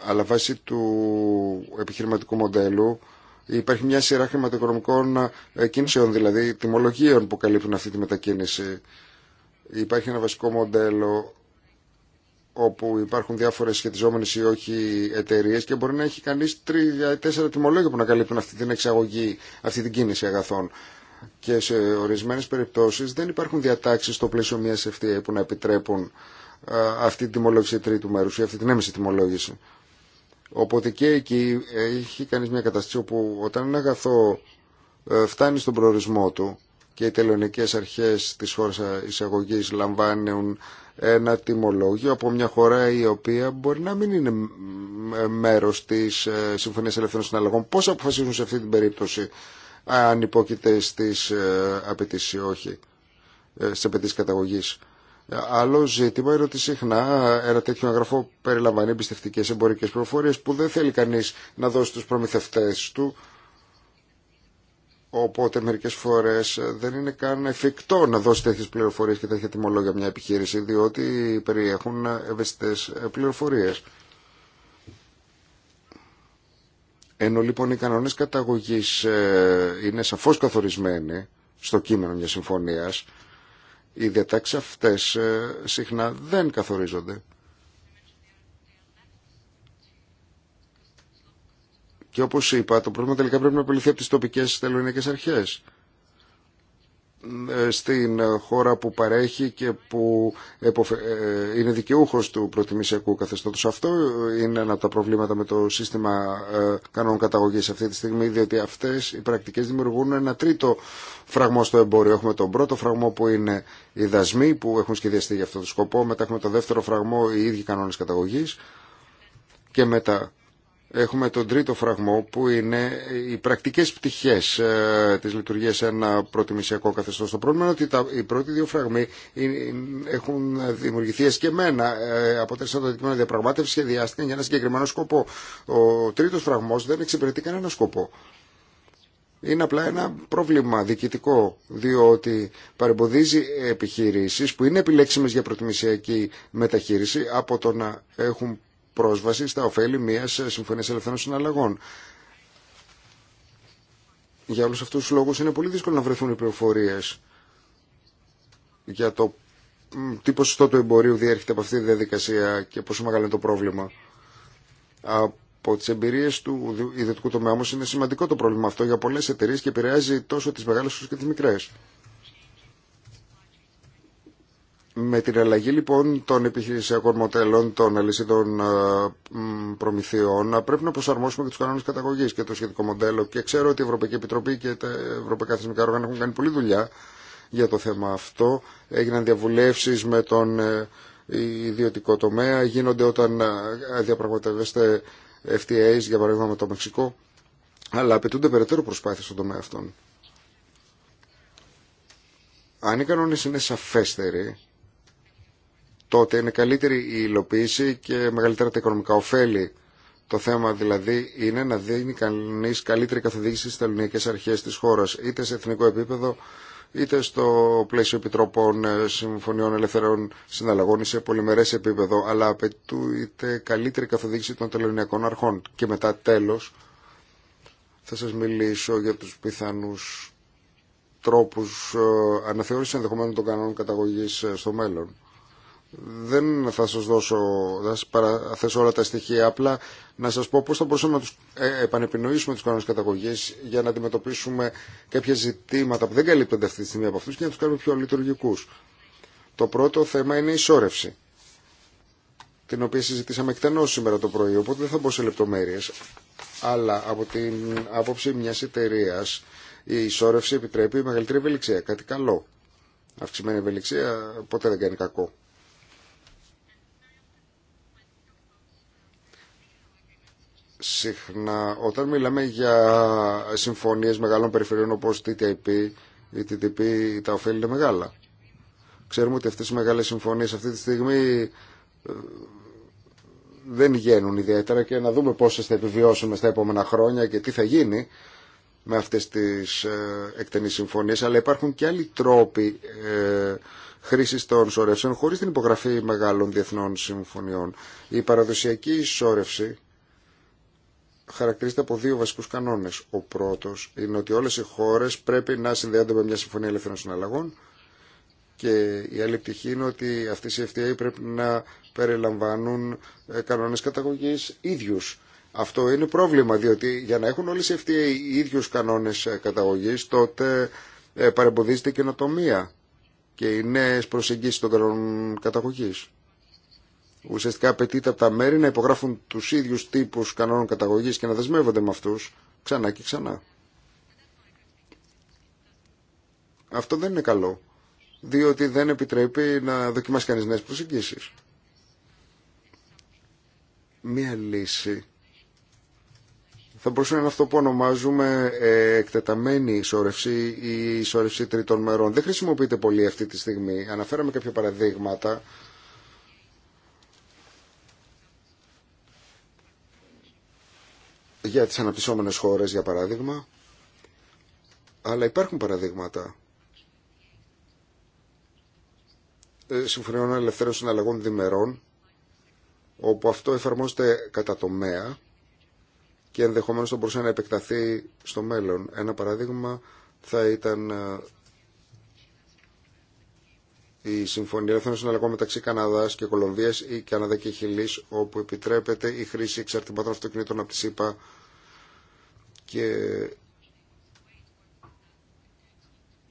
αλλά βάσει του επιχειρηματικού μοντέλου υπάρχει μια σειρά χρηματοοικονομικών ε, κίνησεων, δηλαδή τιμολογίων που καλύπτουν αυτή τη μετακίνηση. Υπάρχει ένα βασικό μοντέλο όπου υπάρχουν διάφορες σχετιζόμενες ή όχι εταιρείε και μπορεί να έχει κανείς τρία ή τέσσερα τιμολόγια που να καλύπτουν αυτή την εξαγωγή, αυτή την κίνηση αγαθών. Και σε ορισμένες περιπτώσεις δεν υπάρχουν διατάξεις στο πλαίσιο μιας FTA που να επιτρέπουν αυτή την τιμολόγηση τρίτου μέρους ή αυτή την έμεση τιμολόγηση. Οπότε και εκεί ε, έχει κανείς μια κατάσταση όπου όταν ένα αγαθό ε, φτάνει στον προορισμό του και οι τελωνικές αρχές της χώρας εισαγωγής λαμβάνουν ένα τιμολόγιο από μια χώρα η οποία μπορεί να μην είναι μέρος της ε, Συμφωνίας Ελευθερών Συναλλαγών. Πώς αποφασίζουν σε αυτή την περίπτωση αν υπόκειται στις ε, απαιτήσει όχι, ε, σε απαιτήσει καταγωγής. Άλλο ζήτημα είναι ότι συχνά ένα τέτοιο εγγραφό περιλαμβάνει εμπιστευτικέ εμπορικέ πληροφορίε που δεν θέλει κανεί να δώσει στου προμηθευτέ του Οπότε μερικέ φορέ ε, δεν είναι καν εφικτό να δώσει τέτοιε πληροφορίε και τέτοια τιμολόγια μια επιχείρηση, διότι περιέχουν ευαισθητέ πληροφορίε. Ενώ λοιπόν οι κανόνε καταγωγή ε, είναι σαφώ καθορισμένοι στο κείμενο μια συμφωνία, οι διατάξει αυτέ ε, συχνά δεν καθορίζονται. Και όπως είπα, το πρόβλημα τελικά πρέπει να απολυθεί από τις τοπικές τελωνιακές αρχές ε, στην χώρα που παρέχει και που ε, είναι δικαιούχος του προτιμησιακού καθεστώτος. Αυτό είναι ένα από τα προβλήματα με το σύστημα ε, κανόνων καταγωγής αυτή τη στιγμή, διότι αυτές οι πρακτικές δημιουργούν ένα τρίτο φραγμό στο εμπόριο. Έχουμε τον πρώτο φραγμό που είναι οι δασμοί που έχουν σχεδιαστεί για αυτό το σκοπό, μετά έχουμε τον δεύτερο φραγμό οι ίδιοι κανόνε καταγωγής και μετά έχουμε τον τρίτο φραγμό που είναι οι πρακτικές πτυχές ε, της λειτουργίας σε ένα προτιμησιακό καθεστώς. Το πρόβλημα είναι ότι τα, οι πρώτοι δύο φραγμοί ε, ε, έχουν δημιουργηθεί εσκεμένα ε, τέσσερα το αντικείμενο διαπραγμάτευση διάστηκαν για ένα συγκεκριμένο σκοπό. Ο τρίτος φραγμός δεν εξυπηρετεί κανένα σκοπό. Είναι απλά ένα πρόβλημα διοικητικό, διότι παρεμποδίζει επιχειρήσεις που είναι επιλέξιμες για προτιμησιακή μεταχείριση από το να έχουν πρόσβαση στα ωφέλη μια ε, συμφωνία ελευθερών συναλλαγών. Για όλου αυτού τους λόγους είναι πολύ δύσκολο να βρεθούν οι πληροφορίε για το τι ποσοστό του εμπορίου διέρχεται από αυτή τη διαδικασία και πόσο μεγάλο είναι το πρόβλημα. Από τι εμπειρίε του ιδιωτικού τομέα όμω είναι σημαντικό το πρόβλημα αυτό για πολλέ εταιρείε και επηρεάζει τόσο τι μεγάλε όσο και τι μικρέ. Με την αλλαγή λοιπόν των επιχειρησιακών μοντέλων των αλυσίδων ε, προμηθειών ε, πρέπει να προσαρμόσουμε και του κανόνε καταγωγή και το σχετικό μοντέλο. Και ξέρω ότι η Ευρωπαϊκή Επιτροπή και τα Ευρωπαϊκά Θεσμικά Όργανα έχουν κάνει πολλή δουλειά για το θέμα αυτό. Έγιναν διαβουλεύσει με τον ε, ιδιωτικό τομέα, γίνονται όταν διαπραγματεύεστε FTAs για παράδειγμα με το Μεξικό. Αλλά απαιτούνται περαιτέρω προσπάθειε στον τομέα αυτών. Αν οι κανόνε είναι σαφέστεροι, τότε είναι καλύτερη η υλοποίηση και μεγαλύτερα τα οικονομικά ωφέλη. Το θέμα δηλαδή είναι να δίνει κανεί καλύτερη καθοδήγηση στι ελληνικέ αρχέ τη χώρα, είτε σε εθνικό επίπεδο, είτε στο πλαίσιο επιτροπών ε, συμφωνιών ελευθερών συναλλαγών ή σε πολυμερέ επίπεδο, αλλά απαιτούνται καλύτερη καθοδήγηση των τελωνιακών αρχών. Και μετά τέλο θα σα μιλήσω για του πιθανου τρόπου ε, αναθεώρησης ενδεχομένων των κανόνων καταγωγή ε, στο μέλλον. Δεν θα σας δώσω, θα σας παραθέσω όλα τα στοιχεία, απλά να σας πω πώς θα μπορούσαμε να τους ε, επανεπινοήσουμε τους κανόνες καταγωγής για να αντιμετωπίσουμε κάποια ζητήματα που δεν καλύπτονται αυτή τη στιγμή από αυτούς και να τους κάνουμε πιο λειτουργικού. Το πρώτο θέμα είναι η ισόρευση, την οποία συζητήσαμε εκτενώς σήμερα το πρωί, οπότε δεν θα μπω σε λεπτομέρειες. Αλλά από την άποψη μιας εταιρεία η ισόρευση επιτρέπει μεγαλύτερη ευελιξία, κάτι καλό. Αυξημένη ευελιξία ποτέ δεν κάνει κακό. συχνά όταν μιλάμε για συμφωνίες μεγάλων περιφερειών όπως TTIP ή TTP τα ωφέλη μεγάλα. Ξέρουμε ότι αυτές οι μεγάλες συμφωνίες αυτή τη στιγμή ε, δεν γίνουν ιδιαίτερα και να δούμε πόσες θα επιβιώσουμε στα επόμενα χρόνια και τι θα γίνει με αυτές τις ε, εκτενείς συμφωνίες αλλά υπάρχουν και άλλοι τρόποι ε, χρήση των σωρεύσεων χωρίς την υπογραφή μεγάλων διεθνών συμφωνιών. Η παραδοσιακή σώρευση χαρακτηρίζεται από δύο βασικούς κανόνες. Ο πρώτος είναι ότι όλες οι χώρες πρέπει να συνδέονται με μια συμφωνία ελεύθερων συναλλαγών και η άλλη πτυχή είναι ότι αυτές οι FTA πρέπει να περιλαμβάνουν ε, κανόνε καταγωγή ίδιους. Αυτό είναι πρόβλημα, διότι για να έχουν όλες οι FTA οι ίδιους κανόνες ε, τότε ε, παρεμποδίζεται η καινοτομία και οι νέε προσεγγίσει των κανόνων καταγωγή. Ουσιαστικά απαιτείται από τα μέρη να υπογράφουν τους ίδιους τύπους κανόνων καταγωγής και να δεσμεύονται με αυτούς ξανά και ξανά. Αυτό δεν είναι καλό, διότι δεν επιτρέπει να δοκιμάσει κανείς νέες προσεγγίσεις. Μία λύση θα μπορούσε να είναι αυτό που ονομάζουμε ε, εκτεταμένη ισόρευση ή ισόρευση τρίτων μερών. Δεν χρησιμοποιείται πολύ αυτή τη στιγμή. Αναφέραμε κάποια παραδείγματα για τις αναπτυσσόμενες χώρες για παράδειγμα αλλά υπάρχουν παραδείγματα ε, συμφωνιών ελευθέρων συναλλαγών διμερών όπου αυτό εφαρμόζεται κατά τομέα και ενδεχομένως θα μπορούσε να επεκταθεί στο μέλλον. Ένα παράδειγμα θα ήταν ε, η Συμφωνία Ελεύθερων Συναλλαγών μεταξύ Καναδά και Κολομβία ή Καναδά και Χιλή, όπου επιτρέπεται η χρήση εξαρτημάτων αυτοκινήτων από τη ΣΥΠΑ και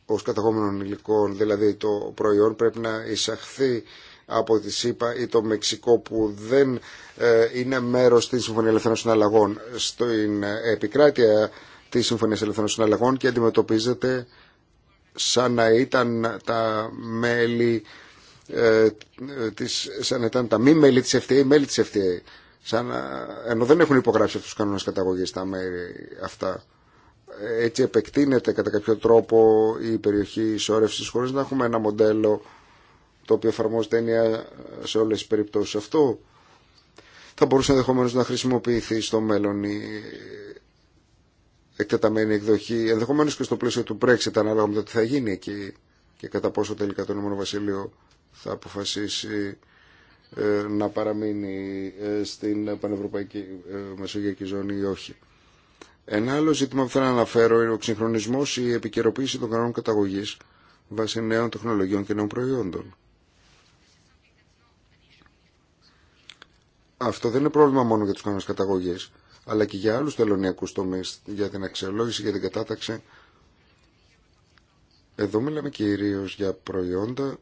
ω καταγόμενων υλικών, δηλαδή το προϊόν πρέπει να εισαχθεί από τη ΣΥΠΑ ή το Μεξικό που δεν ε, είναι μέρος της Συμφωνίας Ελευθερών Συναλλαγών στην επικράτεια τη Συμφωνία Ελευθερών Συναλλαγών και αντιμετωπίζεται σαν να ήταν τα μέλη ε, της, σαν ήταν τα μη μέλη της FTA, μέλη της FTA. Σαν, ε, ενώ δεν έχουν υπογράψει αυτούς τους κανόνες καταγωγής τα μέρη αυτά. Έτσι επεκτείνεται κατά κάποιο τρόπο η περιοχή ισόρευσης χωρίς να έχουμε ένα μοντέλο το οποίο εφαρμόζεται ενιαία σε όλες τις περιπτώσεις. Αυτό θα μπορούσε ενδεχομένω να χρησιμοποιηθεί στο μέλλον η εκτεταμένη εκδοχή, ενδεχομένως και στο πλαίσιο του Brexit, ανάλογα με το τι θα γίνει εκεί και κατά πόσο τελικά το Ηνωμένο Βασίλειο θα αποφασίσει ε, να παραμείνει ε, στην Πανευρωπαϊκή ε, Μεσογειακή Ζώνη ή όχι. Ένα άλλο ζήτημα που θέλω να αναφέρω είναι ο ξυγχρονισμό ή η επικαιροποίηση των κανόνων καταγωγή βάσει νέων τεχνολογιών και νέων προϊόντων. Αυτό δεν είναι πρόβλημα μόνο για του κανόνε καταγωγή αλλά και για άλλους τελωνιακούς τομείς, για την αξιολόγηση, για την κατάταξη. Εδώ μιλάμε κυρίω για προϊόντα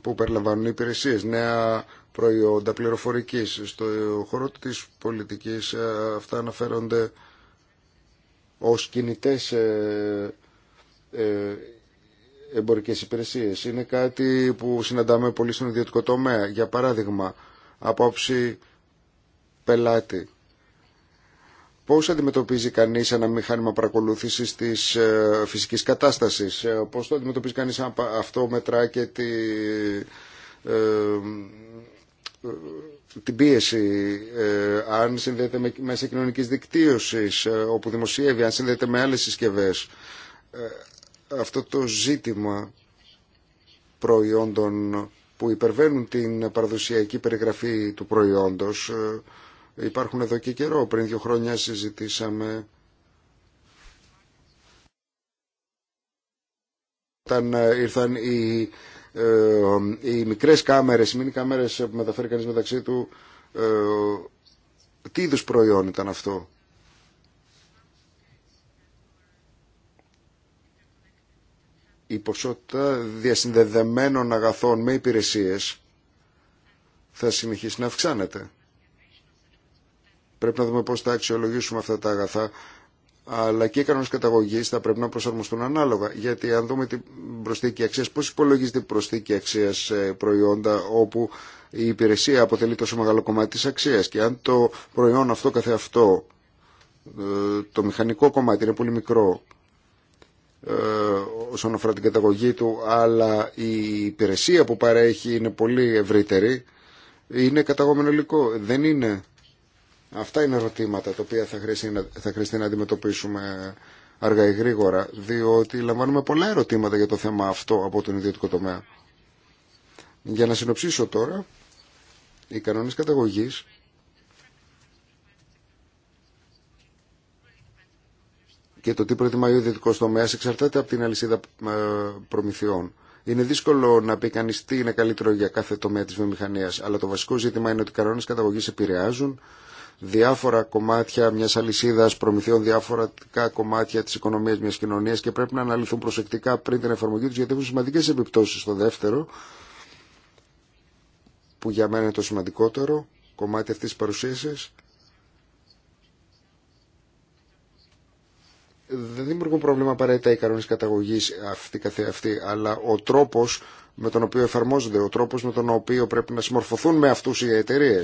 που περιλαμβάνουν υπηρεσίες, νέα προϊόντα πληροφορικής. Στο χώρο της πολιτικής ε, αυτά αναφέρονται ως κινητές ε, ε, εμπορικές υπηρεσίες. Είναι κάτι που συναντάμε πολύ στον ιδιωτικό τομέα. Για παράδειγμα, απόψη πελάτη. Πώς αντιμετωπίζει κανείς ένα μηχάνημα παρακολούθησης της ε, φυσικής κατάστασης, ε, πώς το αντιμετωπίζει κανείς αυτό μετρά και τη, ε, την πίεση, αν συνδέεται με μέσα κοινωνικής δικτύωσης, όπου δημοσιεύει, αν συνδέεται με άλλες συσκευές. αυτό το ζήτημα προϊόντων που υπερβαίνουν την παραδοσιακή περιγραφή του προϊόντος υπάρχουν εδώ και καιρό. Πριν δύο χρόνια συζητήσαμε όταν ήρθαν οι, ε, οι μικρές κάμερες, οι μίνι κάμερες που μεταφέρει κανείς μεταξύ του, ε, τι είδους προϊόν ήταν αυτό. Η ποσότητα διασυνδεδεμένων αγαθών με υπηρεσίες θα συνεχίσει να αυξάνεται. Πρέπει να δούμε πώς θα αξιολογήσουμε αυτά τα αγαθά αλλά και οι κανόνε καταγωγή θα πρέπει να προσαρμοστούν ανάλογα. Γιατί αν δούμε την προσθήκη αξία, πώ υπολογίζεται η προσθήκη αξία σε προϊόντα όπου η υπηρεσία αποτελεί τόσο μεγάλο κομμάτι τη αξία. Και αν το προϊόν αυτό καθεαυτό, ε, το μηχανικό κομμάτι είναι πολύ μικρό ε, όσον αφορά την καταγωγή του, αλλά η υπηρεσία που παρέχει είναι πολύ ευρύτερη, είναι καταγόμενο υλικό. Δεν είναι Αυτά είναι ερωτήματα τα οποία θα χρειαστεί να, να αντιμετωπίσουμε αργά ή γρήγορα, διότι λαμβάνουμε πολλά ερωτήματα για το θέμα αυτό από τον ιδιωτικό τομέα. Για να συνοψίσω τώρα, οι κανόνες καταγωγής και το τι προετοιμάει ο ιδιωτικός τομέα εξαρτάται από την αλυσίδα ε, προμηθειών. Είναι δύσκολο να πει κανεί τι είναι καλύτερο για κάθε τομέα τη βιομηχανία, αλλά το βασικό ζήτημα είναι ότι οι κανόνε καταγωγή επηρεάζουν διάφορα κομμάτια μια αλυσίδα προμηθειών, διάφορα κομμάτια τη οικονομία μια κοινωνία και πρέπει να αναλυθούν προσεκτικά πριν την εφαρμογή του γιατί έχουν σημαντικέ επιπτώσεις στο δεύτερο που για μένα είναι το σημαντικότερο κομμάτι αυτή τη παρουσίαση. δεν δημιουργούν πρόβλημα απαραίτητα οι κανόνε καταγωγής αυτή καθεαυτή, αλλά ο τρόπο με τον οποίο εφαρμόζονται, ο τρόπος με τον οποίο πρέπει να συμμορφωθούν με αυτούς οι εταιρείε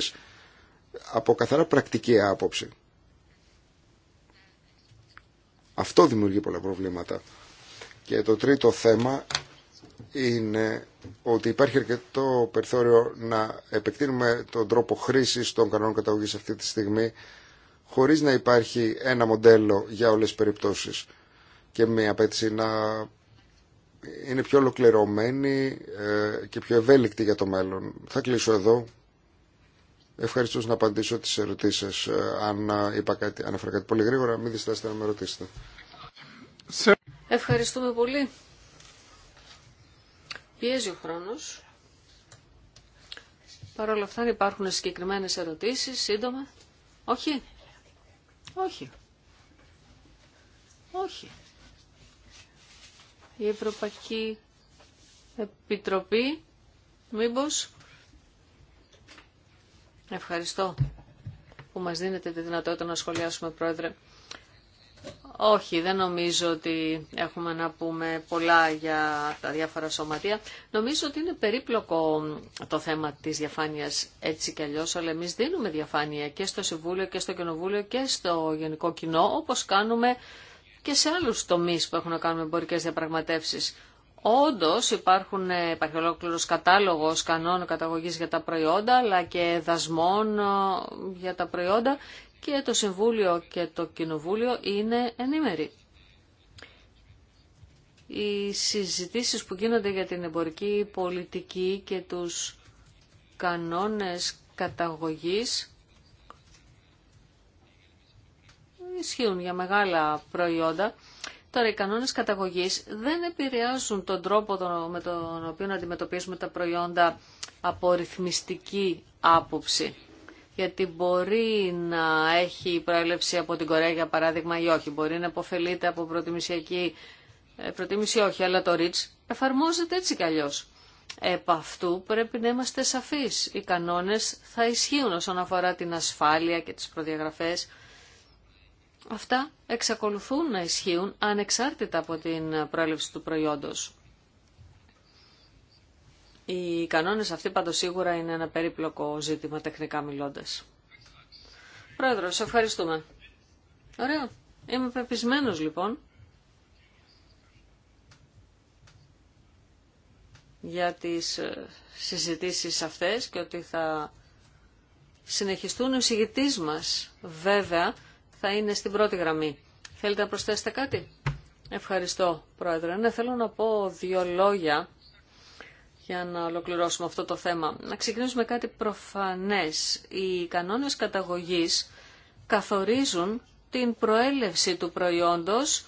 από καθαρά πρακτική άποψη. Αυτό δημιουργεί πολλά προβλήματα. Και το τρίτο θέμα είναι ότι υπάρχει αρκετό περιθώριο να επεκτείνουμε τον τρόπο χρήσης των κανόνων καταγωγής αυτή τη στιγμή χωρίς να υπάρχει ένα μοντέλο για όλες τις περιπτώσεις και μια απέτηση να είναι πιο ολοκληρωμένη ε, και πιο ευέλικτη για το μέλλον. Θα κλείσω εδώ. Ευχαριστώ να απαντήσω τις ερωτήσεις. Ε, αν ε, είπα κάτι, αν έφερα κάτι πολύ γρήγορα, μην διστάσετε να με ρωτήσετε. Ευχαριστούμε πολύ. Πιέζει ο χρόνος. Παρ' όλα αυτά υπάρχουν συγκεκριμένες ερωτήσεις, σύντομα. Όχι. Όχι. Όχι. Η Ευρωπαϊκή Επιτροπή, μήπως Ευχαριστώ που μας δίνετε τη δυνατότητα να σχολιάσουμε, Πρόεδρε. Όχι, δεν νομίζω ότι έχουμε να πούμε πολλά για τα διάφορα σωματεία. Νομίζω ότι είναι περίπλοκο το θέμα της διαφάνειας έτσι κι αλλιώς, αλλά εμείς δίνουμε διαφάνεια και στο Συμβούλιο και στο Κοινοβούλιο και στο Γενικό Κοινό, όπως κάνουμε και σε άλλους τομείς που έχουν να κάνουν εμπορικές διαπραγματεύσεις. Όντω υπάρχουν, ε, υπάρχει ολόκληρος κατάλογος κανόνων καταγωγής για τα προϊόντα αλλά και δασμών ε, για τα προϊόντα και το Συμβούλιο και το Κοινοβούλιο είναι ενήμεροι. Οι συζητήσεις που γίνονται για την εμπορική πολιτική και τους κανόνες καταγωγής ισχύουν για μεγάλα προϊόντα Τώρα, οι κανόνες καταγωγής δεν επηρεάζουν τον τρόπο με τον οποίο αντιμετωπίζουμε τα προϊόντα από ρυθμιστική άποψη. Γιατί μπορεί να έχει προέλευση από την Κορέα, για παράδειγμα, ή όχι. Μπορεί να υποφελείται από προτιμησιακή ε, προτίμηση, όχι, αλλά το REACH εφαρμόζεται έτσι κι αλλιώς. Επ' αυτού πρέπει να είμαστε σαφείς. Οι κανόνες θα ισχύουν όσον αφορά την ασφάλεια και τις προδιαγραφές αυτά εξακολουθούν να ισχύουν ανεξάρτητα από την πρόληψη του προϊόντος. Οι κανόνες αυτοί πάντως σίγουρα είναι ένα περίπλοκο ζήτημα τεχνικά μιλώντας. Πρόεδρο, σε ευχαριστούμε. Ωραίο. Είμαι πεπισμένος λοιπόν για τις ε, συζητήσεις αυτές και ότι θα συνεχιστούν ο συγητής μας βέβαια θα είναι στην πρώτη γραμμή. Θέλετε να προσθέσετε κάτι? Ευχαριστώ, Πρόεδρε. Ναι, θέλω να πω δύο λόγια για να ολοκληρώσουμε αυτό το θέμα. Να ξεκινήσουμε κάτι προφανές. Οι κανόνες καταγωγής καθορίζουν την προέλευση του προϊόντος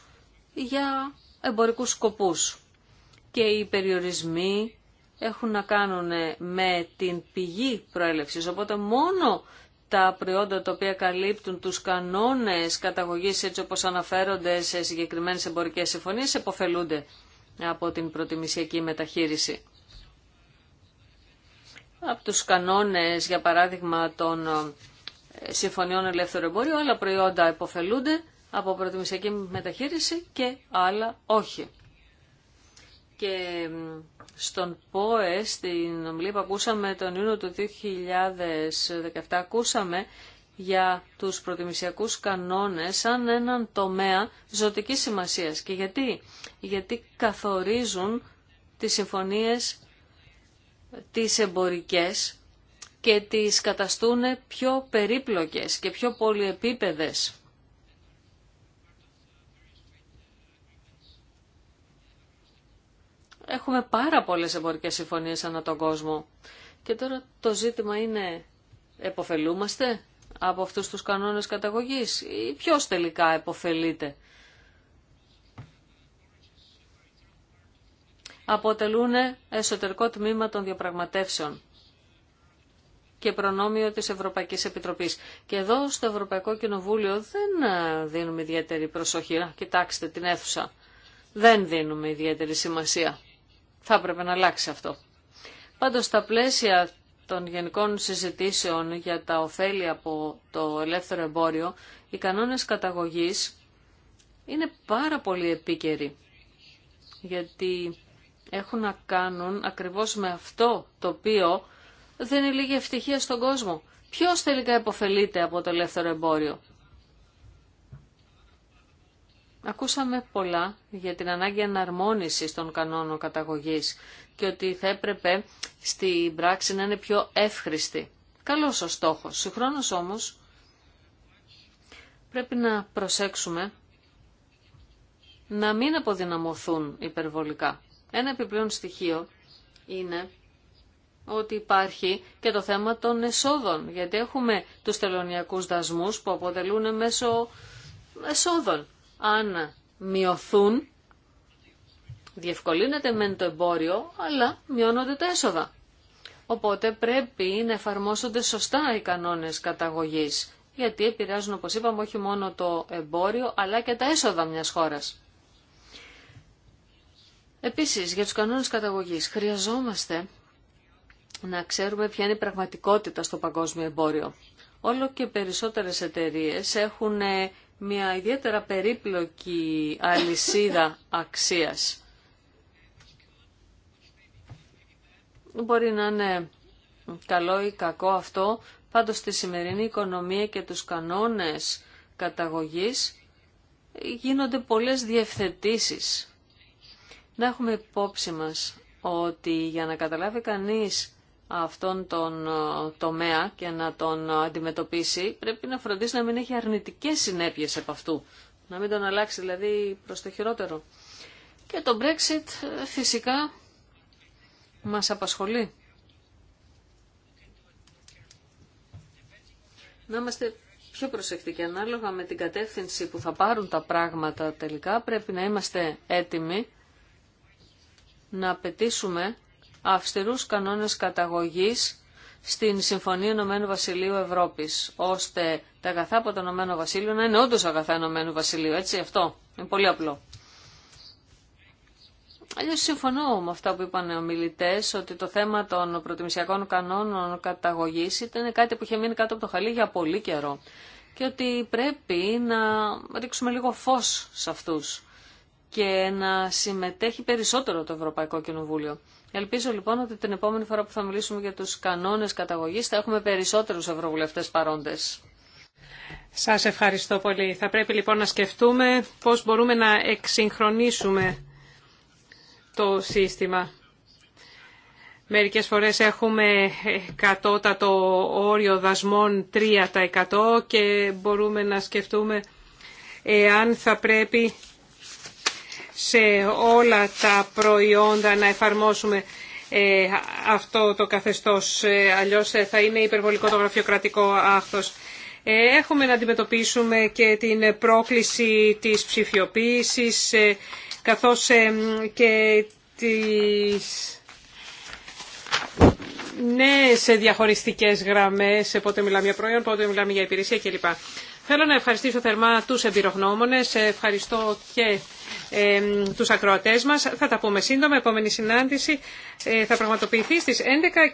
για εμπορικούς σκοπούς. Και οι περιορισμοί έχουν να κάνουν με την πηγή προέλευσης. Οπότε μόνο τα προϊόντα τα οποία καλύπτουν τους κανόνες καταγωγής έτσι όπως αναφέρονται σε συγκεκριμένες εμπορικές συμφωνίες εποφελούνται από την προτιμησιακή μεταχείριση. Από τους κανόνες, για παράδειγμα, των ε, συμφωνιών ελεύθερου εμπορίου, άλλα προϊόντα εποφελούνται από προτιμησιακή μεταχείριση και άλλα όχι και στον ΠΟΕ, στην ομιλία που ακούσαμε τον Ιούνιο του 2017, ακούσαμε για τους προτιμησιακούς κανόνες σαν έναν τομέα ζωτικής σημασίας. Και γιατί, γιατί καθορίζουν τις συμφωνίες τις εμπορικές και τις καταστούν πιο περίπλοκες και πιο πολυεπίπεδες. έχουμε πάρα πολλές εμπορικές συμφωνίες ανά τον κόσμο. Και τώρα το ζήτημα είναι, εποφελούμαστε από αυτούς τους κανόνες καταγωγής ή ποιος τελικά εποφελείται. Αποτελούν εσωτερικό τμήμα των διαπραγματεύσεων και προνόμιο της Ευρωπαϊκής Επιτροπής. Και εδώ στο Ευρωπαϊκό Κοινοβούλιο δεν ε, δίνουμε ιδιαίτερη προσοχή. κοιτάξτε την αίθουσα. Δεν δίνουμε ιδιαίτερη σημασία. Θα έπρεπε να αλλάξει αυτό. Πάντως στα πλαίσια των γενικών συζητήσεων για τα ωφέλη από το ελεύθερο εμπόριο, οι κανόνες καταγωγής είναι πάρα πολύ επίκαιροι. Γιατί έχουν να κάνουν ακριβώς με αυτό το οποίο δεν είναι λίγη ευτυχία στον κόσμο. Ποιος τελικά υποφελείται από το ελεύθερο εμπόριο. Ακούσαμε πολλά για την ανάγκη αναρμόνισης των κανόνων καταγωγής και ότι θα έπρεπε στην πράξη να είναι πιο εύχρηστη. Καλός ο στόχος. Συγχρόνως όμως πρέπει να προσέξουμε να μην αποδυναμωθούν υπερβολικά. Ένα επιπλέον στοιχείο είναι ότι υπάρχει και το θέμα των εσόδων, γιατί έχουμε τους τελωνιακούς δασμούς που αποτελούν μέσω εσόδων αν μειωθούν, διευκολύνεται μεν το εμπόριο, αλλά μειώνονται τα έσοδα. Οπότε πρέπει να εφαρμόσονται σωστά οι κανόνες καταγωγής, γιατί επηρεάζουν, όπως είπαμε, όχι μόνο το εμπόριο, αλλά και τα έσοδα μιας χώρας. Επίσης, για τους κανόνες καταγωγής, χρειαζόμαστε να ξέρουμε ποια είναι η πραγματικότητα στο παγκόσμιο εμπόριο. Όλο και περισσότερες εταιρείες έχουν ε, μια ιδιαίτερα περίπλοκη αλυσίδα αξίας. Μπορεί να είναι καλό ή κακό αυτό, πάντως στη σημερινή οικονομία και τους κανόνες καταγωγής γίνονται πολλές διευθετήσεις. Να έχουμε υπόψη μας ότι για να καταλάβει κανείς αυτόν τον ε, τομέα και να τον ε, αντιμετωπίσει, πρέπει να φροντίσει να μην έχει αρνητικές συνέπειες από αυτού. Να μην τον αλλάξει δηλαδή προς το χειρότερο. Και το Brexit ε, φυσικά μας απασχολεί. Να είμαστε πιο προσεκτικοί ανάλογα με την κατεύθυνση που θα πάρουν τα πράγματα τελικά. Πρέπει να είμαστε έτοιμοι να απαιτήσουμε αυστηρούς κανόνες καταγωγής στην Συμφωνία Ηνωμένου Βασιλείου Ευρώπης, ώστε τα αγαθά από το Ηνωμένο Βασίλειο να είναι όντως αγαθά Ηνωμένου Βασιλείου, έτσι, αυτό. Είναι πολύ απλό. Αλλιώ συμφωνώ με αυτά που είπαν οι ομιλητέ ότι το θέμα των προτιμησιακών κανόνων καταγωγή ήταν κάτι που είχε μείνει κάτω από το χαλί για πολύ καιρό. Και ότι πρέπει να ρίξουμε λίγο φω σε αυτού και να συμμετέχει περισσότερο το Ευρωπαϊκό Κοινοβούλιο. Ελπίζω λοιπόν ότι την επόμενη φορά που θα μιλήσουμε για τους κανόνες καταγωγής θα έχουμε περισσότερους ευρωβουλευτές παρόντες. Σας ευχαριστώ πολύ. Θα πρέπει λοιπόν να σκεφτούμε πώς μπορούμε να εξυγχρονίσουμε το σύστημα. Μερικές φορές έχουμε κατώτατο όριο δασμών 3% και μπορούμε να σκεφτούμε εάν θα πρέπει σε όλα τα προϊόντα να εφαρμόσουμε ε, αυτό το καθεστώς. Ε, αλλιώς ε, θα είναι υπερβολικό το γραφειοκρατικό άχθος. Έχουμε να αντιμετωπίσουμε και την πρόκληση της ψηφιοποίησης καθώς και τις νέες διαχωριστικές γραμμές, πότε μιλάμε για προϊόν, πότε μιλάμε για υπηρεσία κλπ. Θέλω να ευχαριστήσω θερμά τους εμπειρογνώμονες, ευχαριστώ και ε, τους ακροατές μας. Θα τα πούμε σύντομα, επόμενη συνάντηση ε, θα πραγματοποιηθεί στις 11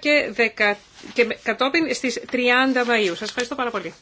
και, 10, και κατόπιν στις 30 Μαΐου. Σας ευχαριστώ πάρα πολύ.